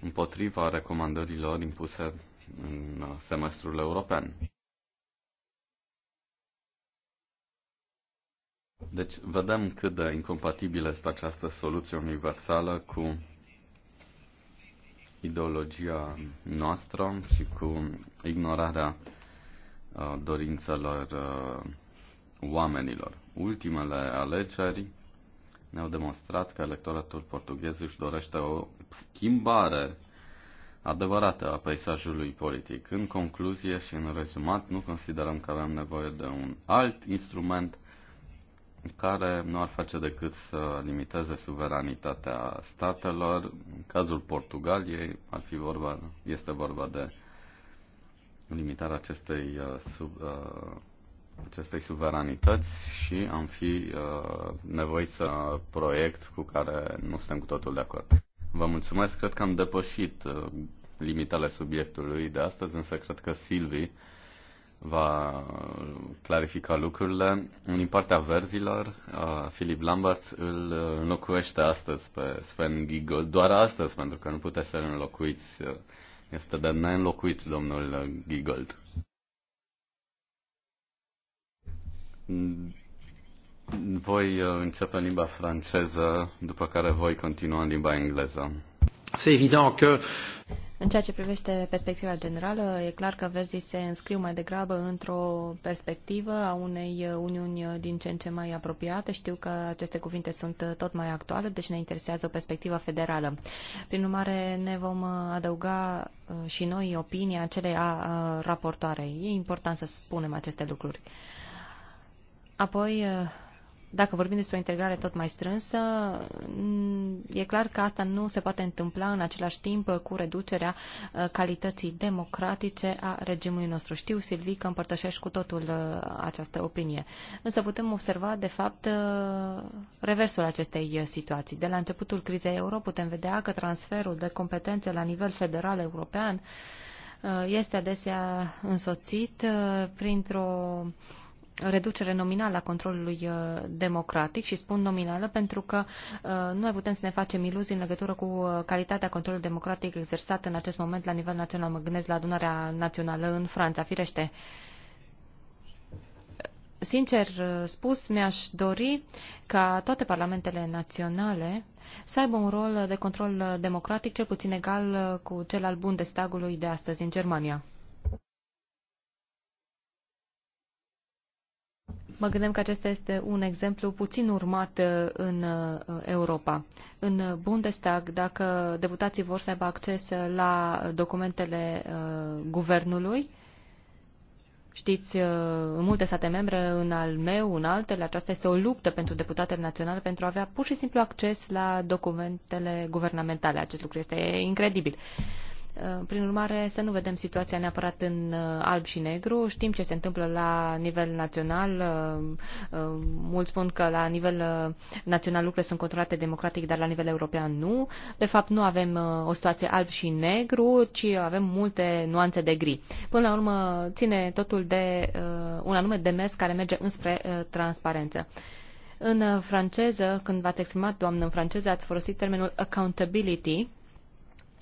A: împotriva recomandărilor impuse în semestrul european. Deci vedem cât de incompatibilă este această soluție universală cu ideologia noastră și cu ignorarea uh, dorințelor uh, oamenilor. Ultimele alegeri ne-au demonstrat că electoratul portughez își dorește o schimbare adevărată a peisajului politic. În concluzie și în rezumat, nu considerăm că avem nevoie de un alt instrument care nu ar face decât să limiteze suveranitatea statelor. În cazul Portugaliei ar fi vorba, este vorba de limitarea acestei, uh, sub, uh, acestei suveranități și am fi uh, nevoit să proiect cu care nu suntem cu totul de acord. Vă mulțumesc, cred că am depășit limitele subiectului de astăzi, însă cred că Silvi va uh, clarifica lucrurile. Din partea verzilor, Filip uh, Lambert îl uh, înlocuiește astăzi pe Sven Giegold, doar astăzi, pentru că nu puteți să-l înlocuiți. Este de neînlocuit domnul Giegold. Voi începe în limba franceză, după care voi continua în limba engleză. C'est évident que
B: în ceea ce privește perspectiva generală, e clar că verzii se înscriu mai degrabă într-o perspectivă a unei uniuni din ce în ce mai apropiate. Știu că aceste cuvinte sunt tot mai actuale, deci ne interesează o perspectivă federală. Prin urmare, ne vom adăuga uh, și noi opinia acelei a raportoarei. E important să spunem aceste lucruri. Apoi, uh, dacă vorbim despre o integrare tot mai strânsă, mm, e clar că asta nu se poate întâmpla în același timp cu reducerea uh, calității democratice a regimului nostru. Știu, Silvi, că împărtășești cu totul uh, această opinie. Însă putem observa, de fapt, uh, reversul acestei situații. De la începutul crizei euro putem vedea că transferul de competențe la nivel federal european este adesea însoțit printr-o reducere nominală a controlului uh, democratic și spun nominală pentru că uh, nu mai putem să ne facem iluzii în legătură cu uh, calitatea controlului democratic exersat în acest moment la nivel național. Mă gândesc la adunarea națională în Franța, firește. Sincer spus, mi-aș dori ca toate parlamentele naționale să aibă un rol de control democratic cel puțin egal cu cel al Bundestagului de astăzi în Germania. Mă gândeam că acesta este un exemplu puțin urmat uh, în uh, Europa. În Bundestag, dacă deputații vor să aibă acces la documentele uh, guvernului, Știți, în multe state membre, în al meu, în altele, aceasta este o luptă pentru deputatele naționale pentru a avea pur și simplu acces la documentele guvernamentale. Acest lucru este incredibil. Uh, prin urmare, să nu vedem situația neapărat în uh, alb și negru. Știm ce se întâmplă la nivel național. Uh, mulți spun că la nivel național lucrurile sunt controlate democratic, dar la nivel european nu. De fapt, nu avem o situație alb și negru, ci avem multe nuanțe de gri. Până la urmă, ține totul de un anume demers care merge înspre transparență. În franceză, când v-ați exprimat, doamnă, în franceză, ați folosit termenul accountability,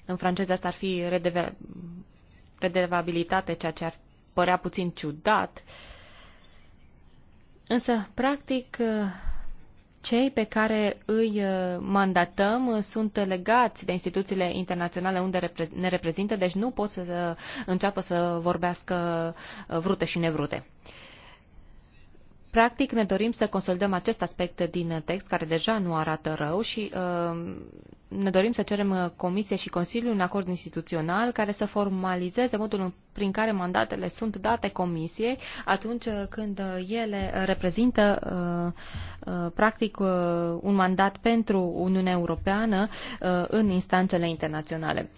B: în franceză asta ar fi redevabilitate, ceea ce ar părea puțin ciudat. Însă, practic, cei pe care îi uh, mandatăm sunt legați de instituțiile internaționale unde ne reprezintă, deci nu pot să înceapă să vorbească uh, vrute și nevrute. Practic ne dorim să consolidăm acest aspect din text care deja nu arată rău și uh, ne dorim să cerem Comisie și Consiliu un acord instituțional care să formalizeze modul prin care mandatele sunt date Comisiei atunci când ele reprezintă uh, uh, practic un mandat pentru Uniunea Europeană în instanțele internaționale.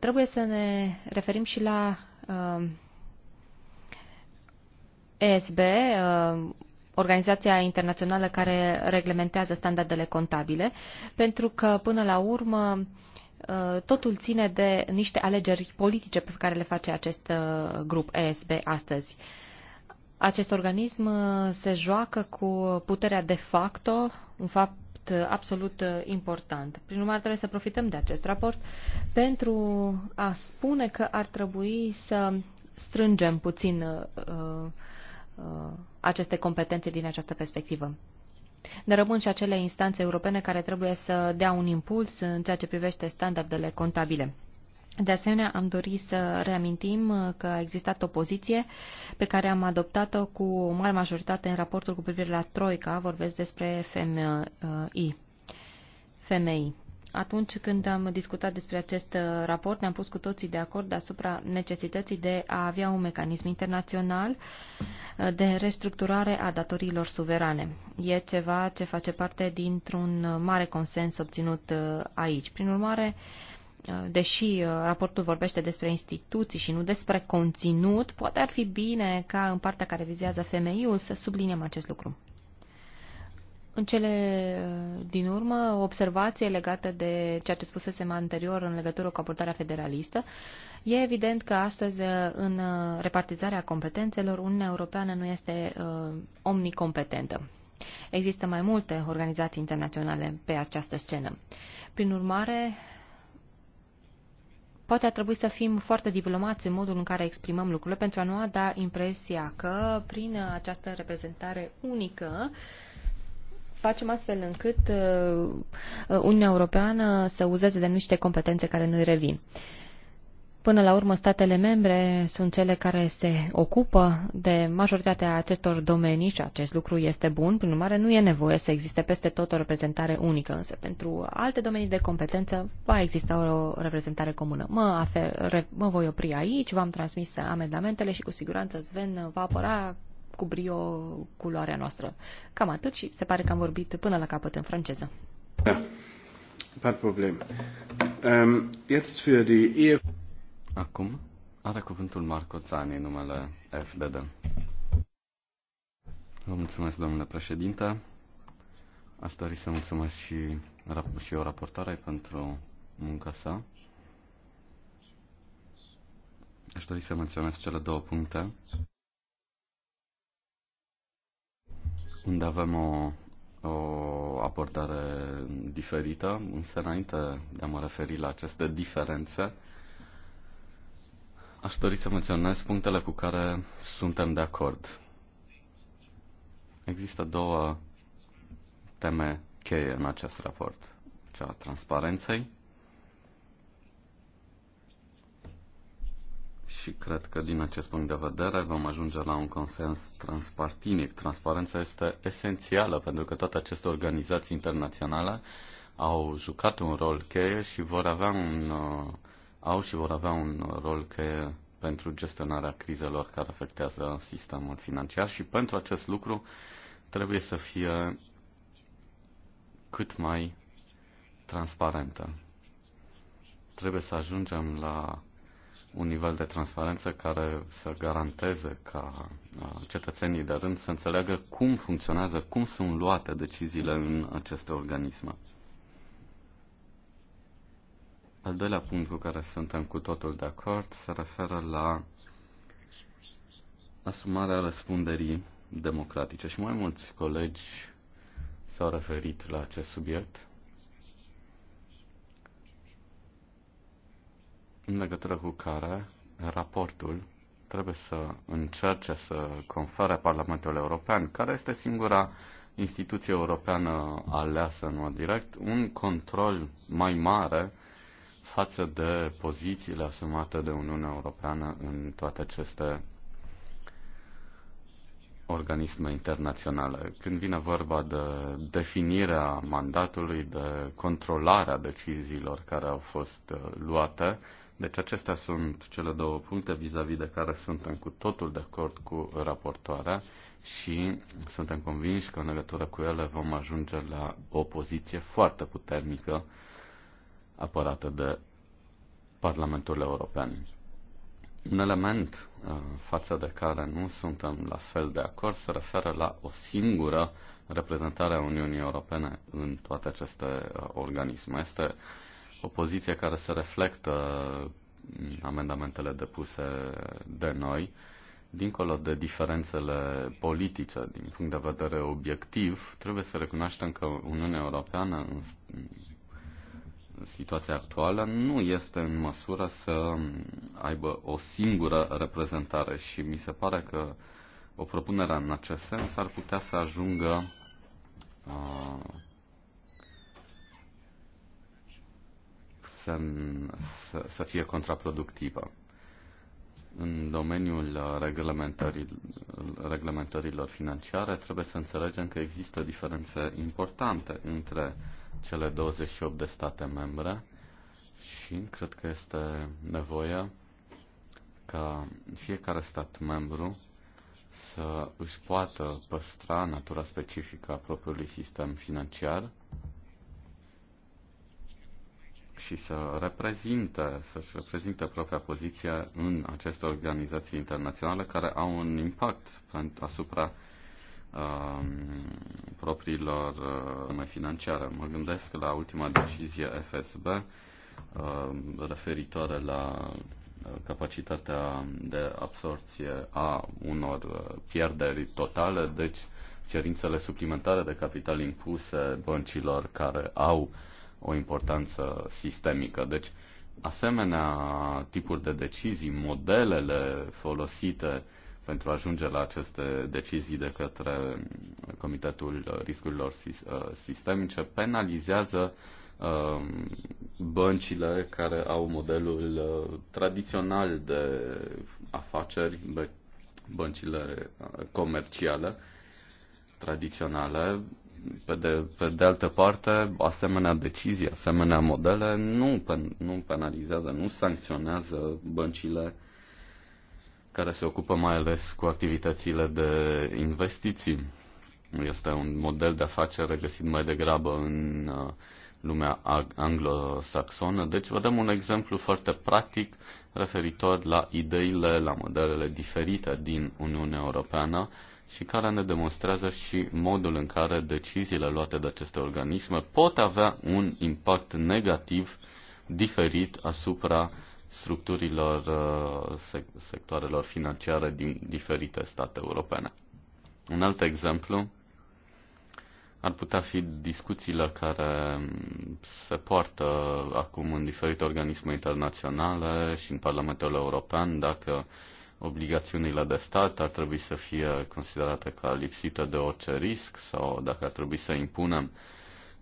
B: Trebuie să ne referim și la ESB, organizația internațională care reglementează standardele contabile, pentru că, până la urmă, uh, totul ține de niște alegeri politice pe care le face acest uh, grup ESB astăzi. Acest organism uh, se joacă cu puterea de facto, un fapt absolut important. Prin urmare, trebuie să profităm de acest raport pentru a spune că ar trebui să strângem puțin uh, uh, aceste competențe din această perspectivă. Ne rămân și acele instanțe europene care trebuie să dea un impuls în ceea ce privește standardele contabile. De asemenea, am dorit să reamintim că a existat o poziție pe care am adoptat-o cu o mare majoritate în raportul cu privire la Troica, vorbesc despre FMI. FMI atunci când am discutat despre acest uh, raport, ne-am pus cu toții de acord asupra necesității de a avea un mecanism internațional uh, de restructurare a datoriilor suverane. E ceva ce face parte dintr-un uh, mare consens obținut aici. Prin urmare, deși raportul vorbește despre instituții și nu despre conținut, poate ar fi bine ca în partea care vizează FMI-ul să subliniem acest lucru. În cele uh, din urmă, o observație legată de ceea ce spusesem anterior în legătură cu abordarea federalistă. E evident că astăzi, uh, în uh, repartizarea competențelor, Uniunea Europeană nu este uh, omnicompetentă. Există mai multe organizații internaționale pe această scenă. Prin urmare, poate ar trebui să fim foarte diplomați în modul în care exprimăm lucrurile pentru a nu a da impresia că, prin această reprezentare unică, uh, facem astfel încât uh, uh, Uniunea Europeană să uzeze de niște competențe care nu-i revin. Până la urmă, statele membre sunt cele care se ocupă de majoritatea acestor domenii și acest lucru este bun. Prin urmare, nu e nevoie să existe peste tot o reprezentare unică, însă pentru alte domenii de competență va exista o reprezentare comună. Mă, afer, mă voi opri aici, v-am transmis amendamentele și cu siguranță Sven va apăra cu brio culoarea noastră. Cam atât și se pare că am vorbit până la capăt în franceză.
A: Da. Par problem. Um, ehm, jetzt für die Acum are cuvântul Marco Zani numele FDD. Vă mulțumesc, domnule președinte. Aș dori să mulțumesc și, și eu raportarea pentru munca sa. Aș dori să menționez cele două puncte unde avem o, o abordare diferită, însă înainte de a mă referi la aceste diferențe, aș dori să menționez punctele cu care suntem de acord. Există două teme cheie în acest raport, cea a transparenței și cred că din acest punct de vedere vom ajunge la un consens transpartinic. Transparența este esențială pentru că toate aceste organizații internaționale au jucat un rol cheie și vor avea un, uh, au și vor avea un rol cheie pentru gestionarea crizelor care afectează sistemul financiar și pentru acest lucru trebuie să fie cât mai transparentă. Trebuie să ajungem la un nivel de transparență care să garanteze ca cetățenii de rând să înțeleagă cum funcționează, cum sunt luate deciziile în aceste organisme. Al doilea punct cu care suntem cu totul de acord se referă la asumarea răspunderii democratice. Și mai mulți colegi s-au referit la acest subiect. în legătură cu care raportul trebuie să încerce să confere Parlamentul European, care este singura instituție europeană aleasă în mod direct, un control mai mare față de pozițiile asumate de Uniunea Europeană în toate aceste organisme internaționale. Când vine vorba de definirea mandatului, de controlarea deciziilor care au fost uh, luate, deci acestea sunt cele două puncte vis-a-vis -vis de care suntem cu totul de acord cu raportoarea și suntem convinși că în legătură cu ele vom ajunge la o poziție foarte puternică apărată de Parlamentul European. Un element uh, față de care nu suntem la fel de acord se referă la o singură reprezentare a Uniunii Europene în toate aceste uh, organisme. Este o poziție care se reflectă amendamentele depuse de noi, dincolo de diferențele politice, din punct de vedere obiectiv, trebuie să recunoaștem că Uniunea Europeană în situația actuală nu este în măsură să aibă o singură reprezentare și mi se pare că o propunere în acest sens ar putea să ajungă uh, să, să, să fie contraproductivă. În domeniul uh, reglementării, reglementărilor financiare trebuie să înțelegem că există diferențe importante între cele 28 de state membre și cred că este nevoie ca fiecare stat membru să își poată păstra natura specifică a propriului sistem financiar și să reprezinte, să-și reprezinte propria poziție în aceste organizații internaționale care au un impact asupra um, propriilor uh, financiare. Mă gândesc la ultima decizie FSB uh, referitoare la uh, capacitatea de absorție a unor uh, pierderi totale, deci cerințele suplimentare de capital impuse băncilor care au uh, o importanță sistemică. Deci, asemenea tipuri de decizii, modelele folosite pentru a ajunge la aceste decizii de către Comitetul Riscurilor uh, Sistemice penalizează um, băncile care au modelul uh, tradițional de afaceri, băncile uh, comerciale tradiționale, pe de, pe de altă parte, asemenea decizii, asemenea modele nu, pen, nu penalizează, nu sancționează băncile care se ocupă mai ales cu activitățile de investiții. Este un model de afacere găsit mai degrabă în uh, lumea anglosaxonă. Deci vedem un exemplu foarte practic referitor la ideile, la modelele diferite din Uniunea Europeană și care ne demonstrează și modul în care deciziile luate de aceste organisme pot avea un impact negativ diferit asupra structurilor uh, sectoarelor financiare din diferite state europene. Un alt exemplu ar putea fi discuțiile care mm, se poartă acum în diferite organisme internaționale și în Parlamentul European dacă uh, obligațiunile de stat ar trebui să fie considerate ca lipsită de orice risc sau dacă ar trebui să impunem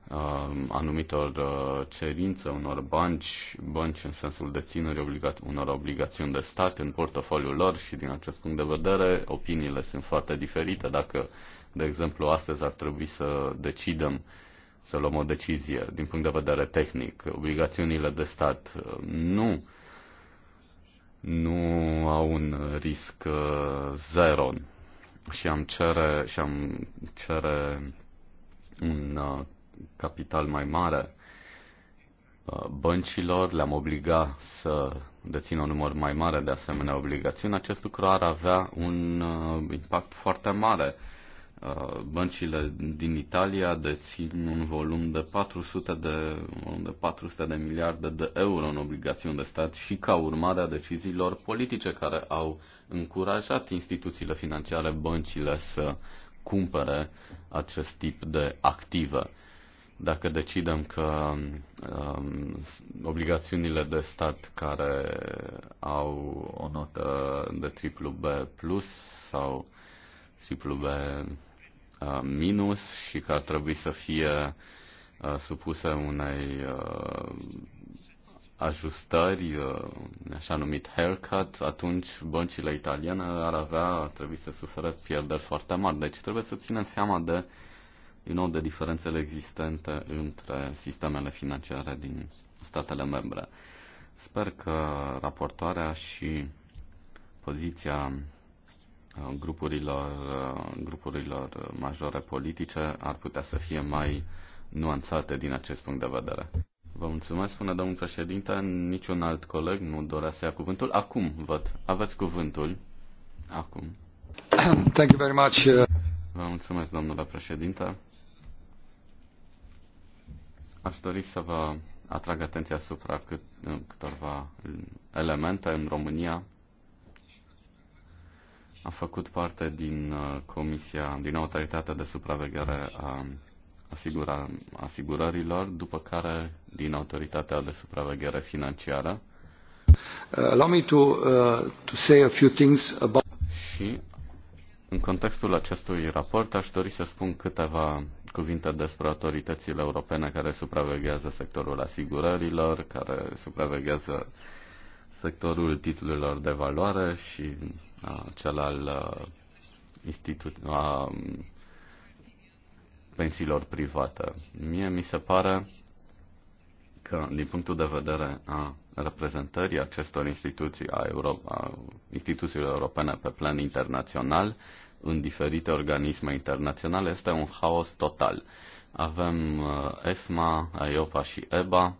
A: uh, anumitor uh, cerințe unor bănci, bănci în sensul deținerii obliga- unor obligațiuni de stat în portofoliul lor și din acest punct de vedere opiniile sunt foarte diferite. Dacă, de exemplu, astăzi ar trebui să decidem să luăm o decizie din punct de vedere tehnic, obligațiunile de stat uh, nu uh, nu au un risc uh, zero și am cere, și am cere un uh, capital mai mare uh, băncilor, le-am obliga să dețină un număr mai mare de asemenea obligațiuni, acest lucru ar avea un impact foarte mare Uh, băncile din Italia dețin un volum de 400 de, volum de 400 de miliarde de euro în obligațiuni de stat și ca urmare a deciziilor politice care au încurajat instituțiile financiare, băncile să cumpere acest tip de active. Dacă decidem că um, obligațiunile de stat care au o notă de triplu B plus sau triplu B Uh, minus și că ar trebui să fie uh, supusă unei uh, ajustări, așa numit haircut, atunci băncile italiene ar avea, ar trebui să suferă pierderi foarte mari. Deci trebuie să ținem seama de, din nou, de diferențele existente între sistemele financiare din statele membre. Sper că raportoarea și poziția grupurilor, uh, grupurilor majore politice ar putea să fie mai nuanțate din acest punct de vedere. Vă mulțumesc, spune domnul președinte. Niciun alt coleg nu dorea să ia cuvântul. Acum văd. Aveți cuvântul. Acum. Thank you very much. Uh, vă mulțumesc, domnule președinte. Aș dori să vă atrag atenția asupra cât, câtorva elemente în România a făcut parte din uh, comisia, din autoritatea de supraveghere a asigura, asigurărilor, după care din autoritatea de supraveghere financiară. Uh, allow me to, uh, to say a few things about... Și în contextul acestui raport aș dori să spun câteva cuvinte despre autoritățile europene care supraveghează sectorul asigurărilor, care supraveghează uh, sectorul titlurilor de valoare și a, cel al institut, a, pensiilor private. Mie mi se pare că, din punctul de vedere a reprezentării acestor instituții, a, Euro- a instituțiilor europene pe plan internațional, în diferite organisme internaționale, este un haos total. Avem ESMA, EIOPA și EBA,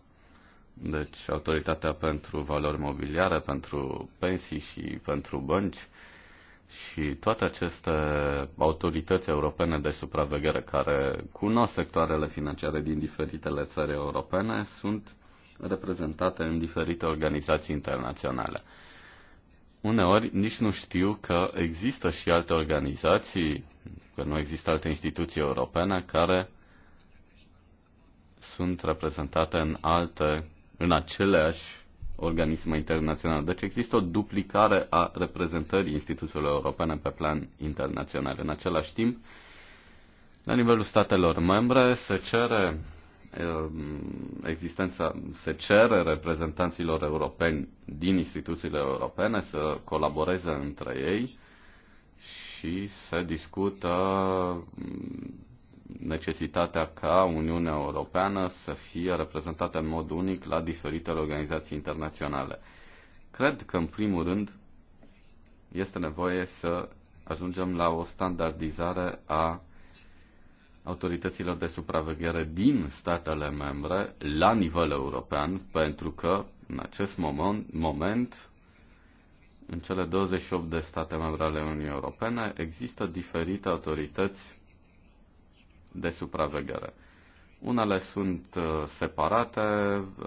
A: deci autoritatea pentru valori mobiliare, pentru pensii și pentru bănci și toate aceste autorități europene de supraveghere care cunosc sectoarele financiare din diferitele țări europene sunt reprezentate în diferite organizații internaționale. Uneori nici nu știu că există și alte organizații, că nu există alte instituții europene care sunt reprezentate în alte în aceleași organisme internaționale. Deci există o duplicare a reprezentării instituțiilor europene pe plan internațional. În același timp, la nivelul statelor membre se cere um, existența, se cere reprezentanților europeni din instituțiile europene să colaboreze între ei și se discută um, necesitatea ca Uniunea Europeană să fie reprezentată în mod unic la diferitele organizații internaționale. Cred că, în primul rând, este nevoie să ajungem la o standardizare a autorităților de supraveghere din statele membre la nivel european, pentru că în acest moment, moment în cele 28 de state membre ale Uniunii Europene există diferite autorități de supraveghere. Unele sunt uh, separate,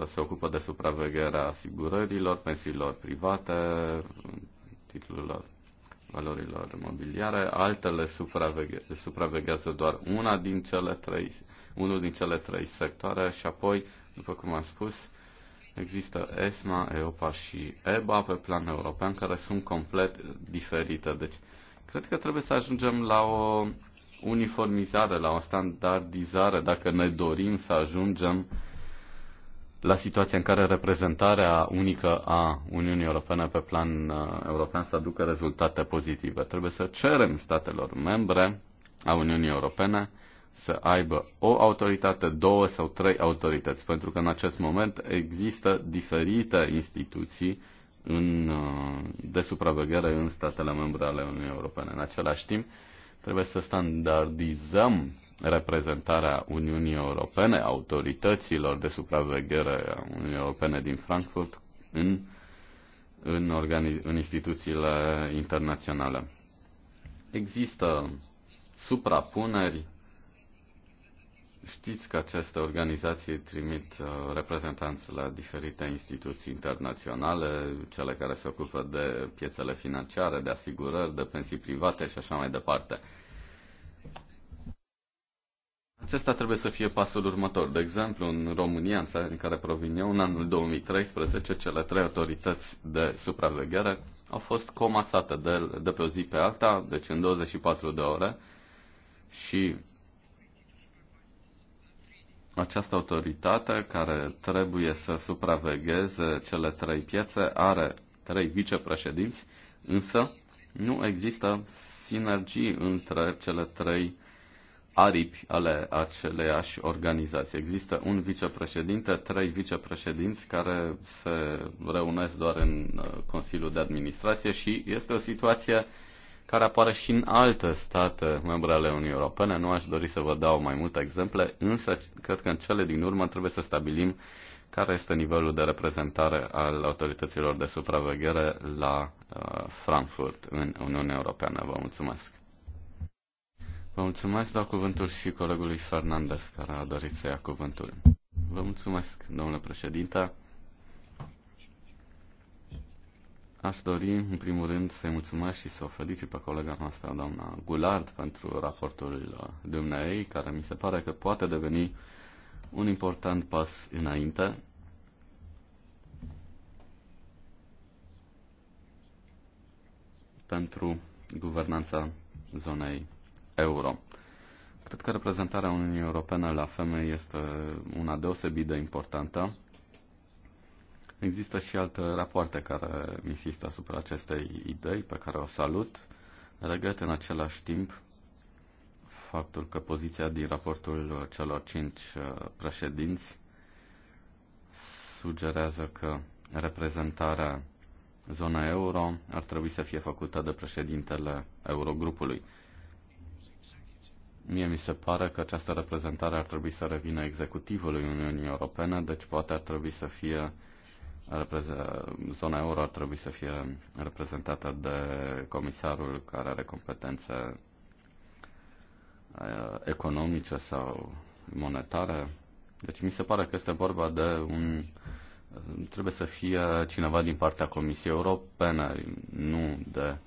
A: se ocupă de supravegherea asigurărilor, pensiilor private, titlurilor valorilor mobiliare, altele supraveghe- supraveghează doar una din cele trei, unul din cele trei sectoare și apoi, după cum am spus, există ESMA, EOPA și EBA pe plan european care sunt complet diferite. Deci, cred că trebuie să ajungem la o uniformizare, la o standardizare, dacă ne dorim să ajungem la situația în care reprezentarea unică a Uniunii Europene pe plan uh, european să aducă rezultate pozitive. Trebuie să cerem statelor membre a Uniunii Europene să aibă o autoritate, două sau trei autorități, pentru că în acest moment există diferite instituții în, uh, de supraveghere în statele membre ale Uniunii Europene. În același timp, Trebuie să standardizăm reprezentarea Uniunii Europene, autorităților de supraveghere a Uniunii Europene din Frankfurt în, în, organi- în instituțiile internaționale. Există suprapuneri Știți că aceste organizații trimit uh, reprezentanți la diferite instituții internaționale, cele care se ocupă de piețele financiare, de asigurări, de pensii private și așa mai departe. Acesta trebuie să fie pasul următor. De exemplu, în România, în țara din care provin eu, în anul 2013, cele trei autorități de supraveghere au fost comasate de, de pe o zi pe alta, deci în 24 de ore, și această autoritate care trebuie să supravegheze cele trei piețe are trei vicepreședinți, însă nu există sinergii între cele trei aripi ale aceleiași organizații. Există un vicepreședinte, trei vicepreședinți care se reunesc doar în uh, Consiliul de Administrație și este o situație care apare și în alte state membre ale Uniunii Europene. Nu aș dori să vă dau mai multe exemple, însă cred că în cele din urmă trebuie să stabilim care este nivelul de reprezentare al autorităților de supraveghere la uh, Frankfurt în Uniunea Europeană. Vă mulțumesc! Vă mulțumesc, dau cuvântul și colegului Fernandez, care a dorit să ia cuvântul. Vă mulțumesc, domnule președinte. Aș dori, în primul rând, să-i mulțumesc și să o felicit pe colega noastră, doamna Gulard, pentru raportul uh, dumneei, care mi se pare că poate deveni un important pas înainte. pentru guvernanța zonei euro. Cred că reprezentarea Uniunii Europene la femei este una deosebit de importantă Există și alte rapoarte care insistă asupra acestei idei pe care o salut. Regret în același timp faptul că poziția din raportul celor cinci uh, președinți sugerează că reprezentarea zona euro ar trebui să fie făcută de președintele Eurogrupului. Mie mi se pare că această reprezentare ar trebui să revină executivului Uniunii Europene, deci poate ar trebui să fie uh, zona euro ar trebui să fie reprezentată de comisarul care are competențe uh, economice sau monetare. Deci mi se pare că este vorba de un trebuie să fie cineva din partea Comisiei Europene, nu de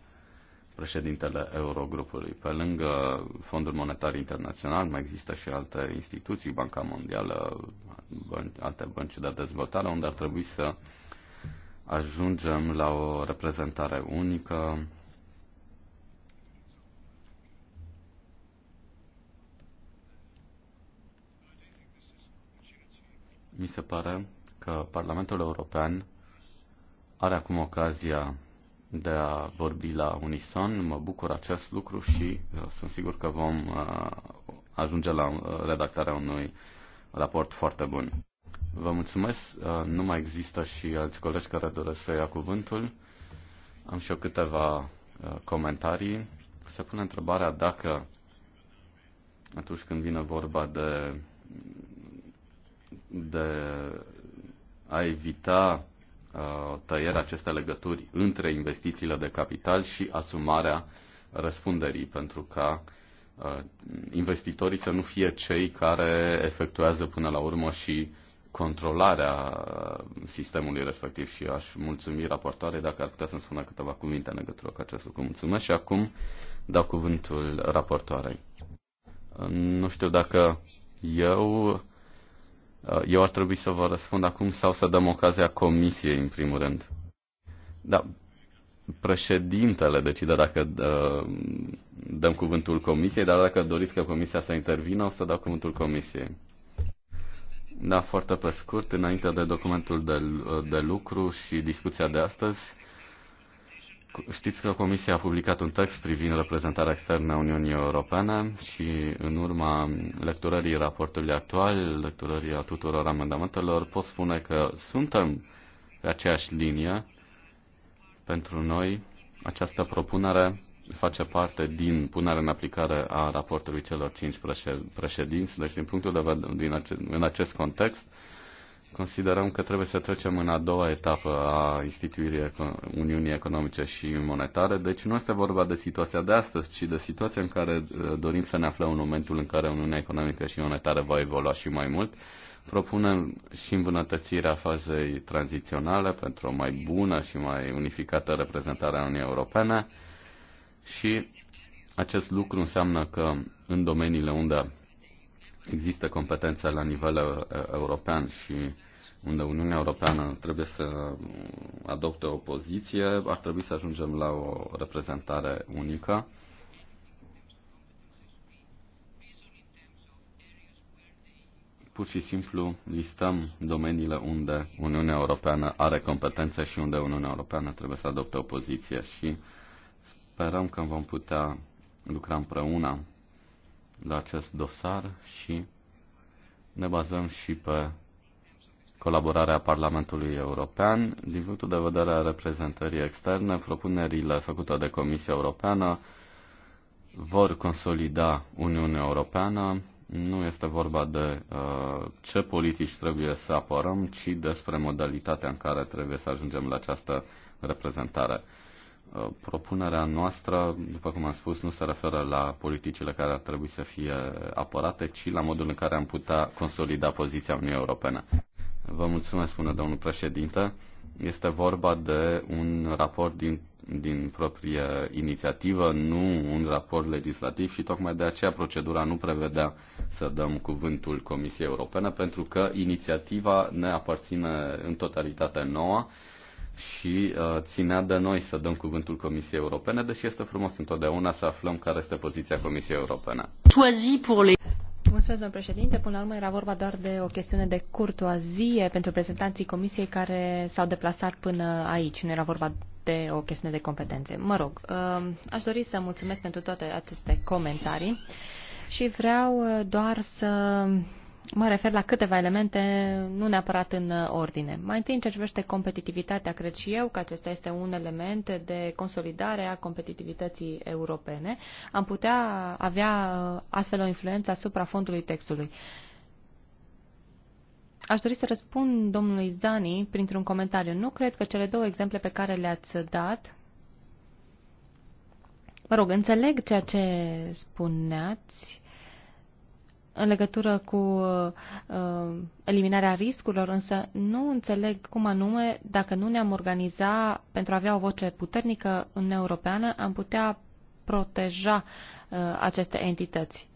A: președintele Eurogrupului. Pe lângă Fondul Monetar Internațional mai există și alte instituții, Banca Mondială, alte bănci de dezvoltare, unde ar trebui să ajungem la o reprezentare unică Mi se pare că Parlamentul European are acum ocazia de a vorbi la unison. Mă bucur acest lucru și uh, sunt sigur că vom uh, ajunge la uh, redactarea unui raport foarte bun. Vă mulțumesc. Nu mai există și alți colegi care doresc să ia cuvântul. Am și eu câteva comentarii. Se pune întrebarea dacă atunci când vine vorba de, de a evita Uh, tăierea acestei legături între investițiile de capital și asumarea răspunderii, pentru ca uh, investitorii să nu fie cei care efectuează până la urmă și controlarea uh, sistemului respectiv și aș mulțumi raportoarei dacă ar putea să-mi spună câteva cuvinte în legătură cu acest lucru. Mulțumesc și acum dau cuvântul raportoarei. Nu știu dacă eu Uh, eu ar trebui să vă răspund acum sau să dăm ocazia comisiei, în primul rând. Da, președintele decide dacă uh, dăm cuvântul comisiei, dar dacă doriți că comisia să intervină, o să dau cuvântul comisiei. Da, foarte pe scurt, înainte de documentul de, uh, de lucru și discuția de astăzi, Știți că Comisia a publicat un text privind reprezentarea externă a Uniunii Europene și în urma lecturării raportului actual, lecturării a tuturor amendamentelor, pot spune că suntem pe aceeași linie. Pentru noi, această propunere face parte din punerea în aplicare a raportului celor cinci președinți, deci din punctul de vedere, din ace- în acest context, considerăm că trebuie să trecem în a doua etapă a instituirii Uniunii Economice și Monetare. Deci nu este vorba de situația de astăzi, ci de situația în care uh, dorim să ne aflăm în momentul în care Uniunea Economică și Monetară va evolua și mai mult. Propunem și îmbunătățirea fazei tranziționale pentru o mai bună și mai unificată reprezentare a Uniunii Europene și acest lucru înseamnă că în domeniile unde există competența la nivel uh, european și unde Uniunea Europeană trebuie să adopte o poziție, ar trebui să ajungem la o reprezentare unică. Pur și simplu listăm domeniile unde Uniunea Europeană are competențe și unde Uniunea Europeană trebuie să adopte o poziție și sperăm că vom putea lucra împreună la acest dosar și ne bazăm și pe colaborare a Parlamentului European. Din punctul de vedere a reprezentării externe, propunerile făcute de Comisia Europeană vor consolida Uniunea Europeană. Nu este vorba de uh, ce politici trebuie să apărăm, ci despre modalitatea în care trebuie să ajungem la această reprezentare. Uh, propunerea noastră, după cum am spus, nu se referă la politicile care ar trebui să fie apărate, ci la modul în care am putea consolida poziția Uniunii Europene. Vă mulțumesc, spune domnul președinte. Este vorba de un raport din, din proprie inițiativă, nu un raport legislativ și tocmai de aceea procedura nu prevedea să dăm cuvântul Comisiei Europene, pentru că inițiativa ne aparține în totalitate nouă și uh, ținea de noi să dăm cuvântul Comisiei Europene, deși este frumos întotdeauna să aflăm care este poziția Comisiei Europene.
B: Mulțumesc, domnul președinte. Până la urmă era vorba doar de o chestiune de curtoazie pentru prezentanții comisiei care s-au deplasat până aici. Nu era vorba de o chestiune de competențe. Mă rog, uh, aș dori să mulțumesc pentru toate aceste comentarii și vreau uh, doar să Mă refer la câteva elemente, nu neapărat în uh, ordine. Mai întâi, în ce privește competitivitatea, cred și eu că acesta este un element de consolidare a competitivității europene. Am putea avea uh, astfel o influență asupra fondului textului. Aș dori să răspund domnului Zani printr-un comentariu. Nu cred că cele două exemple pe care le-ați dat, mă rog, înțeleg ceea ce spuneați, în legătură cu uh, eliminarea riscurilor, însă nu înțeleg cum anume, dacă nu ne-am organiza pentru a avea o voce puternică în Europeană, am putea proteja uh, aceste entități.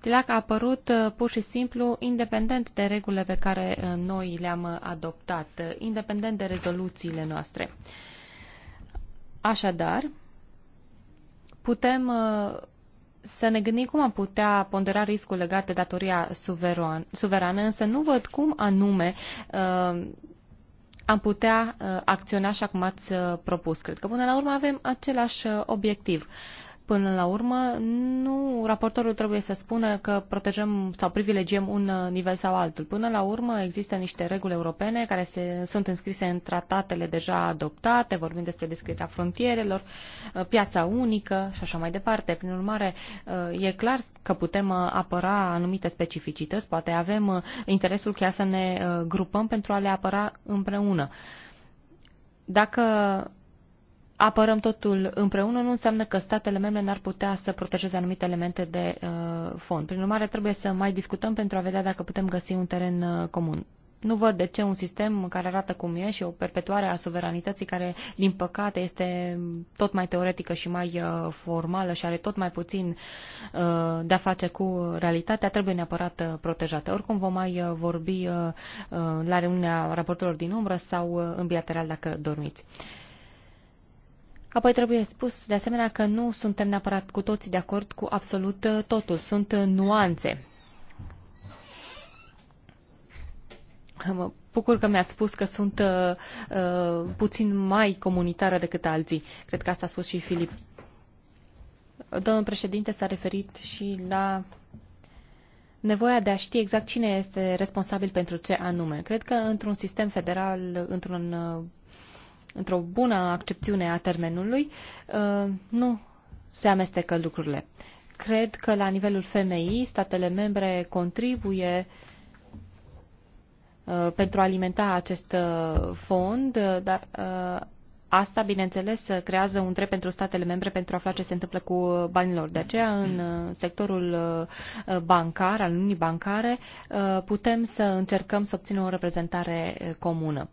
B: TILAC a apărut uh, pur și simplu independent de regulile pe care uh, noi le-am adoptat, uh, independent de rezoluțiile noastre. Așadar, putem uh, să ne gândim cum am putea pondera riscul legat de datoria suveran, suverană, însă nu văd cum anume uh, am putea uh, acționa așa cum ați uh, propus. Cred că până la urmă avem același uh, obiectiv. Uh, Până la urmă, nu raportorul trebuie să spună că protejăm sau privilegiem un uh, nivel sau altul. Până la urmă, există niște reguli europene care se, sunt înscrise în tratatele deja adoptate, vorbim despre descrierea frontierelor, uh, piața unică și așa mai departe. Prin urmare, uh, e clar că putem apăra anumite specificități, poate avem interesul chiar să ne grupăm pentru a le apăra împreună. Dacă apărăm totul împreună nu înseamnă că statele membre n-ar putea să protejeze anumite elemente de uh, fond. Prin urmare, trebuie să mai discutăm pentru a vedea dacă putem găsi un teren uh, comun. Nu văd de ce un sistem care arată cum e și o perpetuare a suveranității care, din păcate, este tot mai teoretică și mai uh, formală și are tot mai puțin uh, de-a face cu realitatea, trebuie neapărat uh, protejată. Oricum vom mai vorbi la reuniunea raportelor din umbră sau în bilateral dacă dormiți. Apoi trebuie spus de asemenea că nu suntem neapărat cu toții de acord cu absolut uh, totul. Sunt uh, nuanțe. Mă bucur că mi-ați spus că sunt uh, uh, puțin mai comunitară decât alții. Cred că asta a spus și Filip. Domnul președinte s-a referit și la nevoia de a ști exact cine este responsabil pentru ce anume. Cred că într-un sistem federal, într-un într-o bună accepțiune a termenului, uh, nu se amestecă lucrurile. Cred că la nivelul femeii, statele membre contribuie uh, pentru a alimenta acest uh, fond, dar asta, bineînțeles, creează un drept pentru statele membre pentru a afla ce se întâmplă cu banilor. De aceea, în sectorul bancar, al unii bancare, putem să încercăm să obținem o reprezentare comună.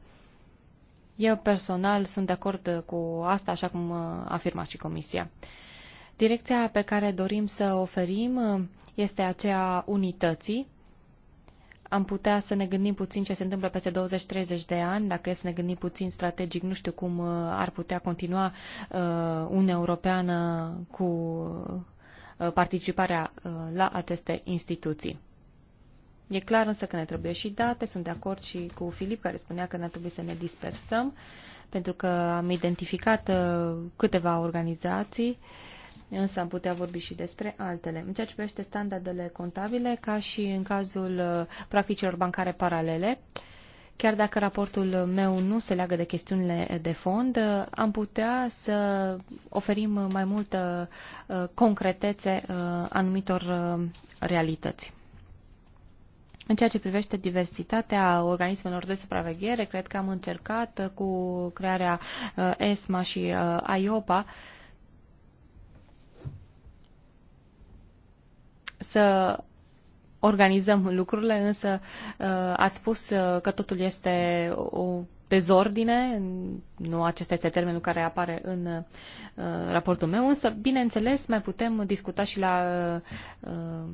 B: Eu personal sunt de acord cu asta, așa cum uh, a afirmat și Comisia. Direcția pe care dorim să o oferim uh, este aceea unității. Am putea să ne gândim puțin ce se întâmplă peste 20-30 de ani, dacă e să ne gândim puțin strategic, nu știu cum uh, ar putea continua Uniunea Europeană cu participarea la aceste instituții. E clar însă că ne trebuie și date. Sunt de acord și cu Filip care spunea că ne trebuie să ne dispersăm pentru că am identificat uh, câteva organizații însă am putea vorbi și despre altele. În ceea ce privește standardele contabile, ca și în cazul uh, practicilor bancare paralele, chiar dacă raportul meu nu se leagă de chestiunile de fond, uh, am putea să oferim mai multă concretețe anumitor realități. În ceea ce privește diversitatea organismelor de supraveghere, cred că am încercat uh, cu crearea uh, ESMA și uh, IOPA să organizăm lucrurile, însă ați spus că totul este o dezordine, nu acesta este termenul care apare în uh, raportul meu, însă, bineînțeles, mai putem discuta și la uh,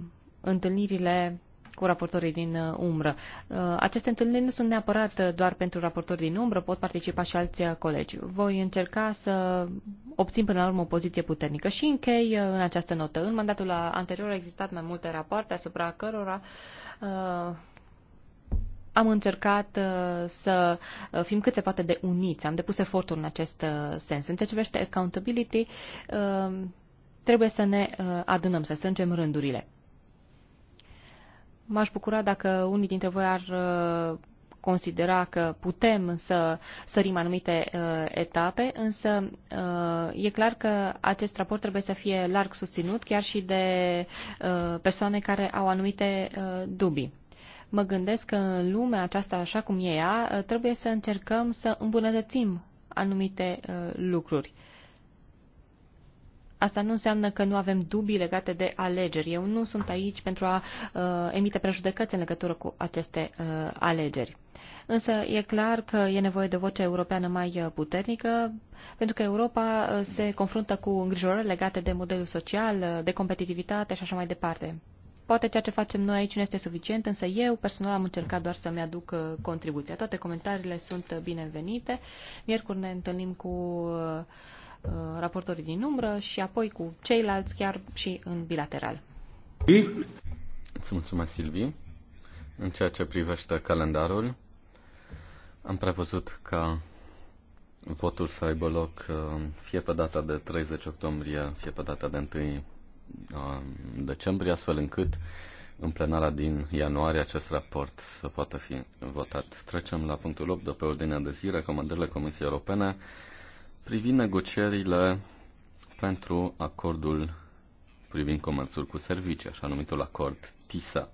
B: întâlnirile cu raportorii din uh, umbră. Uh, aceste întâlniri nu sunt neapărat uh, doar pentru raportori din umbră, pot participa și alți colegi. Voi încerca să obțin până la urmă o poziție puternică și închei în această notă. În mandatul anterior au existat mai multe rapoarte asupra cărora am încercat să fim cât se poate de uniți, am depus eforturi în acest sens. În ceea ce privește accountability, trebuie să ne adunăm, să strângem rândurile. M-aș bucura dacă unii dintre voi ar uh, considera că putem să sărim anumite uh, etape, însă uh, e clar că acest raport trebuie să fie larg susținut chiar și de uh, persoane care au anumite uh, dubii. Mă gândesc că în lumea aceasta, așa cum e ea, uh, trebuie să încercăm să îmbunătățim anumite uh, lucruri. Uh, Asta nu înseamnă că nu avem dubii legate de alegeri. Eu nu sunt aici pentru a uh, emite prejudecăți în legătură cu aceste uh, alegeri. Însă e clar că e nevoie de vocea europeană mai uh, puternică, pentru că Europa uh, se confruntă cu îngrijorări legate de modelul social, uh, de competitivitate și așa mai departe. Poate ceea ce facem noi aici nu este suficient, însă eu personal am încercat doar să-mi aduc contribuția. Toate comentariile sunt binevenite. Miercuri ne întâlnim cu Uh, raportorii din umbră și apoi cu ceilalți chiar și în bilateral.
A: Îți mulțumesc, Silvi. În ceea ce privește calendarul, am prevăzut ca votul să aibă loc uh, fie pe data de 30 octombrie, fie pe data de 1 uh, decembrie, astfel încât în plenara din ianuarie acest raport să poată fi votat. Trecem la punctul 8 de pe ordinea de zi, recomandările Comisiei Europene privind negocierile pentru acordul privind comerțul cu servicii, așa numitul acord TISA.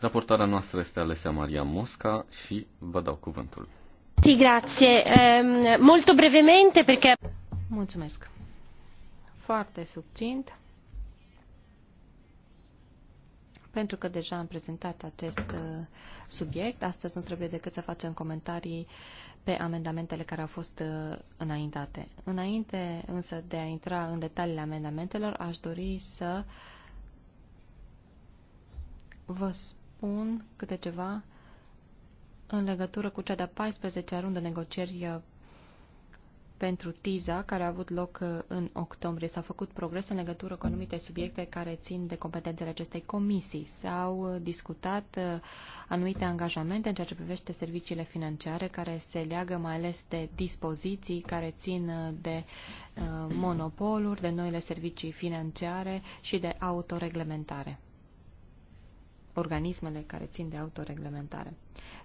A: Raportarea noastră este Alessia Maria Mosca și vă dau cuvântul.
B: Sì, grazie. Ehm, molto brevemente perché... Mulțumesc. Foarte subțint. Pentru că deja am prezentat acest uh, subiect, astăzi nu trebuie decât să facem comentarii pe amendamentele care au fost uh, înaintate. Înainte însă de a intra în detaliile amendamentelor, aș dori să vă spun câte ceva în legătură cu cea de-a 14-a rundă negocieri uh, pentru TISA, care a avut loc uh, în octombrie. S-au făcut progrese în legătură cu anumite subiecte care țin de competențele acestei comisii. S-au uh, discutat uh, anumite angajamente în ceea ce privește serviciile financiare, care se leagă mai ales de dispoziții care țin de monopoluri, de noile servicii financiare și de autoreglementare organismele care țin de autoreglementare.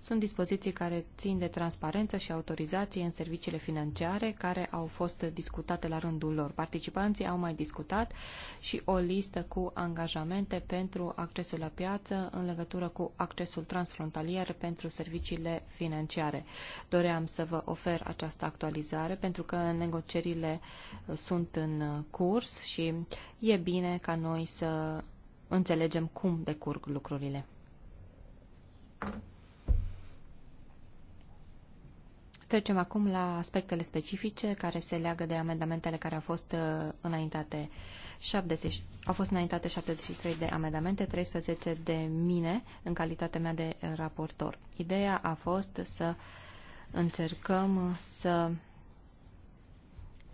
B: Sunt dispoziții care țin de transparență și autorizație în serviciile financiare care au fost discutate la rândul lor. Participanții au mai discutat și o listă cu angajamente pentru accesul la piață în legătură cu accesul transfrontalier pentru serviciile financiare. Doream să vă ofer această actualizare pentru că negocierile sunt în curs și e bine ca noi să înțelegem cum decurg lucrurile. Trecem acum la aspectele specifice care se leagă de amendamentele care au fost uh, înaintate 70, au fost înaintate 73 de amendamente, 13 de mine în calitatea mea de raportor. Ideea a fost să încercăm să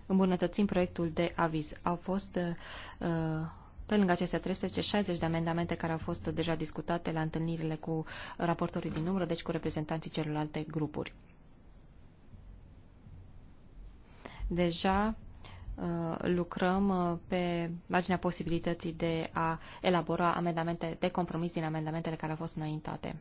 B: îmbunătățim proiectul de aviz. Au fost uh, pe lângă acestea 13, 60 de amendamente care au fost deja discutate la întâlnirile cu raportorii din număr, deci cu reprezentanții celorlalte grupuri. Deja uh, lucrăm uh, pe marginea posibilității de a elabora amendamente de compromis din amendamentele care au fost înaintate.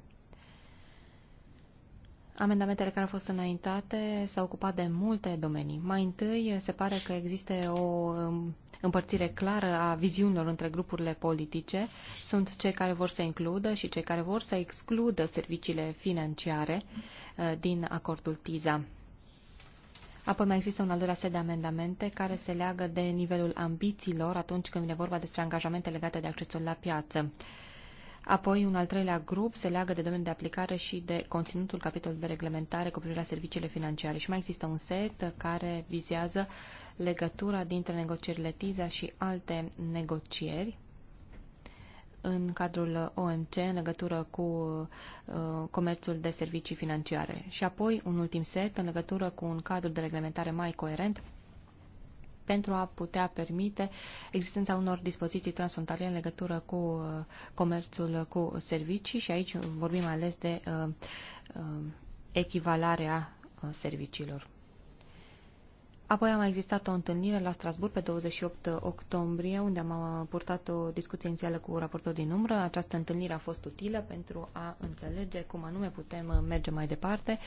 B: Amendamentele care au fost înaintate s-au ocupat de multe domenii. Mai întâi, se pare că există o um, împărțire clară a viziunilor între grupurile politice. Sunt cei care vor să includă și cei care vor să excludă serviciile financiare uh, din acordul TISA. Apoi mai există un al doilea set de amendamente care se leagă de nivelul ambițiilor atunci când vine vorba despre angajamente legate de accesul la piață. Uh, Apoi, un al treilea grup se leagă de domeniul de aplicare și de conținutul capitolului de reglementare cu privire la serviciile financiare. Și mai există un set care vizează legătura dintre negocierile TISA și alte negocieri în cadrul OMC în legătură cu uh, comerțul de servicii financiare. Și apoi un ultim set în legătură cu un cadru de reglementare mai coerent pentru a putea permite existența unor dispoziții transfrontaliere în legătură cu uh, comerțul cu servicii și aici vorbim ales de uh, uh, echivalarea serviciilor. Apoi a mai existat o întâlnire la Strasburg pe 28 octombrie, unde am purtat o discuție inițială cu raportul din umbră. Această întâlnire a fost utilă pentru a înțelege cum anume putem merge mai departe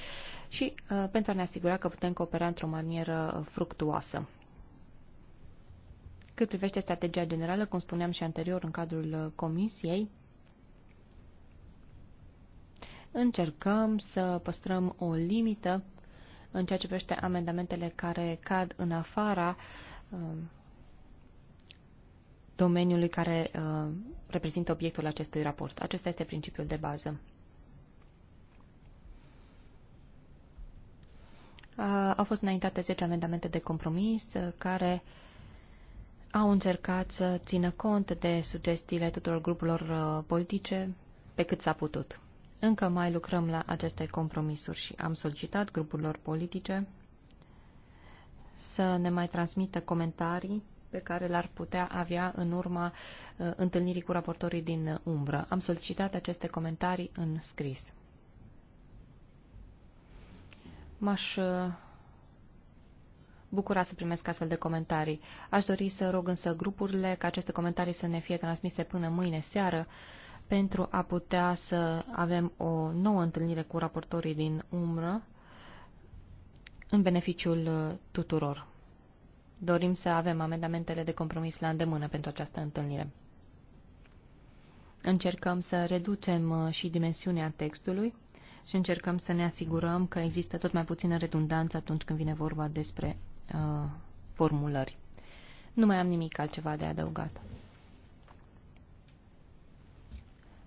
B: și uh, pentru a ne asigura că putem coopera într-o manieră fructuoasă. Cât privește strategia generală, cum spuneam și anterior în cadrul uh, comisiei, încercăm să păstrăm o limită în ceea ce privește amendamentele care cad în afara um, domeniului care uh, reprezintă obiectul acestui raport. Acesta este principiul de bază. Uh, au fost înaintate 10 amendamente de compromis care uh, au încercat să țină cont de sugestiile tuturor grupurilor uh, politice pe cât s-a putut. Încă mai lucrăm la aceste compromisuri și am solicitat grupurilor politice să ne mai transmită comentarii pe care le ar putea avea în urma uh, întâlnirii cu raportorii din umbră. Am solicitat aceste comentarii în scris. M-aș uh, bucura să primesc astfel de comentarii. Aș dori să rog însă grupurile ca aceste comentarii să ne fie transmise până mâine seară pentru a putea să avem o nouă întâlnire cu raportorii din umbră în beneficiul uh, tuturor. Dorim să avem amendamentele de compromis la îndemână pentru această întâlnire. Încercăm să reducem uh, și dimensiunea textului și încercăm să ne asigurăm că există tot mai puțină redundanță atunci când vine vorba despre uh, formulări. Nu mai am nimic altceva de adăugat.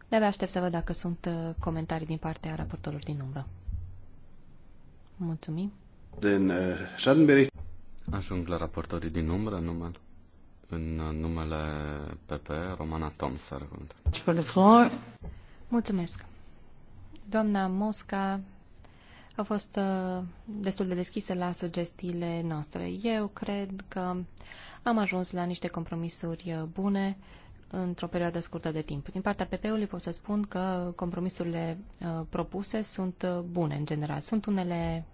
B: De-abia aștept să văd dacă sunt uh, comentarii din partea raportorilor din umbră. Mulțumim.
A: Din uh, Schattenberg. Ajung la raportorii din umbră, numai în uh, numele PP, Romana Tomsar.
B: Mulțumesc. Doamna Mosca a fost uh, destul de deschisă la sugestiile noastre. Eu cred că am ajuns la niște compromisuri uh, bune într-o perioadă scurtă de timp. Din partea PP-ului pot să spun că compromisurile uh, propuse sunt bune în general. Sunt unele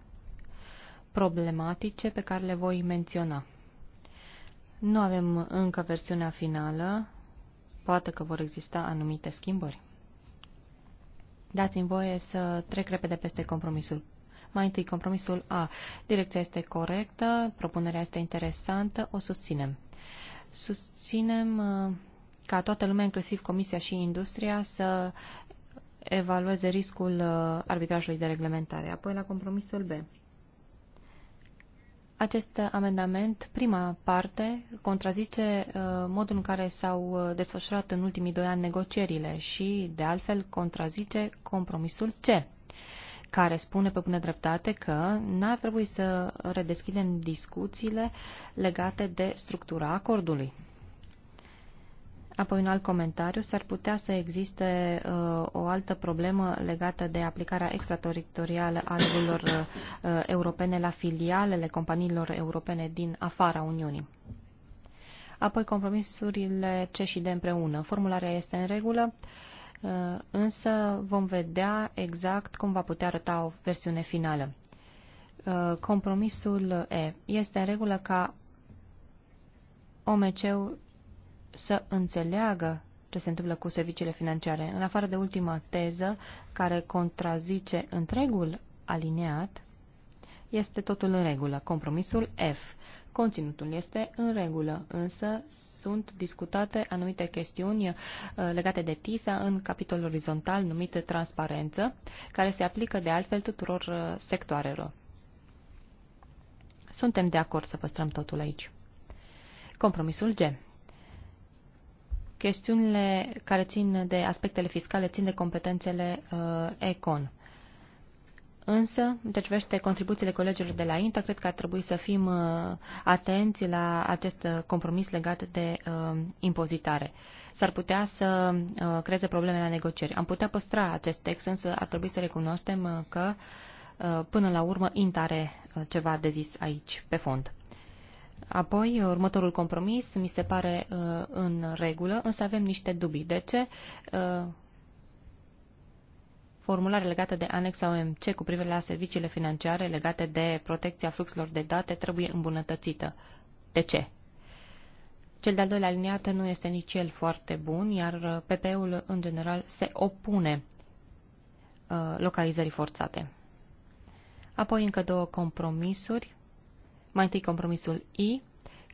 B: problematice pe care le voi menționa. Nu avem încă versiunea finală, poate că vor exista anumite schimbări. Dați-mi voie să trec repede peste compromisul mai întâi, compromisul A. Direcția este corectă, propunerea este interesantă, o susținem. Susținem uh, ca toată lumea, inclusiv Comisia și Industria, să evalueze riscul uh, arbitrajului de reglementare. Apoi la compromisul B. Acest amendament, prima parte, contrazice uh, modul în care s-au desfășurat în ultimii doi ani negocierile și, de altfel, contrazice compromisul C care spune pe bună dreptate că n-ar trebui să redeschidem discuțiile legate de structura acordului. Apoi un alt comentariu, s-ar putea să existe uh, o altă problemă legată de aplicarea extraterritorială a regulilor uh, uh europene la filialele companiilor europene din afara Uniunii. Apoi compromisurile ce și de împreună. Formularea este în regulă. Uh, Uh, însă vom vedea exact cum va putea arăta o versiune finală. Uh, compromisul E este în regulă ca OMC-ul să înțeleagă ce se întâmplă cu serviciile financiare. În afară de ultima teză, care contrazice întregul alineat, este totul în regulă. Compromisul F. Conținutul este în regulă, însă sunt discutate anumite chestiuni uh, legate de TISA în capitolul orizontal numit transparență, care se aplică de altfel tuturor uh, sectoarelor. Suntem de acord să păstrăm totul aici. Compromisul G. Chestiunile care țin de aspectele fiscale țin de competențele uh, ECON. Însă, în ce privește contribuțiile colegilor de la INTA, cred că ar trebui să fim uh, atenți la acest uh, compromis legat de uh, impozitare. S-ar putea să uh, creeze probleme la negocieri. Am putea păstra acest text, însă ar trebui să recunoaștem uh, că, uh, până la urmă, INTA are ceva de zis aici, pe fond. Apoi, următorul compromis mi se pare uh, în regulă, însă avem niște dubii. De ce? Uh, formulare legată de anexa OMC cu privire la serviciile financiare legate de protecția fluxurilor de date trebuie îmbunătățită. De ce? Cel de-al doilea aliniat nu este nici el foarte bun, iar uh, PP-ul în general se opune uh, localizării forțate. Apoi încă două compromisuri. Mai întâi compromisul I,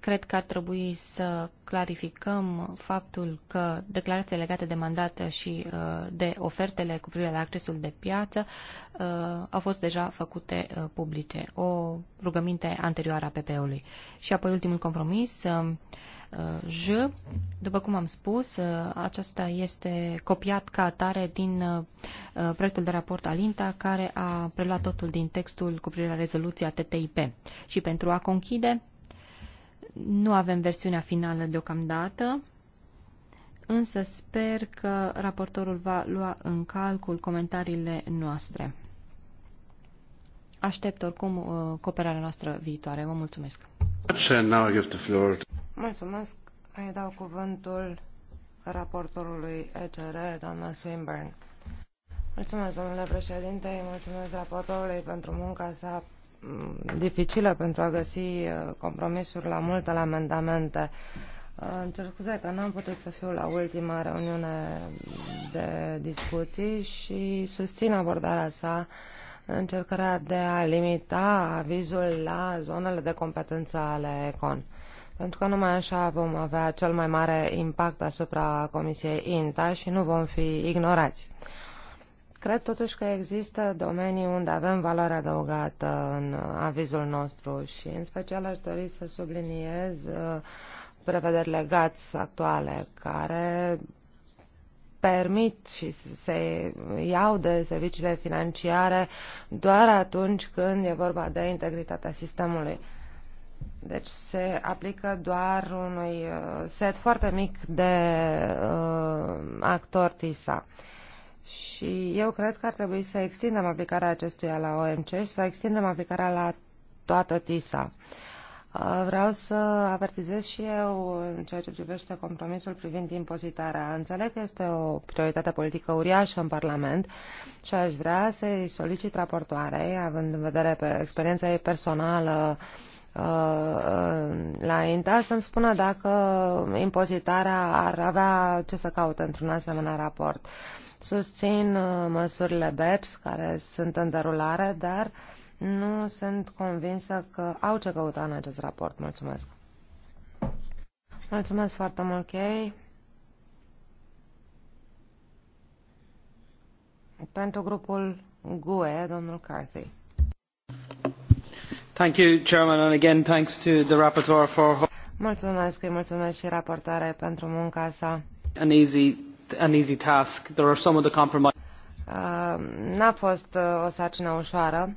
B: Cred că ar trebui să clarificăm faptul că declarațiile legate de mandat și uh, de ofertele cu privire la accesul de piață uh, au fost deja făcute uh, publice. O rugăminte anterioară a PP-ului. Și apoi ultimul compromis, J. După cum am spus, aceasta este copiat ca atare din proiectul de raport al care a preluat totul din textul cu privire la rezoluția TTIP. Și pentru a conchide, nu avem versiunea finală deocamdată, însă sper că raportorul va lua în calcul comentariile noastre. Aștept oricum uh, cooperarea noastră viitoare. Vă mulțumesc.
C: Mulțumesc. Îi dau cuvântul raportorului ECR, doamna Swinburne. Mulțumesc, domnule președinte, mulțumesc raportorului pentru munca sa dificilă pentru a găsi uh, compromisuri la multe amendamente. Uh, îmi cer scuze că n-am putut să fiu la ultima reuniune de discuții și susțin abordarea sa încercarea de a limita avizul la zonele de competență ale ECON. Pentru că numai așa vom avea cel mai mare impact asupra Comisiei INTA și nu vom fi ignorați. Cred totuși că există domenii unde avem valoare adăugată în avizul nostru și în special aș dori să subliniez uh, prevederi legați actuale care permit și se iau de serviciile financiare doar atunci când e vorba de integritatea sistemului. Deci se aplică doar unui uh, set foarte mic de uh, actor TISA. Uh, și eu cred că ar trebui să extindem aplicarea acestuia la OMC și să extindem aplicarea la toată TISA. Uh, vreau să avertizez și eu în ceea ce privește compromisul privind impozitarea. Înțeleg că este o prioritate politică uriașă în Parlament și aș vrea să-i solicit raportoarei, având în vedere pe experiența ei personală la uh, INTA, să-mi spună dacă impozitarea ar avea ce să caute într-un asemenea raport. Susțin uh, măsurile BEPS care sunt în derulare, dar nu sunt convinsă că au ce căuta în acest raport. Mulțumesc! Mulțumesc foarte mult, Kay. Pentru grupul GUE, domnul Carthy.
A: Thank you, Chairman, and again thanks to the rapporteur for...
C: Mulțumesc, îi mulțumesc și raportare pentru munca sa.
A: An easy an easy task. There are some of the compromises. Uh,
C: n-a fost uh, o sarcină ușoară.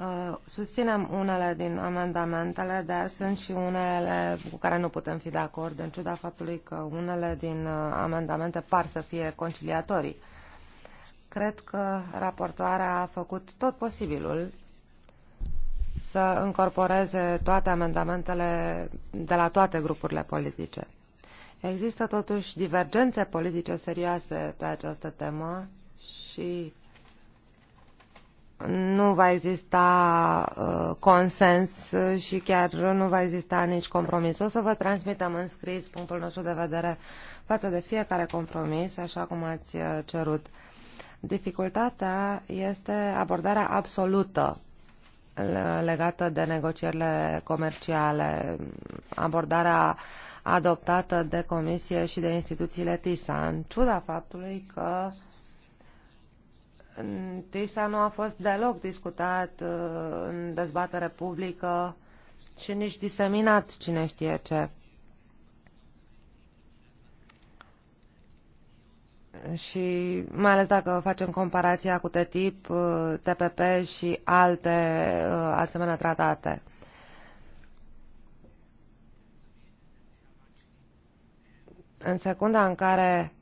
C: Uh, susținem unele din amendamentele, dar sunt și unele cu care nu putem fi de acord, în ciuda faptului că unele din uh, amendamente par să fie conciliatorii. Cred că raportoarea a făcut tot posibilul să încorporeze toate amendamentele de la toate grupurile politice. Există totuși divergențe politice serioase pe această temă și nu va exista uh, consens și chiar nu va exista nici compromis. O să vă transmitem în scris punctul nostru de vedere față de fiecare compromis, așa cum ați uh, cerut. Dificultatea este abordarea absolută uh, legată de negocierile comerciale, abordarea uh, adoptată de Comisie și de instituțiile TISA, în ciuda faptului că TISA nu a fost deloc discutat uh, în dezbatere publică și nici diseminat cine știe ce. și mai ales dacă facem comparația cu TTIP, uh, TPP și alte uh, asemenea tratate. În secunda în care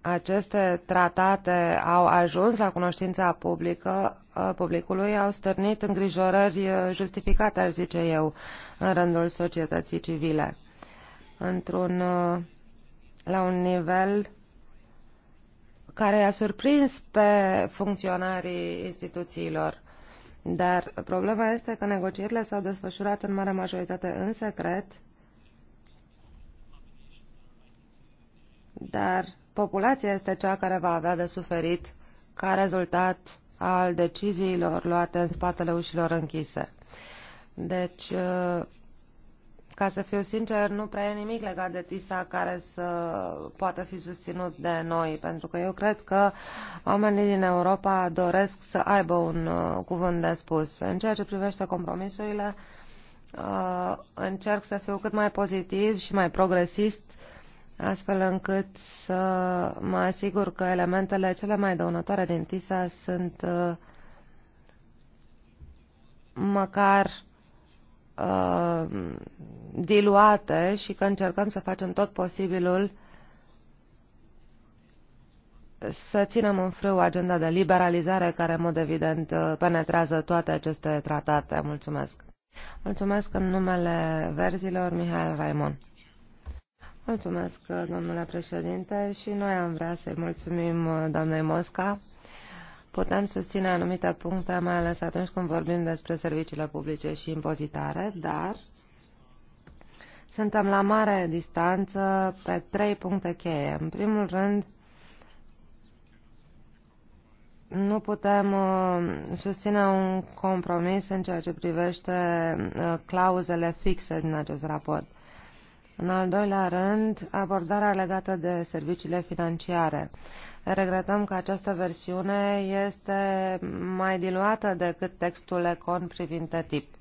C: aceste tratate au ajuns la cunoștința publică, publicului, au stârnit îngrijorări uh, justificate, aș zice eu, în rândul societății civile. Într-un, uh, la un nivel care i-a surprins pe funcționarii instituțiilor. Dar problema este că negocierile s-au desfășurat în mare majoritate în secret, dar populația este cea care va avea de suferit ca rezultat al deciziilor luate în spatele ușilor închise. Deci, uh, ca să fiu sincer, nu prea e nimic legat de TISA care să poată fi susținut de noi, pentru că eu cred că oamenii din Europa doresc să aibă un uh, cuvânt de spus. În ceea ce privește compromisurile, uh, încerc să fiu cât mai pozitiv și mai progresist astfel încât să mă asigur că elementele cele mai dăunătoare din TISA sunt uh, măcar uh, diluate și că încercăm să facem tot posibilul să ținem în frâu agenda de liberalizare care, în mod evident, uh, penetrează toate aceste tratate. Mulțumesc! Mulțumesc în numele verzilor, Mihail Raimon. Mulțumesc, domnule președinte, și noi am vrea să-i mulțumim uh, doamnei Mosca. Putem susține anumite puncte, mai ales atunci când vorbim despre serviciile publice și impozitare, dar suntem la mare distanță pe trei puncte cheie. În primul rând, nu putem uh, susține un compromis în ceea ce privește uh, clauzele fixe din acest raport. În al doilea rând, abordarea legată de serviciile financiare. Regretăm că această versiune este mai diluată decât textul Econ privind TTIP.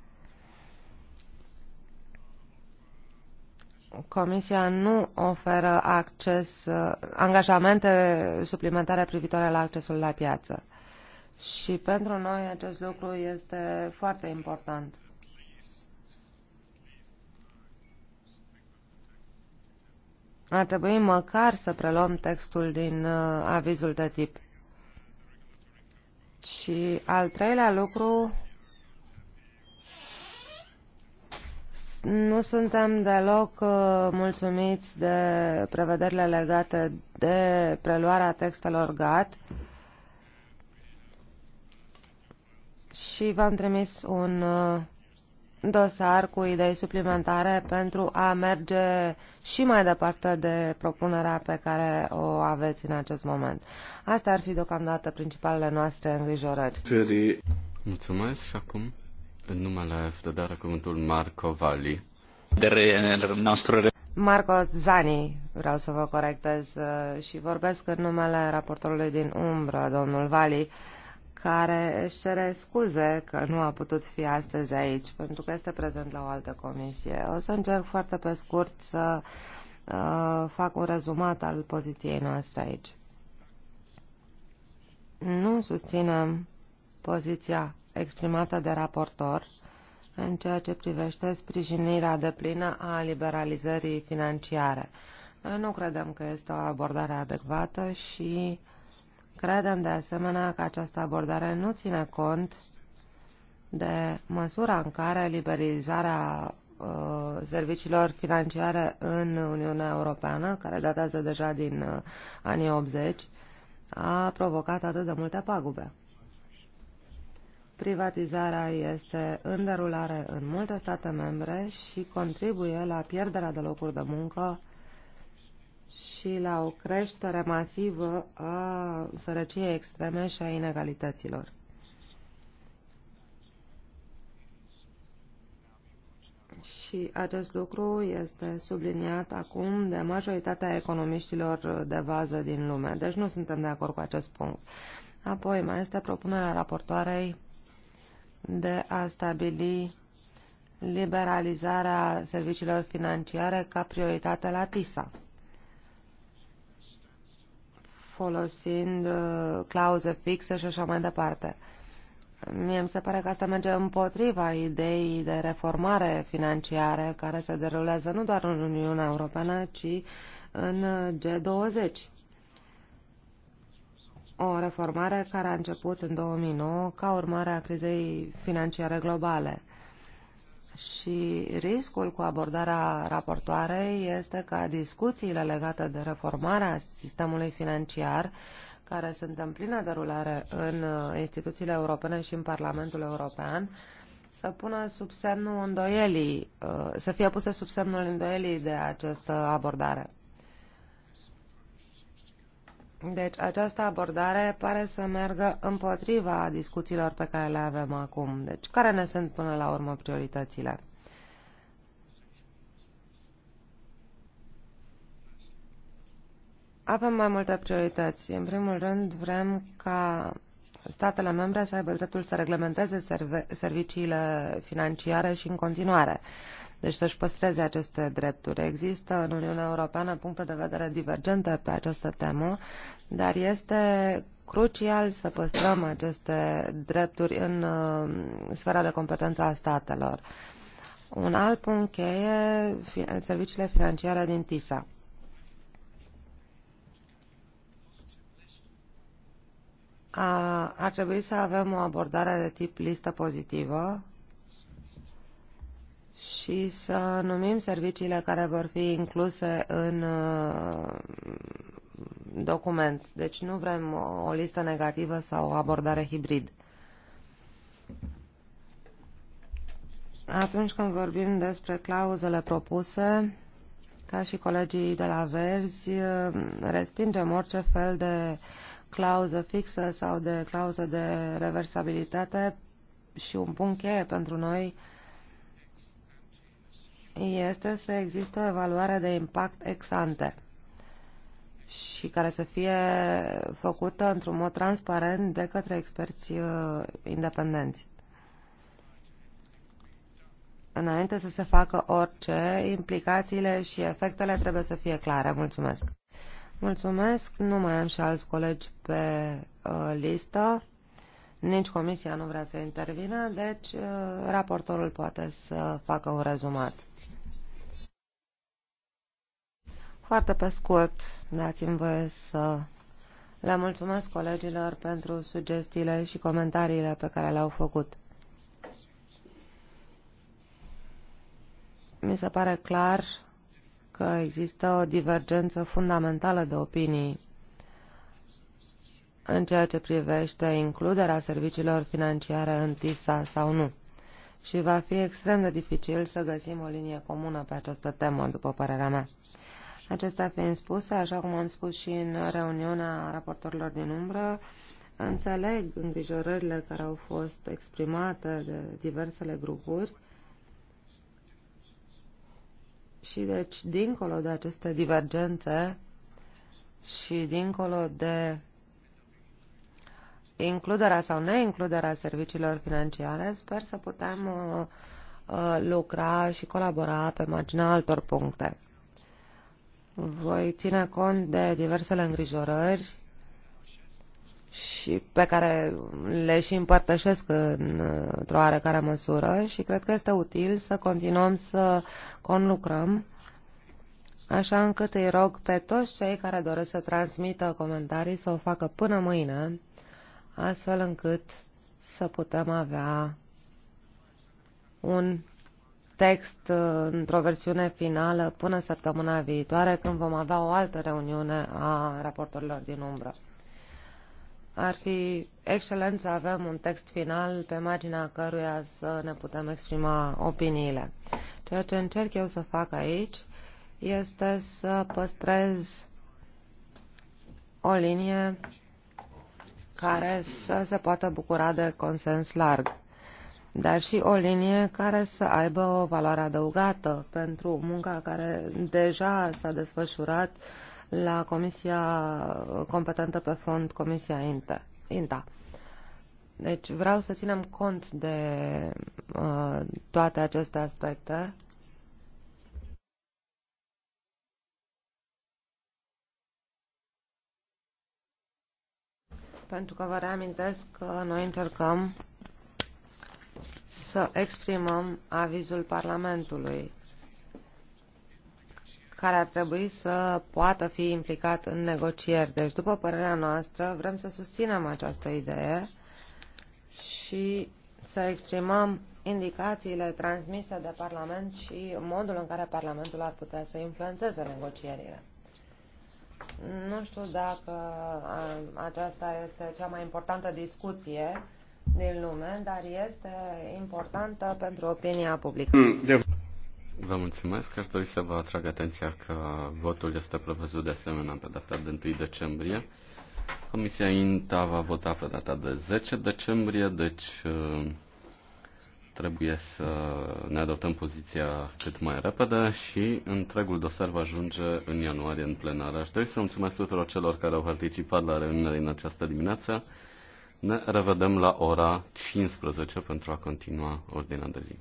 C: Comisia nu oferă acces, angajamente suplimentare privitoare la accesul la piață. Și pentru noi acest lucru este foarte important. Ar trebui măcar să preluăm textul din uh, avizul de tip. Și al treilea lucru, nu suntem deloc uh, mulțumiți de prevederile legate de preluarea textelor GAT și v-am trimis un uh, dosar cu idei suplimentare pentru a merge și mai departe de propunerea pe care o aveți în acest moment. Asta ar fi deocamdată principalele noastre îngrijorări.
A: Mulțumesc și acum în numele FDD are cuvântul Marco Valli. De re, nostru re...
C: Marco Zani, vreau să vă corectez uh, și vorbesc în numele raportorului din umbră, domnul Vali care își cere scuze că nu a putut fi astăzi aici, pentru că este prezent la o altă comisie. O să încerc foarte pe scurt să uh, fac un rezumat al poziției noastre aici. Nu susținem poziția exprimată de raportor în ceea ce privește sprijinirea deplină a liberalizării financiare. Noi nu credem că este o abordare adecvată și uh, Credem de asemenea că această abordare nu ține cont de măsura în care liberalizarea uh, serviciilor financiare în Uniunea Europeană, care datează deja din uh, anii 80, a provocat atât de multe pagube. Privatizarea este în derulare în multe state membre și contribuie la pierderea de locuri de muncă și la o creștere masivă a sărăciei extreme și a inegalităților. Și acest lucru este subliniat acum de majoritatea economiștilor de bază din lume. Deci nu suntem de acord cu acest punct. Apoi mai este propunerea raportoarei de a stabili liberalizarea serviciilor financiare ca prioritate la TISA folosind uh, clauze fixe și așa mai departe. Mie mi se pare că asta merge împotriva ideii de reformare financiară care se derulează nu doar în Uniunea Europeană, ci în uh, G20. O reformare care a început în 2009 ca urmare a crizei financiare globale și riscul cu abordarea raportoarei este ca discuțiile legate de reformarea sistemului financiar, care sunt în plină derulare în uh, instituțiile europene și în Parlamentul European, să pună sub semnul îndoielii, uh, să fie puse sub semnul îndoielii de această abordare. Deci această abordare pare să meargă împotriva discuțiilor pe care le avem acum. Deci care ne sunt până la urmă prioritățile? Avem mai multe priorități. În primul rând vrem ca statele membre să aibă dreptul să reglementeze serviciile financiare și în continuare deci să-și păstreze aceste drepturi. Există în Uniunea Europeană puncte de vedere divergente pe această temă, dar este crucial să păstrăm aceste drepturi în uh, sfera de competență a statelor. Un alt punct cheie, serviciile financiare din TISA. Ar trebui să avem o abordare de tip listă pozitivă și să numim serviciile care vor fi incluse în uh, document. Deci nu vrem o listă negativă sau o abordare hibrid. Atunci când vorbim despre clauzele propuse, ca și colegii de la Verzi, uh, respingem orice fel de clauză fixă sau de clauză de reversabilitate și un punct cheie pentru noi este să existe o evaluare de impact ex ante și care să fie făcută într-un mod transparent de către experți uh, independenți. Înainte să se facă orice, implicațiile și efectele trebuie să fie clare. Mulțumesc! Mulțumesc! Nu mai am și alți colegi pe uh, listă. Nici comisia nu vrea să intervină, deci uh, raportorul poate să facă un rezumat. Foarte pe scurt, dați-mi voie să le mulțumesc colegilor pentru sugestiile și comentariile pe care le-au făcut. Mi se pare clar că există o divergență fundamentală de opinii în ceea ce privește includerea serviciilor financiare în TISA sau nu. Și va fi extrem de dificil să găsim o linie comună pe această temă, după părerea mea. Acesta fiind spus, așa cum am spus și în reuniunea raportorilor din umbră, înțeleg îngrijorările care au fost exprimate de diversele grupuri și deci, dincolo de aceste divergențe și dincolo de includerea sau neincluderea serviciilor financiare, sper să putem uh, uh, lucra și colabora pe marginea altor puncte. Voi ține cont de diversele îngrijorări și pe care le și împărtășesc într-o oarecare măsură și cred că este util să continuăm să conlucrăm așa încât îi rog pe toți cei care doresc să transmită comentarii să o facă până mâine, astfel încât să putem avea un text uh, într-o versiune finală până săptămâna viitoare, când vom avea o altă reuniune a raportorilor din umbră. Ar fi excelent să avem un text final pe marginea căruia să ne putem exprima opiniile. Ceea ce încerc eu să fac aici este să păstrez o linie care să se poată bucura de consens larg dar și o linie care să aibă o valoare adăugată pentru munca care deja s-a desfășurat la comisia competentă pe fond, Comisia INTA. Deci vreau să ținem cont de uh, toate aceste aspecte. Pentru că vă reamintesc că noi încercăm să exprimăm avizul Parlamentului, care ar trebui să poată fi implicat în negocieri. Deci, după părerea noastră, vrem să susținem această idee și să exprimăm indicațiile transmise de Parlament și modul în care Parlamentul ar putea să influențeze negocierile. Nu știu dacă aceasta este cea mai importantă discuție din lume, dar este importantă pentru opinia publică. Mm,
A: vă mulțumesc. Aș dori să vă atrag atenția că votul este prevăzut de asemenea pe data de 1 decembrie. Comisia INTA va vota pe data de 10 decembrie, deci uh, trebuie să ne adoptăm poziția cât mai repede și întregul dosar va ajunge în ianuarie în plenară. Aș dori să mulțumesc tuturor celor care au participat la reuniunea din această dimineață. Ne revedem la ora 15 pentru a continua ordinea de zi.